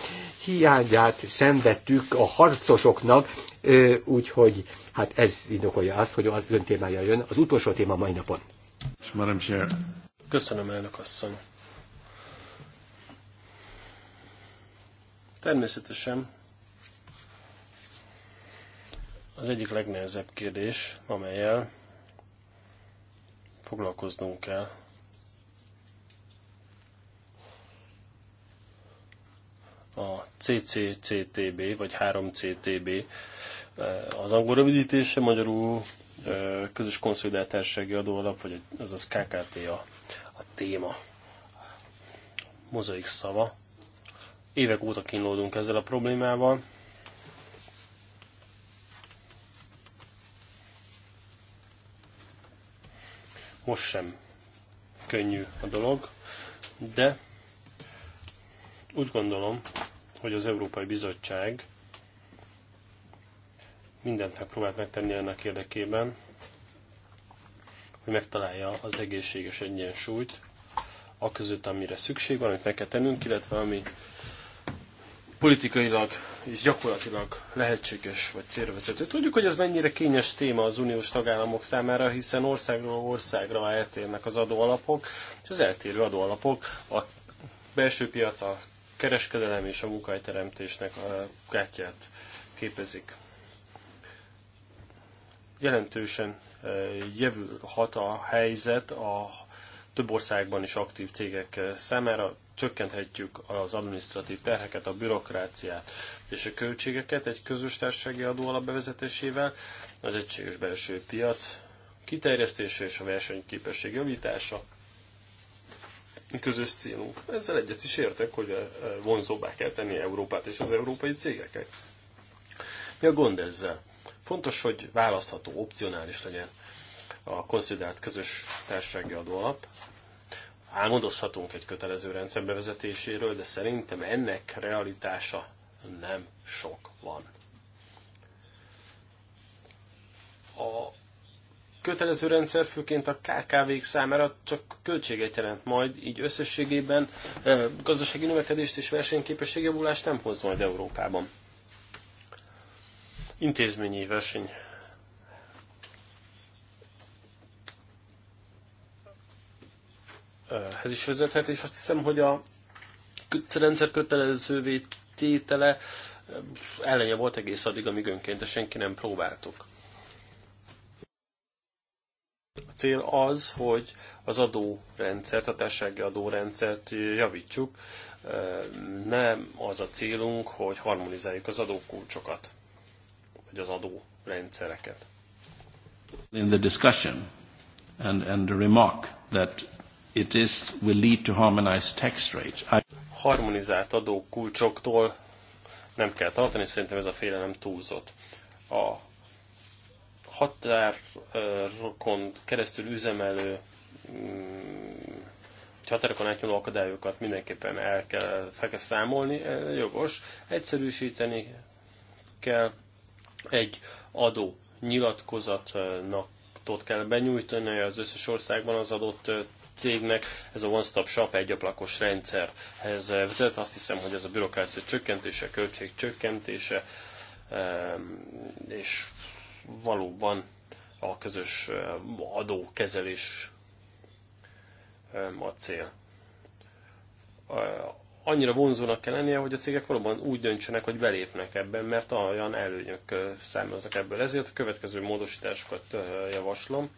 hiányát szenvedtük a harcosoknak, úgyhogy hát ez indokolja azt, hogy az ön témája jön az utolsó téma mai napon. Madam Chair. Köszönöm, elnök asszony. Természetesen az egyik legnehezebb kérdés, amelyel foglalkoznunk kell, a CCCTB, vagy 3CTB, az angol rövidítése, magyarul közös konszolidált adóalap, vagy azaz KKTA téma. Mozaik szava. Évek óta kínlódunk ezzel a problémával. Most sem könnyű a dolog, de úgy gondolom, hogy az Európai Bizottság mindent megpróbált megtenni ennek érdekében, hogy megtalálja az egészséges egyensúlyt, a között, amire szükség van, amit meg kell tennünk, illetve ami politikailag és gyakorlatilag lehetséges vagy célvezető. Tudjuk, hogy ez mennyire kényes téma az uniós tagállamok számára, hiszen országról országra eltérnek az adóalapok, és az eltérő adóalapok a belső piac, a kereskedelem és a munkahelyteremtésnek a kártyát képezik jelentősen javulhat a helyzet a több országban is aktív cégek számára, csökkenthetjük az administratív terheket, a bürokráciát és a költségeket egy közös társasági adóalap bevezetésével, az egységes belső piac kiterjesztése és a versenyképesség javítása közös célunk. Ezzel egyet is értek, hogy vonzóbbá kell tenni Európát és az európai cégeket. Mi a gond ezzel? Fontos, hogy választható, opcionális legyen a konszolidált közös társasági adóalap. Álmodozhatunk egy kötelező rendszer bevezetéséről, de szerintem ennek realitása nem sok van. A kötelező rendszer főként a KKV-k számára csak költséget jelent majd, így összességében eh, gazdasági növekedést és versenyképességjavulást nem hoz majd Európában intézményi verseny ez is vezethet, és azt hiszem, hogy a rendszer kötelezővé tétele ellenje volt egész addig, amíg de senki nem próbáltuk. A cél az, hogy az adórendszert, a társasági adórendszert javítsuk. Nem az a célunk, hogy harmonizáljuk az adókulcsokat vagy az rendszereket. In the discussion and, and the remark that it is will lead to harmonized tax rate. I... Harmonizált kulcsoktól nem kell tartani, szerintem ez a félelem túlzott. A határokon keresztül üzemelő mm, határokon átnyúló akadályokat mindenképpen el kell, fel kell számolni, eh, jogos, egyszerűsíteni kell, egy adó nyilatkozatnak kell benyújtani az összes országban az adott cégnek. Ez a One Stop Shop egyablakos rendszerhez vezet. Azt hiszem, hogy ez a bürokrácia csökkentése, költség csökkentése, és valóban a közös adókezelés a cél annyira vonzónak kell lennie, hogy a cégek valóban úgy döntsenek, hogy belépnek ebben, mert olyan előnyök származnak ebből. Ezért a következő módosításokat javaslom.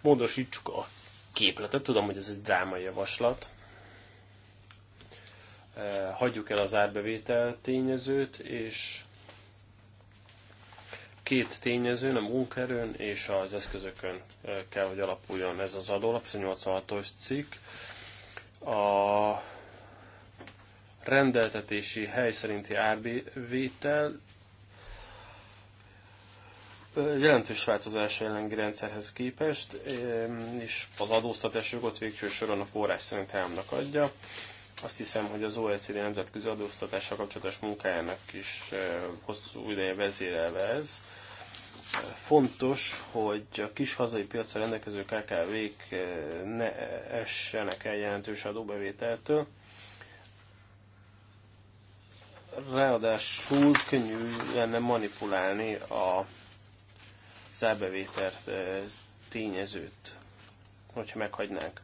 Módosítsuk a képletet, tudom, hogy ez egy drámai javaslat. Hagyjuk el az árbevétel tényezőt, és két tényezőn, a munkaerőn és az eszközökön kell, hogy alapuljon ez az adólap, a 86-os cikk. A rendeltetési hely szerinti árvétel jelentős változás jelenlegi rendszerhez képest, és az adóztatás jogot végső soron a forrás szerint államnak adja. Azt hiszem, hogy az OECD nemzetközi adóztatással kapcsolatos munkájának is hosszú ideje vezérelve ez. Fontos, hogy a kis hazai piacra rendelkező KKV-k ne essenek el jelentős adóbevételtől, Ráadásul könnyű lenne manipulálni a zárbevétel tényezőt, hogyha meghagynánk.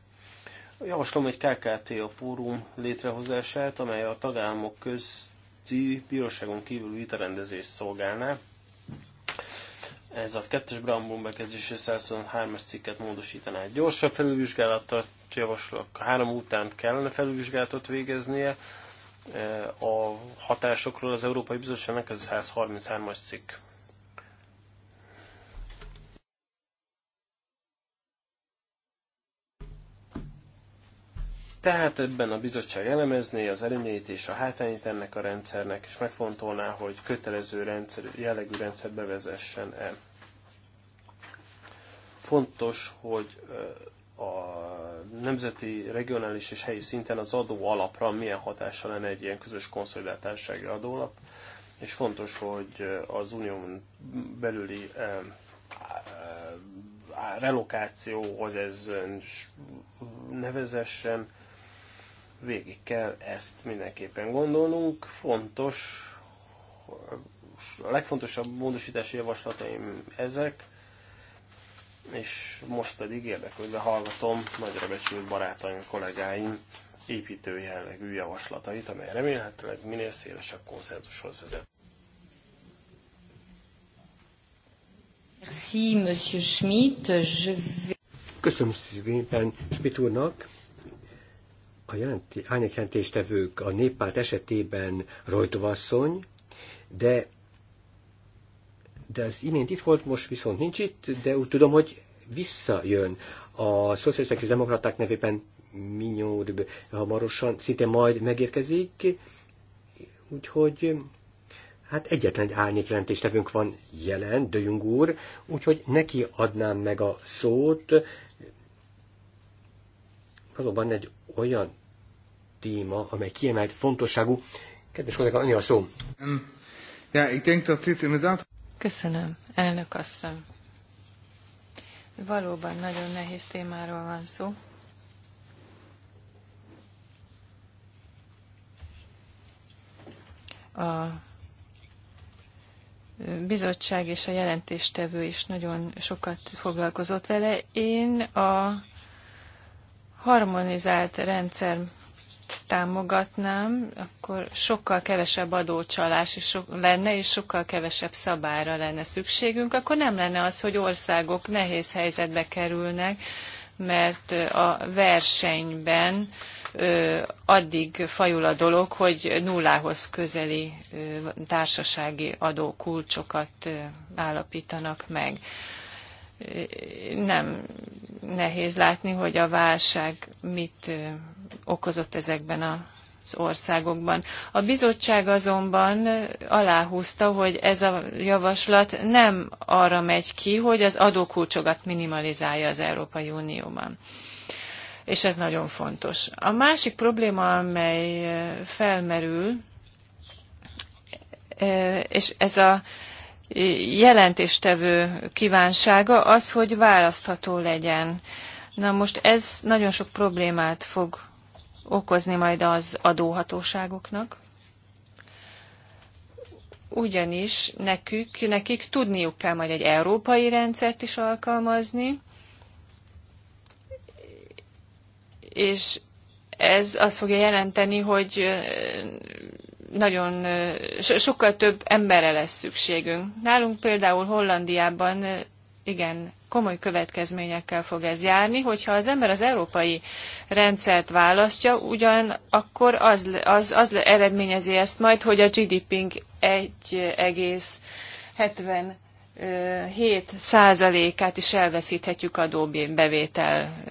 Javaslom egy a fórum létrehozását, amely a tagállamok közti bíróságon kívül vitarendezést szolgálná. Ez a kettes Brambon bekezdése 123-as cikket módosítaná. Gyorsabb felülvizsgálatot javaslok. Három után kellene felülvizsgálatot végeznie, Eh, a hatásokról az Európai Bizottságnak, ez 133-as cikk. Tehát ebben a bizottság elemezné az előnyeit és a hátányit ennek a rendszernek, és megfontolná, hogy kötelező rendszer, jellegű rendszer bevezessen el. Fontos, hogy eh, a nemzeti, regionális és helyi szinten az adó alapra milyen hatása lenne egy ilyen közös konszolidáltársági adólap, és fontos, hogy az unión belüli e, e, relokációhoz ez nevezessen, végig kell ezt mindenképpen gondolnunk. Fontos, a legfontosabb módosítási javaslataim ezek, és most pedig érdeklődve hallgatom nagyra becsült barátaim, kollégáim építő jellegű javaslatait, amely remélhetőleg minél szélesebb konszenzushoz vezet. Köszönöm szépen Schmidt úrnak. A jelenti, jelentéstevők a néppárt esetében Rojtovasszony, de de az imént itt volt, most viszont nincs itt, de úgy tudom, hogy visszajön a szocialisták és demokraták nevében minyód hamarosan, szinte majd megérkezik, úgyhogy hát egyetlen egy árnyékjelentéstevünk van jelen, Döjung úr, úgyhogy neki adnám meg a szót. Valóban egy olyan téma, amely kiemelt fontosságú. Kedves kollega, annyi a szó. Ja, ik denk dat dit inderdaad... Köszönöm, elnök asszony. Valóban nagyon nehéz témáról van szó. A bizottság és a jelentéstevő is nagyon sokat foglalkozott vele. Én a harmonizált rendszer támogatnám, akkor sokkal kevesebb adócsalás is sok, lenne, és sokkal kevesebb szabára lenne szükségünk, akkor nem lenne az, hogy országok nehéz helyzetbe kerülnek, mert a versenyben addig fajul a dolog, hogy nullához közeli társasági adókulcsokat állapítanak meg. Nem nehéz látni, hogy a válság mit okozott ezekben a az országokban. A bizottság azonban aláhúzta, hogy ez a javaslat nem arra megy ki, hogy az adókulcsokat minimalizálja az Európai Unióban. És ez nagyon fontos. A másik probléma, amely eh, felmerül, eh, és ez a eh, jelentéstevő kívánsága az, hogy választható legyen. Na most ez nagyon sok problémát fog okozni majd az adóhatóságoknak, ugyanis nekük, nekik tudniuk kell majd egy európai rendszert is alkalmazni, és ez azt fogja jelenteni, hogy nagyon sokkal több emberre lesz szükségünk. Nálunk például Hollandiában igen komoly következményekkel fog ez járni, hogyha az ember az európai rendszert választja, ugyanakkor az, az, az eredményezi ezt majd, hogy a GDP-nk 1,70 7 százalékát is elveszíthetjük adóbevétel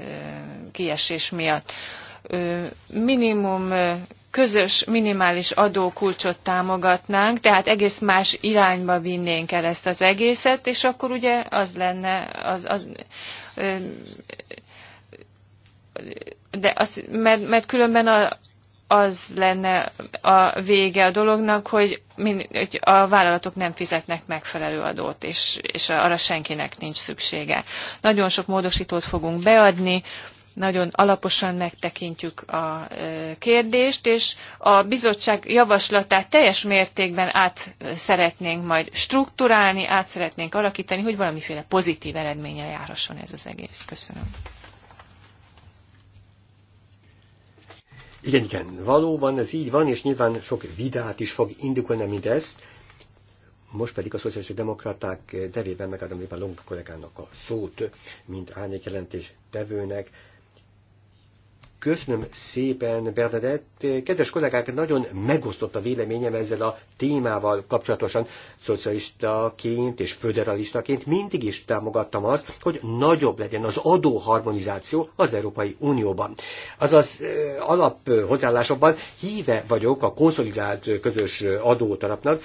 kiesés miatt. Minimum közös minimális adókulcsot támogatnánk, tehát egész más irányba vinnénk el ezt az egészet, és akkor ugye az lenne, az, az, de az, mert, mert különben a, az lenne a vége a dolognak, hogy, min, hogy a vállalatok nem fizetnek megfelelő adót, és, és arra senkinek nincs szüksége. Nagyon sok módosítót fogunk beadni, nagyon alaposan megtekintjük a kérdést, és a bizottság javaslatát teljes mértékben át szeretnénk majd strukturálni, át szeretnénk alakítani, hogy valamiféle pozitív eredménnyel járhasson ez az egész. Köszönöm. Igen, igen, valóban ez így van, és nyilván sok vitát is fog indulni ezt. Most pedig a szociális demokraták terében eh, megadom éppen Long kollégának a szót, mint árnyék jelentés tevőnek Köszönöm szépen, Bernadett. Kedves kollégák, nagyon megosztott a véleményem ezzel a témával kapcsolatosan. Szocialistaként és föderalistaként mindig is támogattam azt, hogy nagyobb legyen az adóharmonizáció az Európai Unióban. Azaz alap hozzáállásomban híve vagyok a konszolidált közös adótalapnak,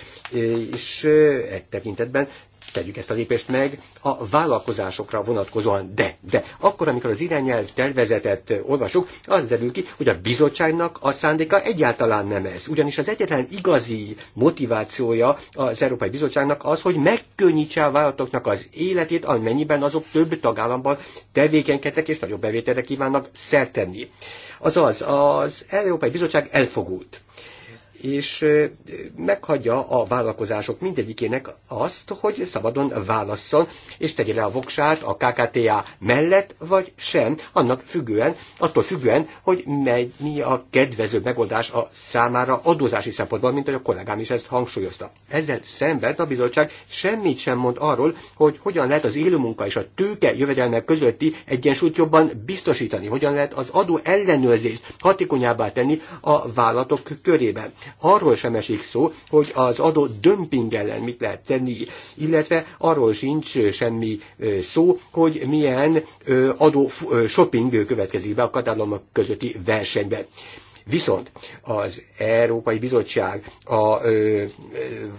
és egy tekintetben tegyük ezt a lépést meg a vállalkozásokra vonatkozóan, de, de akkor, amikor az irányelv tervezetet olvasunk, az derül ki, hogy a bizottságnak a szándéka egyáltalán nem ez. Ugyanis az egyetlen igazi motivációja az Európai Bizottságnak az, hogy megkönnyítse a vállalatoknak az életét, amennyiben azok több tagállamban tevékenykedtek és nagyobb bevételre kívánnak szertenni. Azaz, az Európai Bizottság elfogult és meghagyja a vállalkozások mindegyikének azt, hogy szabadon válasszon, és tegye le a voksát a KKTA mellett, vagy sem, annak függően, attól függően, hogy mi a kedvező megoldás a számára adózási szempontból, mint ahogy a kollégám is ezt hangsúlyozta. Ezzel szemben a bizottság semmit sem mond arról, hogy hogyan lehet az élőmunka és a tőke jövedelmek közötti egyensúlyt jobban biztosítani, hogyan lehet az adó ellenőrzést hatékonyabbá tenni a vállalatok körében arról sem esik szó, hogy az adó dömping ellen mit lehet tenni, illetve arról sincs semmi szó, hogy milyen adó shopping következik be a katalomok közötti versenyben. Viszont az Európai Bizottság a ö,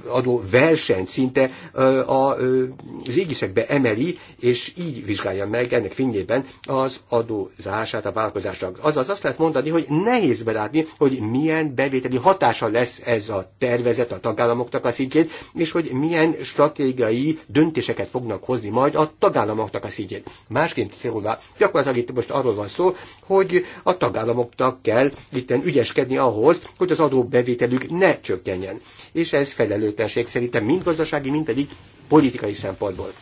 adó versenyt szinte ö, a, ö, az égiszekbe emeli, és így vizsgálja meg ennek fényében az adózását a vállalkozásnak. Azaz azt lehet mondani, hogy nehéz belátni, hogy milyen bevételi hatása lesz ez a tervezet a tagállamoknak a szintjét, és hogy milyen stratégiai döntéseket fognak hozni majd a tagállamoknak a szintjét. Másként szólva, gyakorlatilag itt most arról van szó, hogy a tagállamoknak kell itt megfelelően ügyeskedni ahhoz, hogy az adóbevételük ne csökkenjen. És ez felelőtlenség szerintem mind gazdasági, mind pedig politikai szempontból.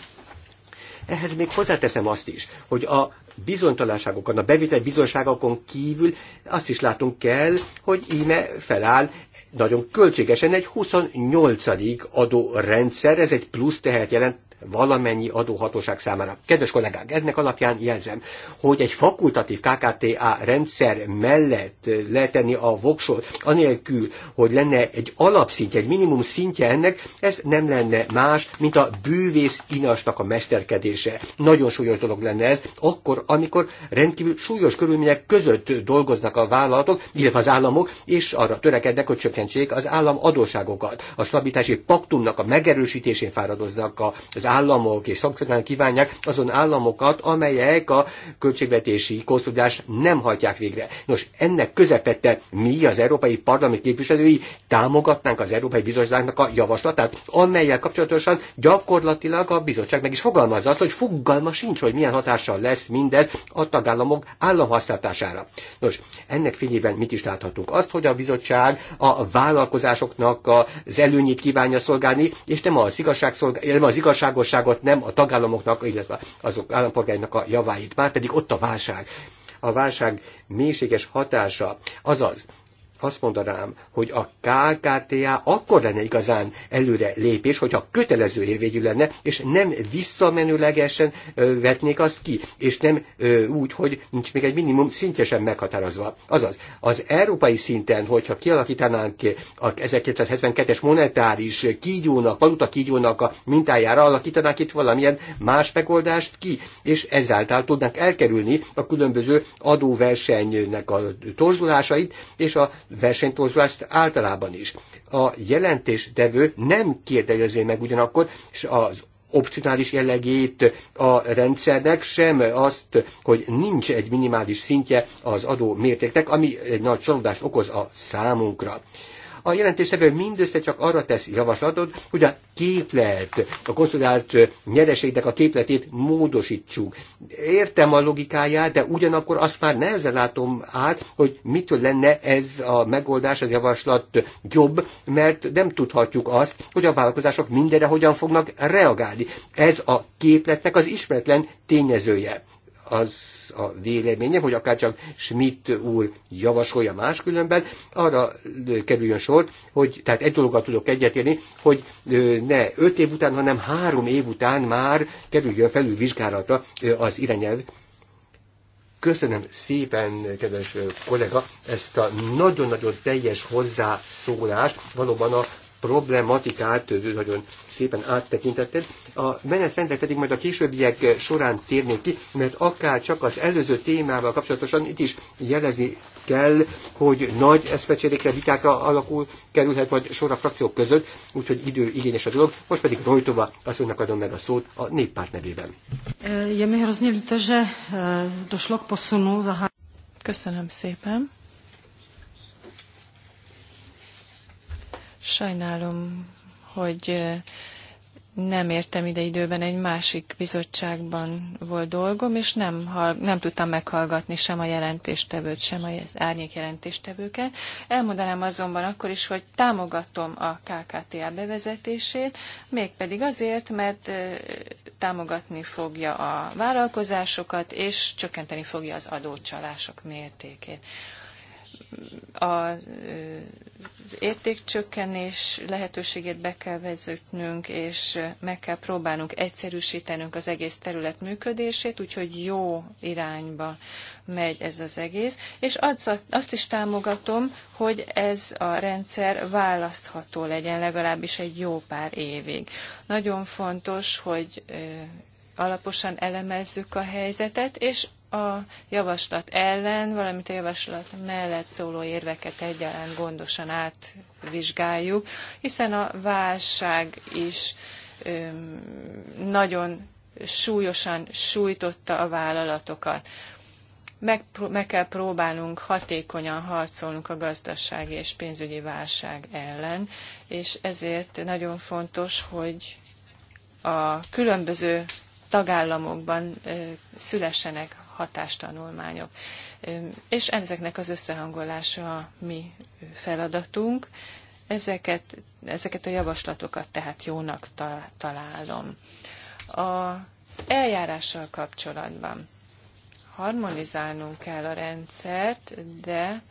Ehhez még hozzáteszem azt is, hogy a bizonytalanságokon, a bevétel bizonyságokon kívül azt is látunk kell, hogy íme feláll nagyon költségesen egy 28. adórendszer, ez egy plusz tehet jelent valamennyi adóhatóság számára. Kedves kollégák, ennek alapján jelzem, hogy egy fakultatív KKTA rendszer mellett letenni a voksot, anélkül, hogy lenne egy alapszintje, egy minimum szintje ennek, ez nem lenne más, mint a bűvész inasnak a mesterkedése. Nagyon súlyos dolog lenne ez, akkor, amikor rendkívül súlyos körülmények között dolgoznak a vállalatok, illetve az államok, és arra törekednek, hogy csökkentsék az állam adóságokat. A stabilitási paktumnak a megerősítésén fáradoznak az államok, és szankcionálni kívánják azon államokat, amelyek a költségvetési konszolidást nem hajtják végre. Nos, ennek közepette mi az Európai Parlament képviselői támogatnánk az Európai Bizottságnak a javaslatát, amelyel kapcsolatosan gyakorlatilag a bizottság meg is fogalmazza azt, hogy fogalma sincs, hogy milyen hatással lesz mindez a tagállamok államhasználatására. Nos, ennek fényében mit is láthatunk? Azt, hogy a bizottság a vállalkozásoknak az előnyét kívánja szolgálni, és nem az, igazságszolgál... nem az igazság világosságot, nem a tagállamoknak, illetve azok állampolgárnak a javáit. Már pedig ott a válság. A válság mélységes hatása, azaz azt mondanám, hogy a KKTA akkor lenne igazán előre lépés, hogyha kötelező érvényű lenne, és nem visszamenőlegesen vetnék azt ki, és nem ö, úgy, hogy nincs még egy minimum szintje sem meghatározva. Azaz, az európai szinten, hogyha kialakítanánk a 1972-es monetáris kígyónak, valuta kígyónak a mintájára, alakítanánk itt valamilyen más megoldást ki, és ezáltal tudnánk elkerülni a különböző adóversenynek a torzulásait, és a versenytorzulást általában is. A jelentéstevő nem kérdezi meg ugyanakkor, és az opcionális jellegét a rendszernek, sem azt, hogy nincs egy minimális szintje az adó mértéknek, ami egy nagy csalódást okoz a számunkra. A jelentéstevő mindössze csak arra tesz javaslatot, hogy a képlet, a konszolidált nyereségnek a képletét módosítsuk. Értem a logikáját, de ugyanakkor azt már nehezen látom át, hogy mitől lenne ez a megoldás, az javaslat jobb, mert nem tudhatjuk azt, hogy a vállalkozások mindenre hogyan fognak reagálni. Ez a képletnek az ismeretlen tényezője. Az a véleményem, hogy akárcsak Schmidt úr javasolja máskülönben, arra kerüljön sor, hogy tehát egy dologgal tudok egyetérni, hogy ne öt év után, hanem három év után már kerüljön felülvizsgálatra az irányelv. Köszönöm szépen, kedves kollega, ezt a nagyon-nagyon teljes hozzászólást. Valóban a problematikát nagyon szépen áttekintetted. A menetrendek pedig majd a későbbiek során térnék ki, mert akár csak az előző témával kapcsolatosan itt is jelezni kell, hogy nagy eszmecserékre, vitákra alakul, kerülhet majd sor a frakciók között, úgyhogy időigényes a dolog. Most pedig Rojtova mondnak adom meg a szót a néppárt nevében. Je mi hrozně líto, že eh, došlo k posunu. Köszönöm szépen. Sajnálom, hogy nem értem ide időben, egy másik bizottságban volt dolgom, és nem, nem tudtam meghallgatni sem a jelentéstevőt, sem az árnyék jelentéstevőket. Elmondanám azonban akkor is, hogy támogatom a KKTA bevezetését, mégpedig azért, mert támogatni fogja a vállalkozásokat, és csökkenteni fogja az adócsalások mértékét. A értékcsökkenés lehetőségét be kell vezetnünk, és meg kell próbálnunk egyszerűsítenünk az egész terület működését, úgyhogy jó irányba megy ez az egész. És azt is támogatom, hogy ez a rendszer választható legyen legalábbis egy jó pár évig. Nagyon fontos, hogy alaposan elemezzük a helyzetet, és a javaslat ellen, valamint a javaslat mellett szóló érveket egyaránt gondosan átvizsgáljuk, hiszen a válság is nagyon súlyosan sújtotta a vállalatokat. Meg, meg kell próbálnunk hatékonyan harcolnunk a gazdasági és pénzügyi válság ellen, és ezért nagyon fontos, hogy a különböző tagállamokban szülessenek hatástanulmányok. És ezeknek az összehangolása a mi feladatunk. Ezeket, ezeket a javaslatokat tehát jónak találom. Az eljárással kapcsolatban harmonizálnunk kell a rendszert, de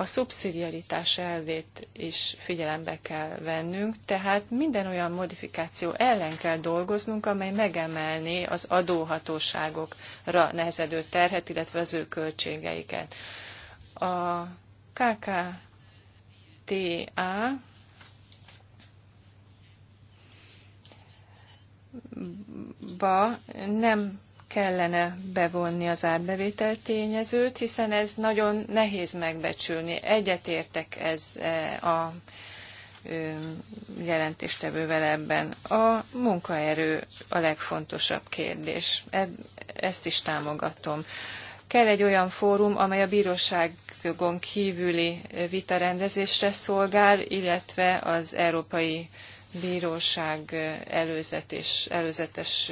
a szubszidiaritás elvét is figyelembe kell vennünk, tehát minden olyan modifikáció ellen kell dolgoznunk, amely megemelné az adóhatóságokra nehezedő terhet, illetve az ő költségeiket. A KKTA ba nem kellene bevonni az árbevétel tényezőt, hiszen ez nagyon nehéz megbecsülni. Egyetértek ez e, a jelentéstevővel ebben. A munkaerő a legfontosabb kérdés. E, ezt is támogatom. Kell egy olyan fórum, amely a bíróságon kívüli vitarendezésre szolgál, illetve az Európai bíróság előzetes, előzetes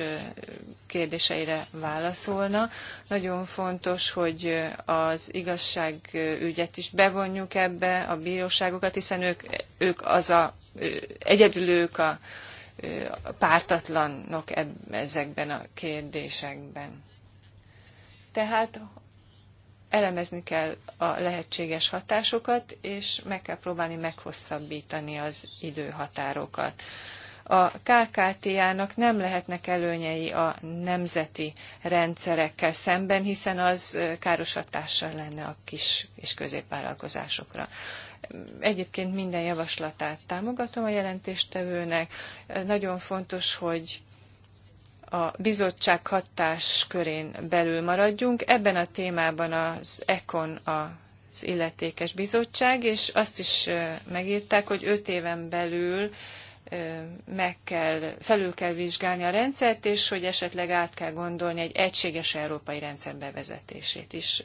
kérdéseire válaszolna. Nagyon fontos, hogy az igazságügyet is bevonjuk ebbe, a bíróságokat, hiszen ők, ők az a, egyedül ők a, pártatlanok ezekben a kérdésekben. Tehát elemezni kell a lehetséges hatásokat, és meg kell próbálni meghosszabbítani az időhatárokat. A kkt nak nem lehetnek előnyei a nemzeti rendszerekkel szemben, hiszen az káros hatással lenne a kis és középvállalkozásokra. Egyébként minden javaslatát támogatom a jelentéstevőnek. Nagyon fontos, hogy a bizottság hatáskörén belül maradjunk. Ebben a témában az ECON az illetékes bizottság, és azt is megírták, hogy öt éven belül meg kell, felül kell vizsgálni a rendszert, és hogy esetleg át kell gondolni egy egységes európai rendszer bevezetését is.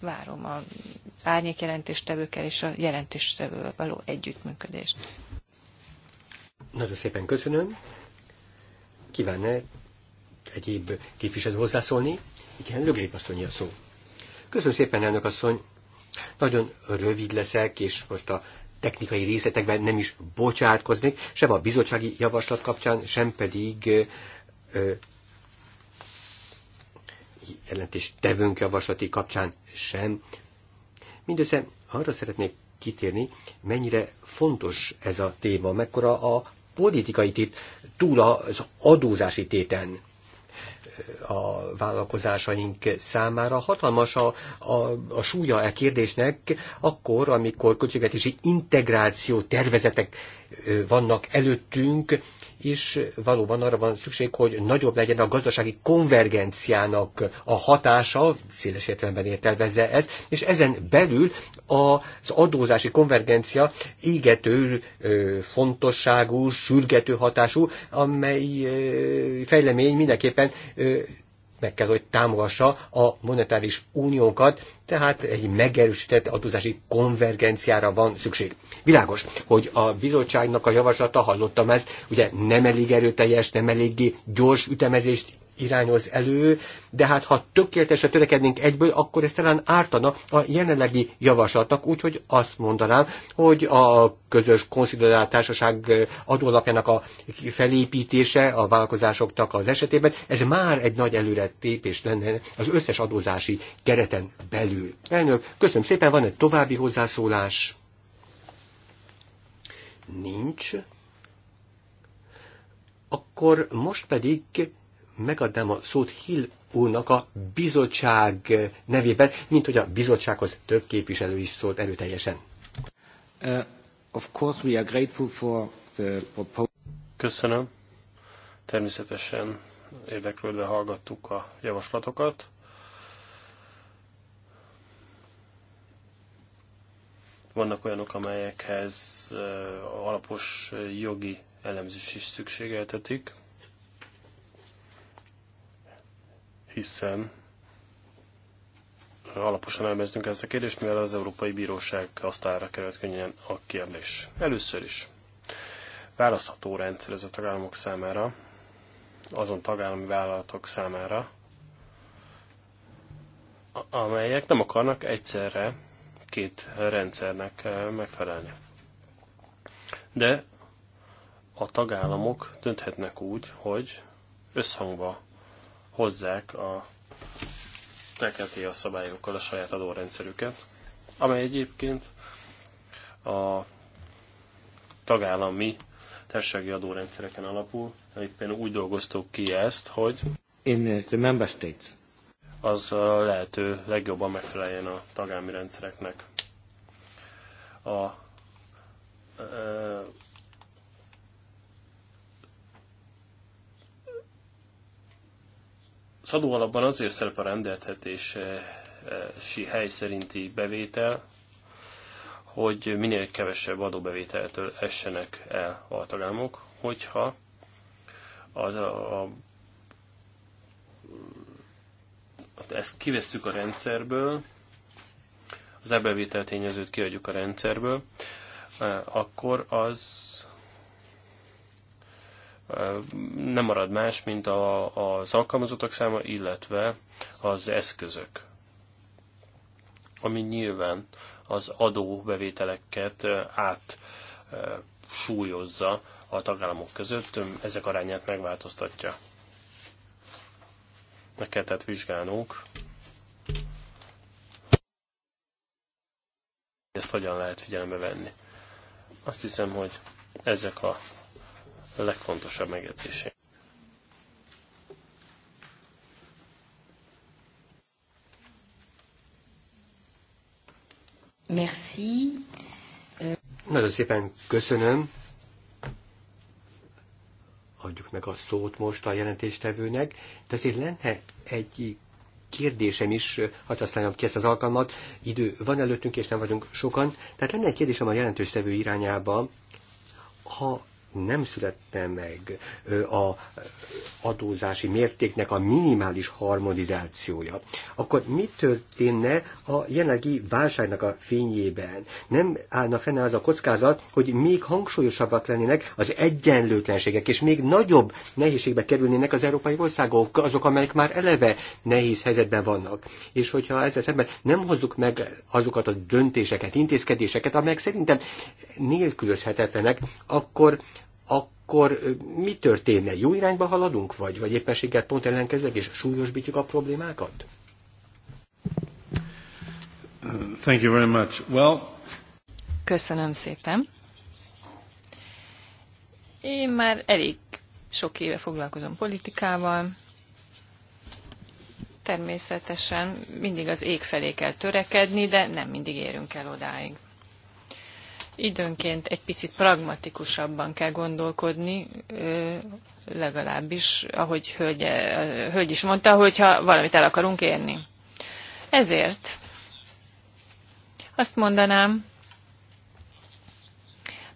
Várom az árnyék jelentéstevőkkel és a jelentéstevővel való együttműködést. Nagyon szépen köszönöm. Kívánne egyéb képviselő hozzászólni. Igen, Lögrép asszony a szó. Köszönöm szépen, elnök asszony. Nagyon rövid leszek, és most a technikai részletekben nem is bocsátkoznék, sem a bizottsági javaslat kapcsán, sem pedig ö, jelentés tevőnk javaslati kapcsán sem. Mindössze arra szeretnék kitérni, mennyire fontos ez a téma, mekkora a politikai tét túl az adózási téten a vállalkozásaink számára. Hatalmas a, a, a súlya e kérdésnek akkor, amikor költségvetési integráció tervezetek vannak előttünk, és valóban arra van szükség, hogy nagyobb legyen a gazdasági konvergenciának a hatása, széles értelemben értelmezze ez, és ezen belül az adózási konvergencia égető fontosságú, sürgető hatású, amely fejlemény mindenképpen meg kell, hogy támogassa a monetáris uniónkat, tehát egy megerősített adózási konvergenciára van szükség. Világos, hogy a bizottságnak a javaslata, hallottam ezt, ugye nem elég erőteljes, nem eléggé gyors ütemezést irányoz elő, de hát ha tökéletesen törekednénk egyből, akkor ez talán ártana a jelenlegi javaslatnak, úgyhogy azt mondanám, hogy a közös konszolidált társaság adólapjának a felépítése a vállalkozásoknak az esetében, ez már egy nagy előre tépés lenne az összes adózási kereten belül. Elnök, köszönöm szépen, van egy további hozzászólás? Nincs. Akkor most pedig megadnám a szót Hill úrnak a bizottság nevében, mint hogy a bizottsághoz több képviselő is szólt erőteljesen. Uh, of course we are grateful for the proposal. Köszönöm. Természetesen érdeklődve hallgattuk a javaslatokat. Vannak olyanok, amelyekhez uh, alapos jogi elemzés is szükségeltetik. hiszen alaposan elmeztünk ezt a kérdést, mivel az Európai Bíróság asztalára került könnyen a kérdés. Először is választható rendszer ez a tagállamok számára, azon tagállami vállalatok számára, amelyek nem akarnak egyszerre két rendszernek eh, megfelelni. De a tagállamok dönthetnek úgy, hogy összhangba hozzák a tekinti a szabályokkal a saját adórendszerüket, amely egyébként a tagállami társasági adórendszereken alapul, például úgy dolgoztuk ki ezt, hogy in the member states. az a lehető legjobban megfeleljen a tagállami rendszereknek. A Az adóalapban azért szerep a rendeltetési hely szerinti bevétel, hogy minél kevesebb adóbevételtől essenek el a tagállamok, hogyha az a, a, hát ezt kivesszük a rendszerből, az elbevétel kiadjuk a rendszerből, eh, akkor az nem marad más, mint a, az alkalmazottak száma, illetve az eszközök, ami nyilván az adóbevételeket át súlyozza a tagállamok között, ezek arányát megváltoztatja. Meg kell tehát vizsgálnunk, ezt hogyan lehet figyelembe venni. Azt hiszem, hogy ezek a legfontosabb megjegyzésé. Merci. Euh, Nagyon szépen köszönöm. Adjuk meg a szót most a jelentéstevőnek, de azért lenne egy kérdésem is, ha használjam ki ezt az alkalmat, idő van előttünk, és nem vagyunk sokan. Tehát lenne egy kérdésem a jelentőstevő irányába, ha nem születne meg a adózási mértéknek a minimális harmonizációja, akkor mi történne a jelenlegi válságnak a fényében? Nem állna fenn az a kockázat, hogy még hangsúlyosabbak lennének az egyenlőtlenségek, és még nagyobb nehézségbe kerülnének az európai országok, azok, amelyek már eleve nehéz helyzetben vannak. És hogyha ezzel szemben nem hozzuk meg azokat a döntéseket, intézkedéseket, amelyek szerintem nélkülözhetetlenek, akkor akkor mi történne? Jó irányba haladunk, vagy, vagy éppenséggel pont ellenkezőleg, és súlyosbítjuk a problémákat? Thank you very much. Well... Köszönöm szépen. Én már elég sok éve foglalkozom politikával. Természetesen mindig az ég felé kell törekedni, de nem mindig érünk el odáig időnként egy picit pragmatikusabban kell gondolkodni, legalábbis, ahogy hölgy, hölgy is mondta, hogyha valamit el akarunk érni. Ezért azt mondanám,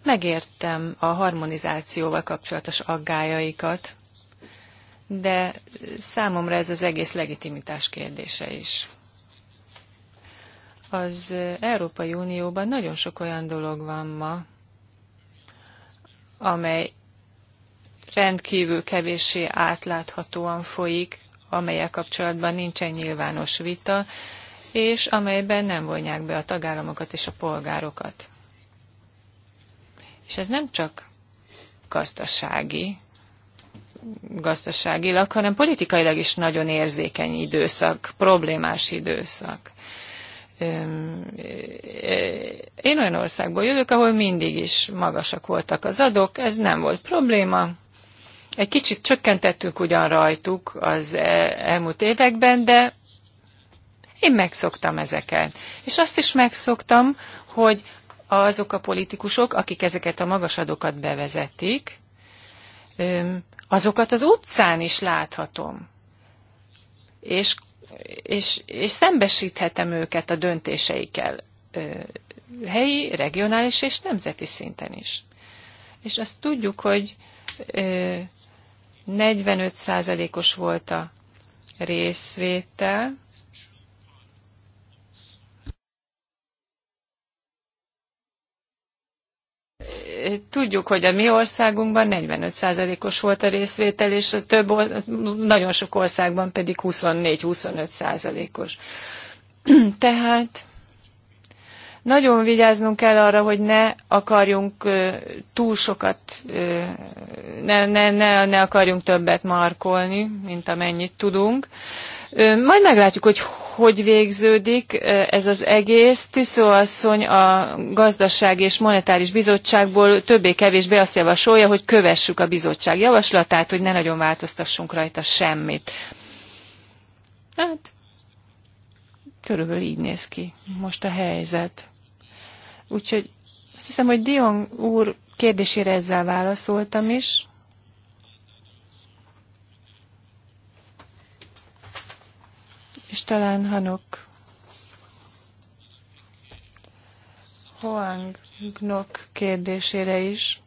megértem a harmonizációval kapcsolatos aggájaikat, de számomra ez az egész legitimitás kérdése is. Az Európai Unióban nagyon sok olyan dolog van ma, amely rendkívül kevéssé átláthatóan folyik, amelyek kapcsolatban nincsen nyilvános vita, és amelyben nem vonják be a tagállamokat és a polgárokat. És ez nem csak gazdasági, gazdaságilag, hanem politikailag is nagyon érzékeny időszak, problémás időszak. Én olyan országból jövök, ahol mindig is magasak voltak az adók, ez nem volt probléma. Egy kicsit csökkentettünk ugyan rajtuk az e, elmúlt években, de én megszoktam ezeket. És azt is megszoktam, hogy azok a politikusok, akik ezeket a magas adókat bevezetik, azokat az utcán is láthatom. És és, és szembesíthetem őket a döntéseikkel helyi, regionális és nemzeti szinten is. És azt tudjuk, hogy 45%-os volt a részvétel, tudjuk, hogy a mi országunkban 45%-os volt a részvétel, és a több, nagyon sok országban pedig 24-25%-os. *clears throat* Tehát nagyon vigyáznunk kell arra, hogy ne akarjunk túl sokat, ne, ne, ne, ne akarjunk többet markolni, mint amennyit tudunk. Majd meglátjuk, hogy hogy végződik ez az egész. Tiszó asszony a Gazdaság és Monetáris Bizottságból többé-kevésbé azt javasolja, hogy kövessük a bizottság javaslatát, hogy ne nagyon változtassunk rajta semmit. Hát, körülbelül így néz ki most a helyzet. Úgyhogy azt hiszem, hogy Dion úr kérdésére ezzel válaszoltam is. és talán Hanok Hoang Gnok kérdésére is.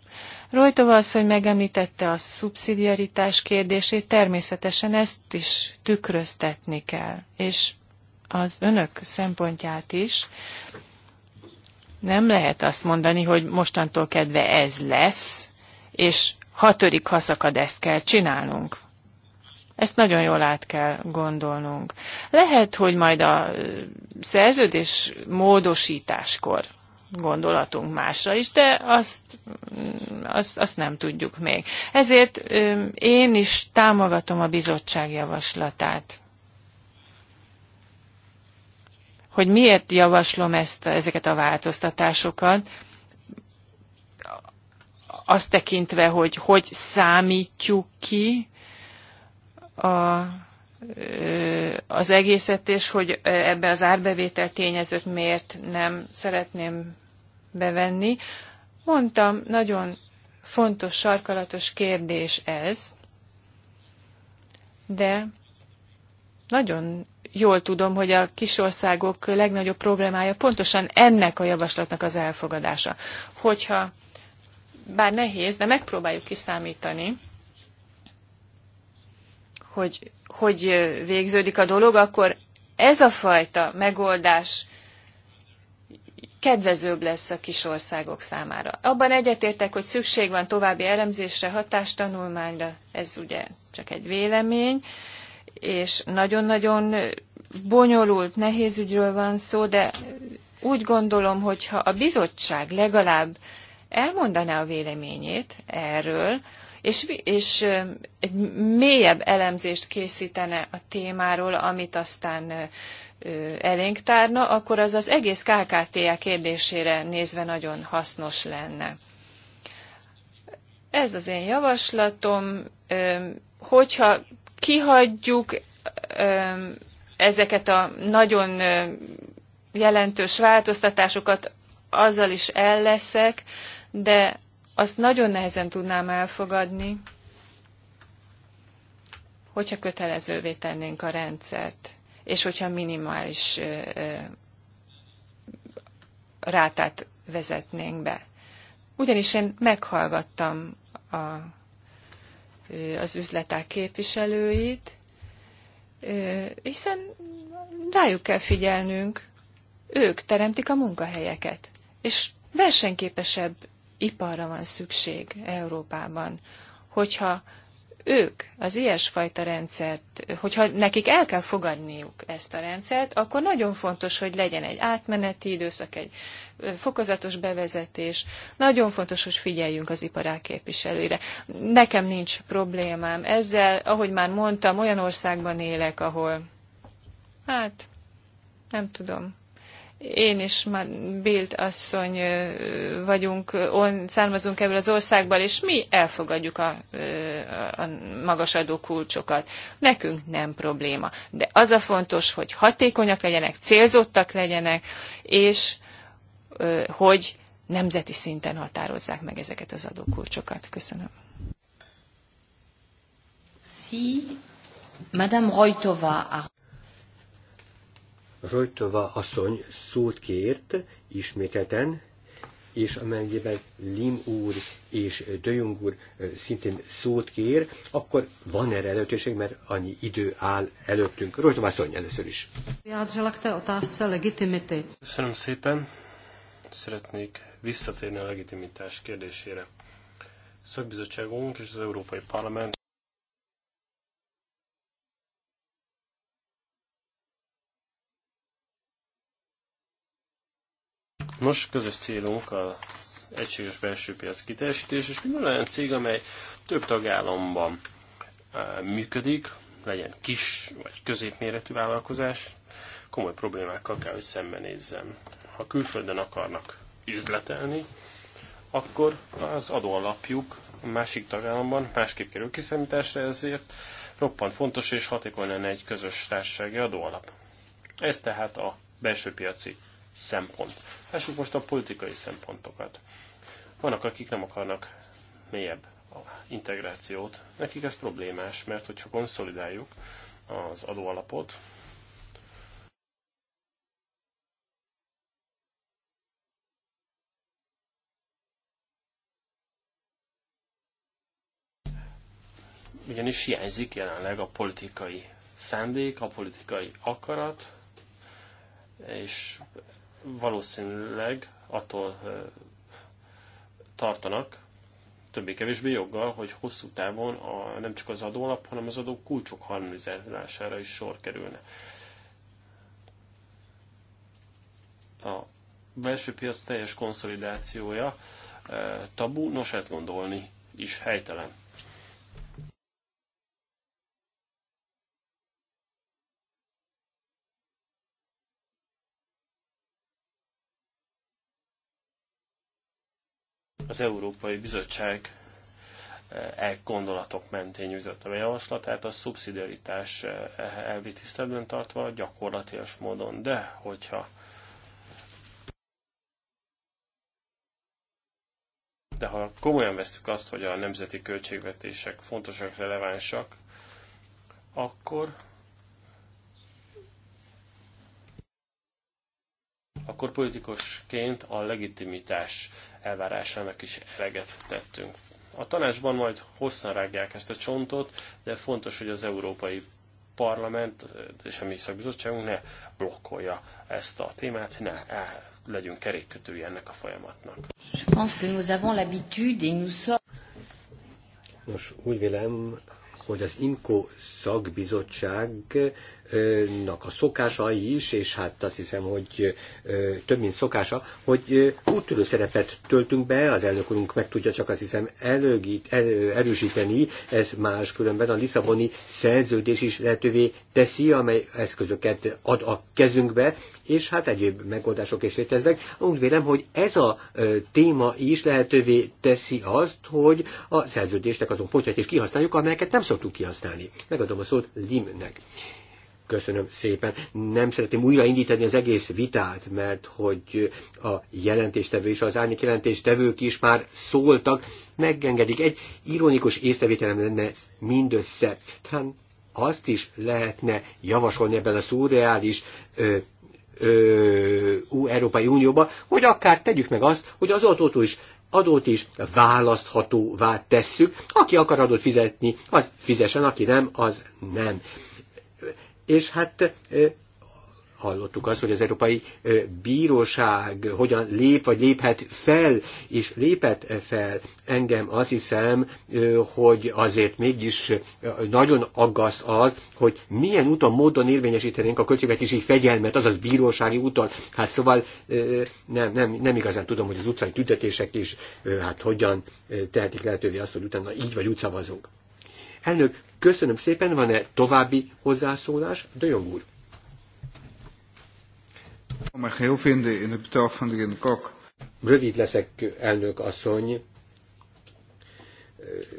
Rojtova asszony megemlítette a szubszidiaritás kérdését, természetesen ezt is tükröztetni kell, és az önök szempontját is. Nem lehet azt mondani, hogy mostantól kedve ez lesz, és hatodik haszakad ezt kell csinálnunk. Ezt nagyon jól át kell gondolnunk. Lehet, hogy majd a szerződés módosításkor gondolatunk másra is, de azt, mm, azt, azt nem tudjuk még. Ezért én is támogatom a bizottság javaslatát. Hogy miért javaslom ezt, ezeket a változtatásokat, azt tekintve, hogy hogy számítjuk ki a, az egészet, és hogy ebbe az árbevétel tényezőt miért nem szeretném bevenni. Mondtam, nagyon fontos, sarkalatos kérdés ez, de nagyon jól tudom, hogy a kisországok legnagyobb problémája pontosan ennek a javaslatnak az elfogadása. Hogyha, bár nehéz, de megpróbáljuk kiszámítani, hogy hogy végződik a dolog, akkor ez a fajta megoldás kedvezőbb lesz a kis országok számára. Abban egyetértek, hogy szükség van további elemzésre, hatástanulmányra, ez ugye csak egy vélemény, és nagyon-nagyon bonyolult, nehéz ügyről van szó, de úgy gondolom, hogy ha a bizottság legalább elmondaná a véleményét erről, és, és egy mélyebb elemzést készítene a témáról, amit aztán elénk tárna, akkor az az egész KKTA kérdésére nézve nagyon hasznos lenne. Ez az én javaslatom, hogyha kihagyjuk ezeket a nagyon jelentős változtatásokat, azzal is elleszek, de azt nagyon nehezen tudnám elfogadni, hogyha kötelezővé tennénk a rendszert, és hogyha minimális rátát vezetnénk be. Ugyanis én meghallgattam a, az üzleták képviselőit, hiszen rájuk kell figyelnünk, ők teremtik a munkahelyeket, és versenyképesebb iparra van szükség Európában, hogyha ők az ilyesfajta rendszert, hogyha nekik el kell fogadniuk ezt a rendszert, akkor nagyon fontos, hogy legyen egy átmeneti időszak, egy fokozatos bevezetés. Nagyon fontos, hogy figyeljünk az iparák képviselőire. Nekem nincs problémám ezzel. Ahogy már mondtam, olyan országban élek, ahol hát nem tudom én is már Bild asszony vagyunk, on, származunk ebből az országból, és mi elfogadjuk a, a magas adókulcsokat. Nekünk nem probléma. De az a fontos, hogy hatékonyak legyenek, célzottak legyenek, és hogy nemzeti szinten határozzák meg ezeket az adókulcsokat. Köszönöm. Si, Madame Rojtova. Rojtova asszony szót kért ismételten, és amennyiben Lim úr és Döjung úr szintén szót kér, akkor van erre lehetőség, mert annyi idő áll előttünk. Rojtova asszony először is. Köszönöm szépen. Szeretnék visszatérni a legitimitás kérdésére. szakbizottságunk és az Európai Parlament Nos, közös célunk az egységes belső piac kiteljesítés, és minden olyan cég, amely több tagállamban működik, legyen kis vagy középméretű vállalkozás, komoly problémákkal kell, hogy szembenézzem. Ha külföldön akarnak üzletelni, akkor az adóalapjuk a másik tagállamban másképp kerül kiszámításra, ezért roppant fontos és hatékony lenne egy közös társasági adóalap. Ez tehát a belső piaci szempont. Lássuk most a politikai szempontokat. Vannak, akik nem akarnak mélyebb integrációt. Nekik ez problémás, mert hogyha konszolidáljuk az adóalapot, ugyanis hiányzik jelenleg a politikai szándék, a politikai akarat, és valószínűleg attól tartanak, többé-kevésbé joggal, hogy hosszú távon a, nem csak az adólap, hanem az adó kulcsok harmonizálására is sor kerülne. A belső piac teljes konszolidációja tabu, nos ezt gondolni is helytelen. az Európai Bizottság eh, e gondolatok mentén nyújtottam a javaslatát, a szubszidiaritás eh, elvi tiszteletben tartva gyakorlatilag módon, de hogyha de ha komolyan veszük azt, hogy a nemzeti költségvetések fontosak, relevánsak, akkor akkor politikusként a legitimitás elvárásának is eleget tettünk. A tanácsban majd hosszan rágják ezt a csontot, de fontos, hogy az Európai Parlament és a mi Bizottságunk ne blokkolja ezt a témát, ne el legyünk kerékkötői ennek a folyamatnak. Nos, úgy vélem, hogy az IMCO szakbizottság nak a szokásai is, és hát azt hiszem, hogy több mint szokása, hogy úttörő szerepet töltünk be, az elnök úrunk meg tudja csak azt hiszem előgít, elő, erősíteni, ez más különben a Lisszaboni szerződés is lehetővé teszi, amely eszközöket ad a kezünkbe, és hát egyéb megoldások is léteznek. Úgy vélem, hogy ez a téma is lehetővé teszi azt, hogy a szerződésnek azon pontjait is kihasználjuk, amelyeket nem szoktuk kihasználni. Megadom a szót Limnek. Köszönöm szépen. Nem szeretném újraindítani az egész vitát, mert hogy a jelentéstevő és az árnyék jelentéstevők is már szóltak, megengedik. Egy ironikus észrevételem lenne mindössze. Talán azt is lehetne javasolni ebben a szurreális ö, ö, ú, Európai Unióba, hogy akár tegyük meg azt, hogy az autót is adót is választhatóvá tesszük. Aki akar adót fizetni, az fizessen, aki nem, az nem. És hát hallottuk azt, hogy az Európai Bíróság hogyan lép, vagy léphet fel, és lépett fel. Engem azt hiszem, hogy azért mégis nagyon aggaszt az, hogy milyen úton, módon érvényesítenénk a költségvetési fegyelmet, azaz bírósági úton. Hát szóval nem, nem, nem igazán tudom, hogy az utcai tüntetések is hát hogyan tehetik lehetővé azt, hogy utána így vagy úgy szavazunk. Elnök, Köszönöm szépen, van-e további hozzászólás? Döjong úr. Rövid leszek, elnök asszony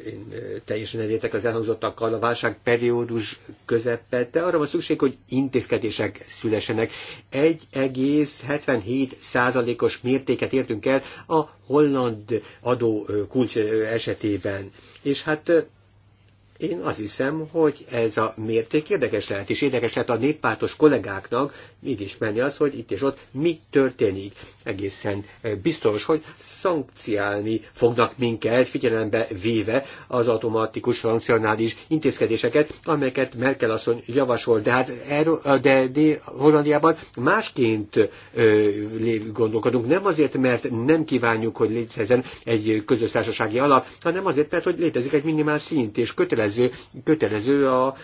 én eh, teljesen egyétek az elhangzottakkal, a válságperiódus közepette, arra van szükség, hogy intézkedések szülesenek. 1,77 os mértéket értünk el a holland adó eh, kulcs eh, esetében. És hát én azt hiszem, hogy ez a mérték érdekes lehet, és érdekes lehet a néppártos kollégáknak menni az, hogy itt és ott mi történik. Egészen eh, biztos, hogy szankciálni fognak minket, figyelembe véve az automatikus funkcionális intézkedéseket, amelyeket Merkel asszony javasol. De hát erről, eh, de, de Hollandiában másként eh, gondolkodunk, nem azért, mert nem kívánjuk, hogy létezzen egy közös társasági alap, hanem azért, mert hogy létezik egy minimál szint és kötelező kötelező, kötelező a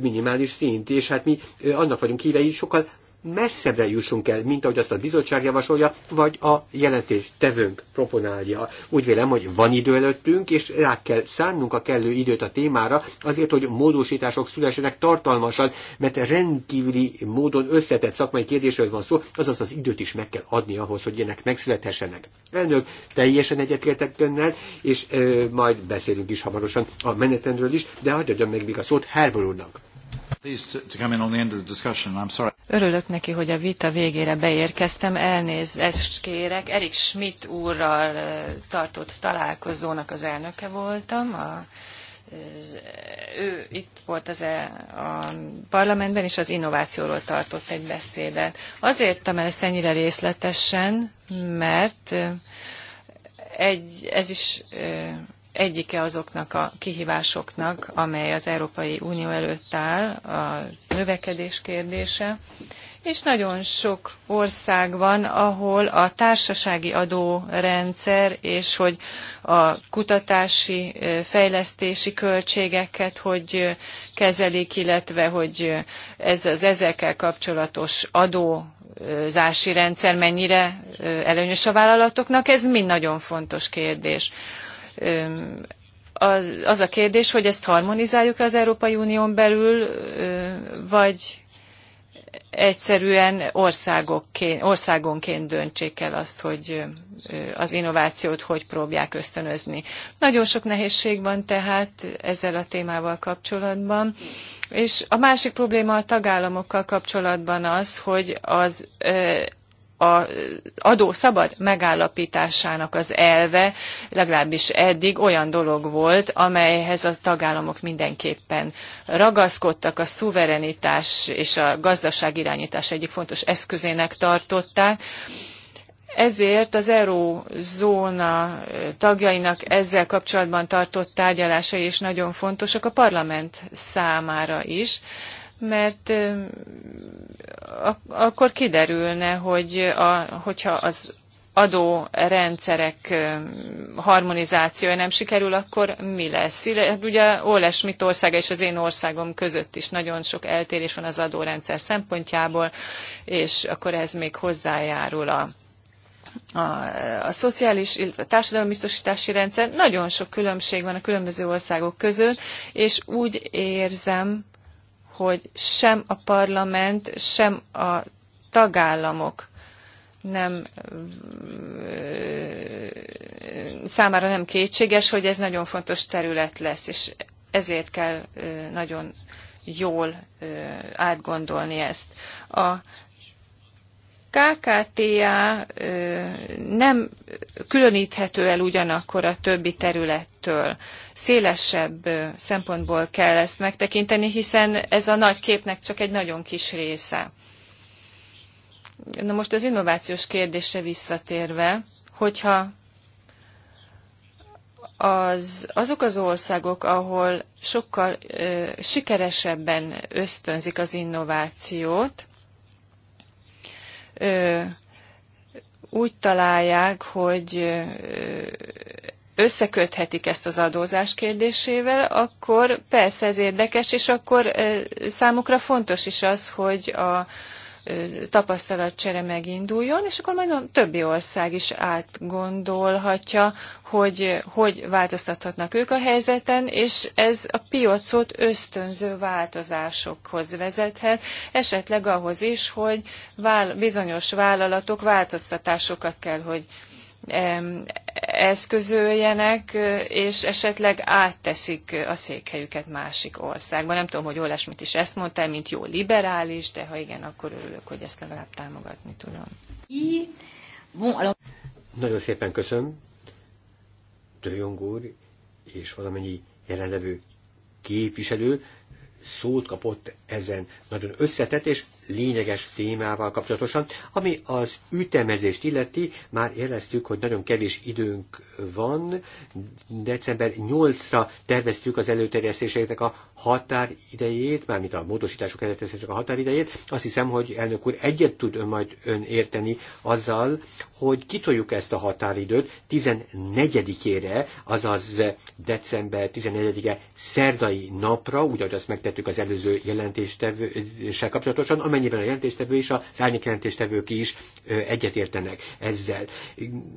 minimális szint, és hát mi annak vagyunk hívei, sokkal messzebbre jussunk el, mint ahogy azt a bizottság javasolja, vagy a jelentés tevőnk proponálja. Úgy vélem, hogy van idő előttünk, és rá kell szánnunk a kellő időt a témára, azért, hogy módosítások szülesenek tartalmasan, mert rendkívüli módon összetett szakmai kérdésről van szó, azaz az időt is meg kell adni ahhoz, hogy ilyenek megszülethessenek. Elnök, teljesen egyetértek önnel, és ö, majd beszélünk is hamarosan a menetendről is, de hagyjadjon meg még a szót Herbol úrnak. Örülök neki, hogy a vita végére beérkeztem. Elnézést kérek. Erik Schmidt úrral tartott találkozónak az elnöke voltam. A, ő itt volt az e, a parlamentben, és az innovációról tartott egy beszédet. Azért, amel ezt ennyire részletesen, mert egy, ez is egyike azoknak a kihívásoknak, amely az Európai Unió előtt áll, a növekedés kérdése, és nagyon sok ország van, ahol a társasági adórendszer, és hogy a kutatási, fejlesztési költségeket, hogy kezelik, illetve hogy ez az ezekkel kapcsolatos adó zási rendszer mennyire előnyös a vállalatoknak, ez mind nagyon fontos kérdés az, az a kérdés, hogy ezt harmonizáljuk az Európai Unión belül, vagy egyszerűen országokként, országonként döntsék el azt, hogy az innovációt hogy próbálják ösztönözni. Nagyon sok nehézség van tehát ezzel a témával kapcsolatban. És a másik probléma a tagállamokkal kapcsolatban az, hogy az a adó szabad megállapításának az elve legalábbis eddig olyan dolog volt, amelyhez a tagállamok mindenképpen ragaszkodtak, a szuverenitás és a gazdaság irányítás egyik fontos eszközének tartották. Ezért az eurózóna tagjainak ezzel kapcsolatban tartott tárgyalásai is nagyon fontosak a parlament számára is mert akkor kiderülne, hogy a, hogyha az rendszerek harmonizációja nem sikerül, akkor mi lesz? Ugye Oles mit országa és az én országom között is nagyon sok eltérés van az adórendszer szempontjából, és akkor ez még hozzájárul a a, a szociális, illetve a biztosítási rendszer, nagyon sok különbség van a különböző országok között, és úgy érzem, hogy sem a parlament, sem a tagállamok nem számára nem kétséges, hogy ez nagyon fontos terület lesz, és ezért kell nagyon jól átgondolni ezt. A KKTA nem különíthető el ugyanakkor a többi területtől. Szélesebb szempontból kell ezt megtekinteni, hiszen ez a nagy képnek csak egy nagyon kis része. Na most az innovációs kérdésre visszatérve, hogyha az, azok az országok, ahol sokkal ö, sikeresebben ösztönzik az innovációt, úgy találják, hogy összeköthetik ezt az adózás kérdésével, akkor persze ez érdekes, és akkor számukra fontos is az, hogy a, tapasztalatcsere meginduljon, és akkor majd a többi ország is átgondolhatja, hogy hogy változtathatnak ők a helyzeten, és ez a piacot ösztönző változásokhoz vezethet, esetleg ahhoz is, hogy bizonyos vállalatok változtatásokat kell, hogy eszközöljenek, és esetleg átteszik a székhelyüket másik országban. Nem tudom, hogy olyasmit is ezt mondtál, mint jó liberális, de ha igen, akkor örülök, hogy ezt legalább támogatni tudom. Nagyon szépen köszönöm, Dőjong úr, és valamennyi jelenlevő képviselő szót kapott ezen nagyon összetett és lényeges témával kapcsolatosan, ami az ütemezést illeti, már jeleztük, hogy nagyon kevés időnk van, december 8-ra terveztük az előterjesztéseknek a határidejét, mármint a módosítások előterjesztéseknek a határidejét. Azt hiszem, hogy elnök úr egyet tud ön majd ön érteni azzal, hogy kitoljuk ezt a határidőt 14-ére, azaz december 14-e szerdai napra, úgy, ahogy azt megtettük az előző jelentéssel kapcsolatosan, amennyiben a jelentéstevő és a szárnyék jelentéstevők is egyetértenek ezzel.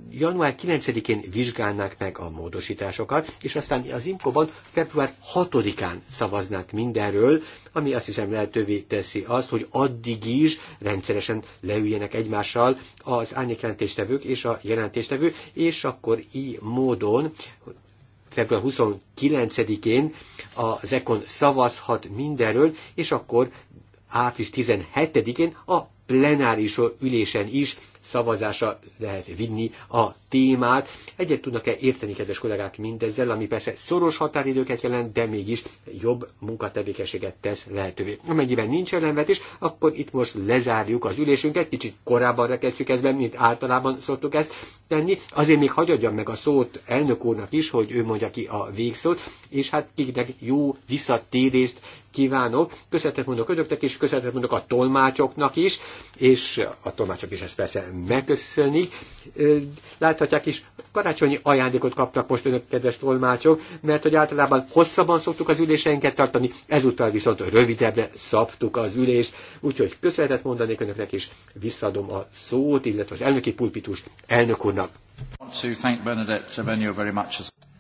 Január 9-én vizsgálnák meg a módosításokat, és aztán az imco február 6-án szavaznák mindenről, ami azt hiszem lehetővé teszi azt, hogy addig is rendszeresen leüljenek egymással az árnyék jelentéstevők és a jelentéstevő, és akkor így módon február 29-én az Ekon szavazhat mindenről, és akkor április 17-én a plenáris ülésen is szavazása lehet vinni a témát. Egyet tudnak-e érteni, kedves kollégák, mindezzel, ami persze szoros határidőket jelent, de mégis jobb munkatevékenységet tesz lehetővé. Amennyiben nincs ellenvetés, akkor itt most lezárjuk az ülésünket, kicsit korábban rekesztjük ezt be, mint általában szoktuk ezt tenni. Azért még hagyadjam meg a szót elnök úrnak is, hogy ő mondja ki a végszót, és hát kiknek jó visszatérést kívánok. Köszönetet mondok önöknek is, köszönetet mondok a tolmácsoknak is, és a tolmácsok is ezt persze megköszönik. Láthatják is, karácsonyi ajándékot kapnak most önök, kedves tolmácsok, mert hogy általában hosszabban szoktuk az üléseinket tartani, ezúttal viszont rövidebbre szabtuk az ülést, úgyhogy köszönetet mondanék önöknek, is, visszadom a szót, illetve az elnöki pulpitust elnök úrnak.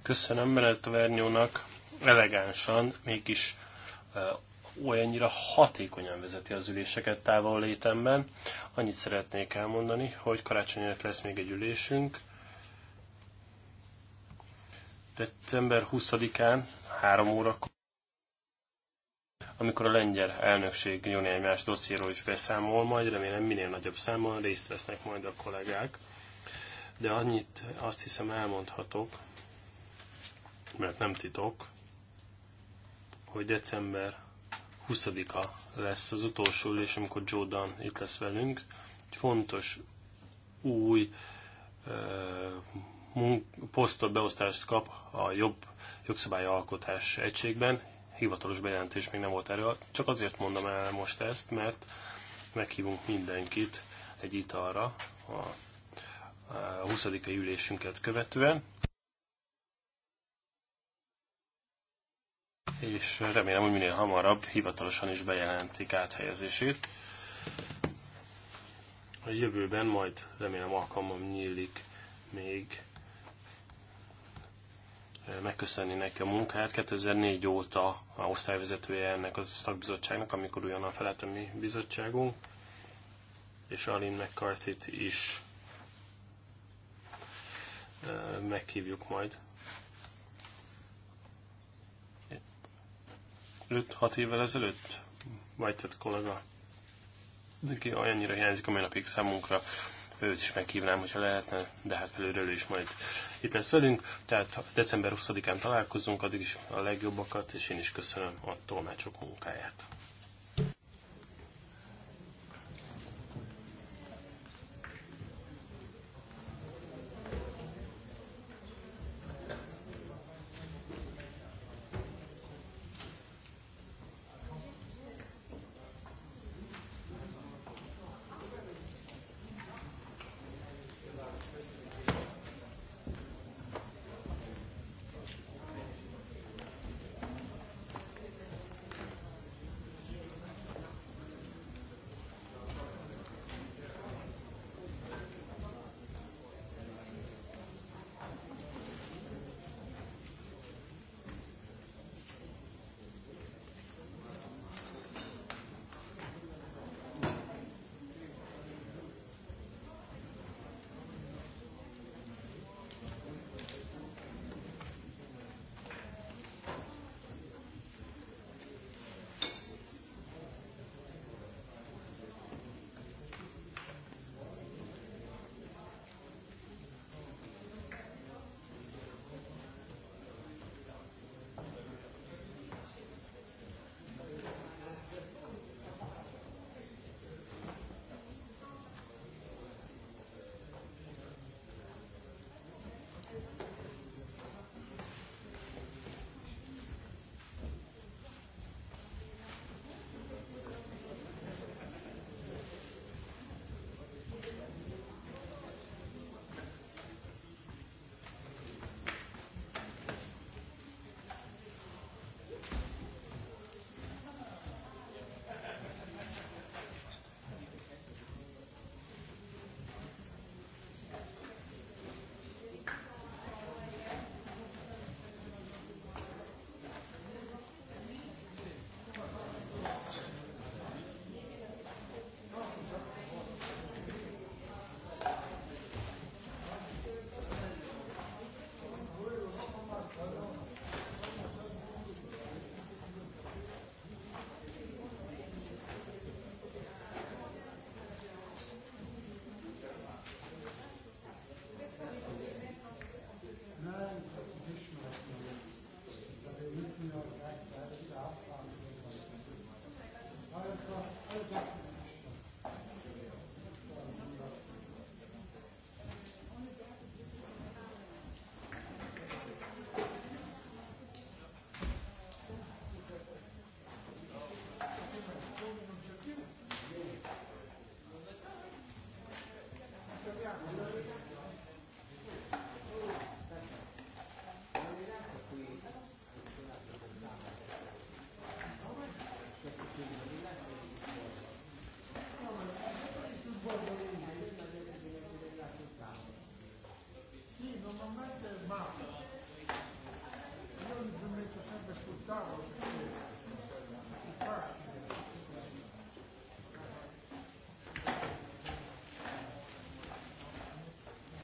Köszönöm Benedett Vernyónak, elegánsan, mégis olyannyira hatékonyan vezeti az üléseket távol létemben. Annyit szeretnék elmondani, hogy karácsony lesz még egy ülésünk. December 20-án, 3 órakor, amikor a lengyel elnökség jó néhány más dossziéról is beszámol, majd remélem minél nagyobb számon részt vesznek majd a kollégák. De annyit azt hiszem elmondhatok, mert nem titok, hogy december 20-a lesz az utolsó ülés, amikor Jordan itt lesz velünk. Egy fontos új uh, posztot beosztást kap a jobb jogszabályalkotás egységben. Hivatalos bejelentés még nem volt erről. Csak azért mondom el most ezt, mert meghívunk mindenkit egy italra a, a 20. ülésünket követően. és remélem, hogy minél hamarabb hivatalosan is bejelentik áthelyezését. A jövőben majd remélem alkalmam nyílik még eh, megköszönni neki a munkát. 2004 óta a osztályvezetője ennek a szakbizottságnak, amikor ugyan a mi bizottságunk, és alin mccarthy is eh, meghívjuk majd 5-6 évvel ezelőtt Whitehead kollega, neki annyira hiányzik a mai napig számunkra, őt is meghívnám, hogyha lehetne, de hát felülről is majd itt lesz velünk. Tehát december 20-án találkozunk, addig is a legjobbakat, és én is köszönöm a tolmácsok munkáját.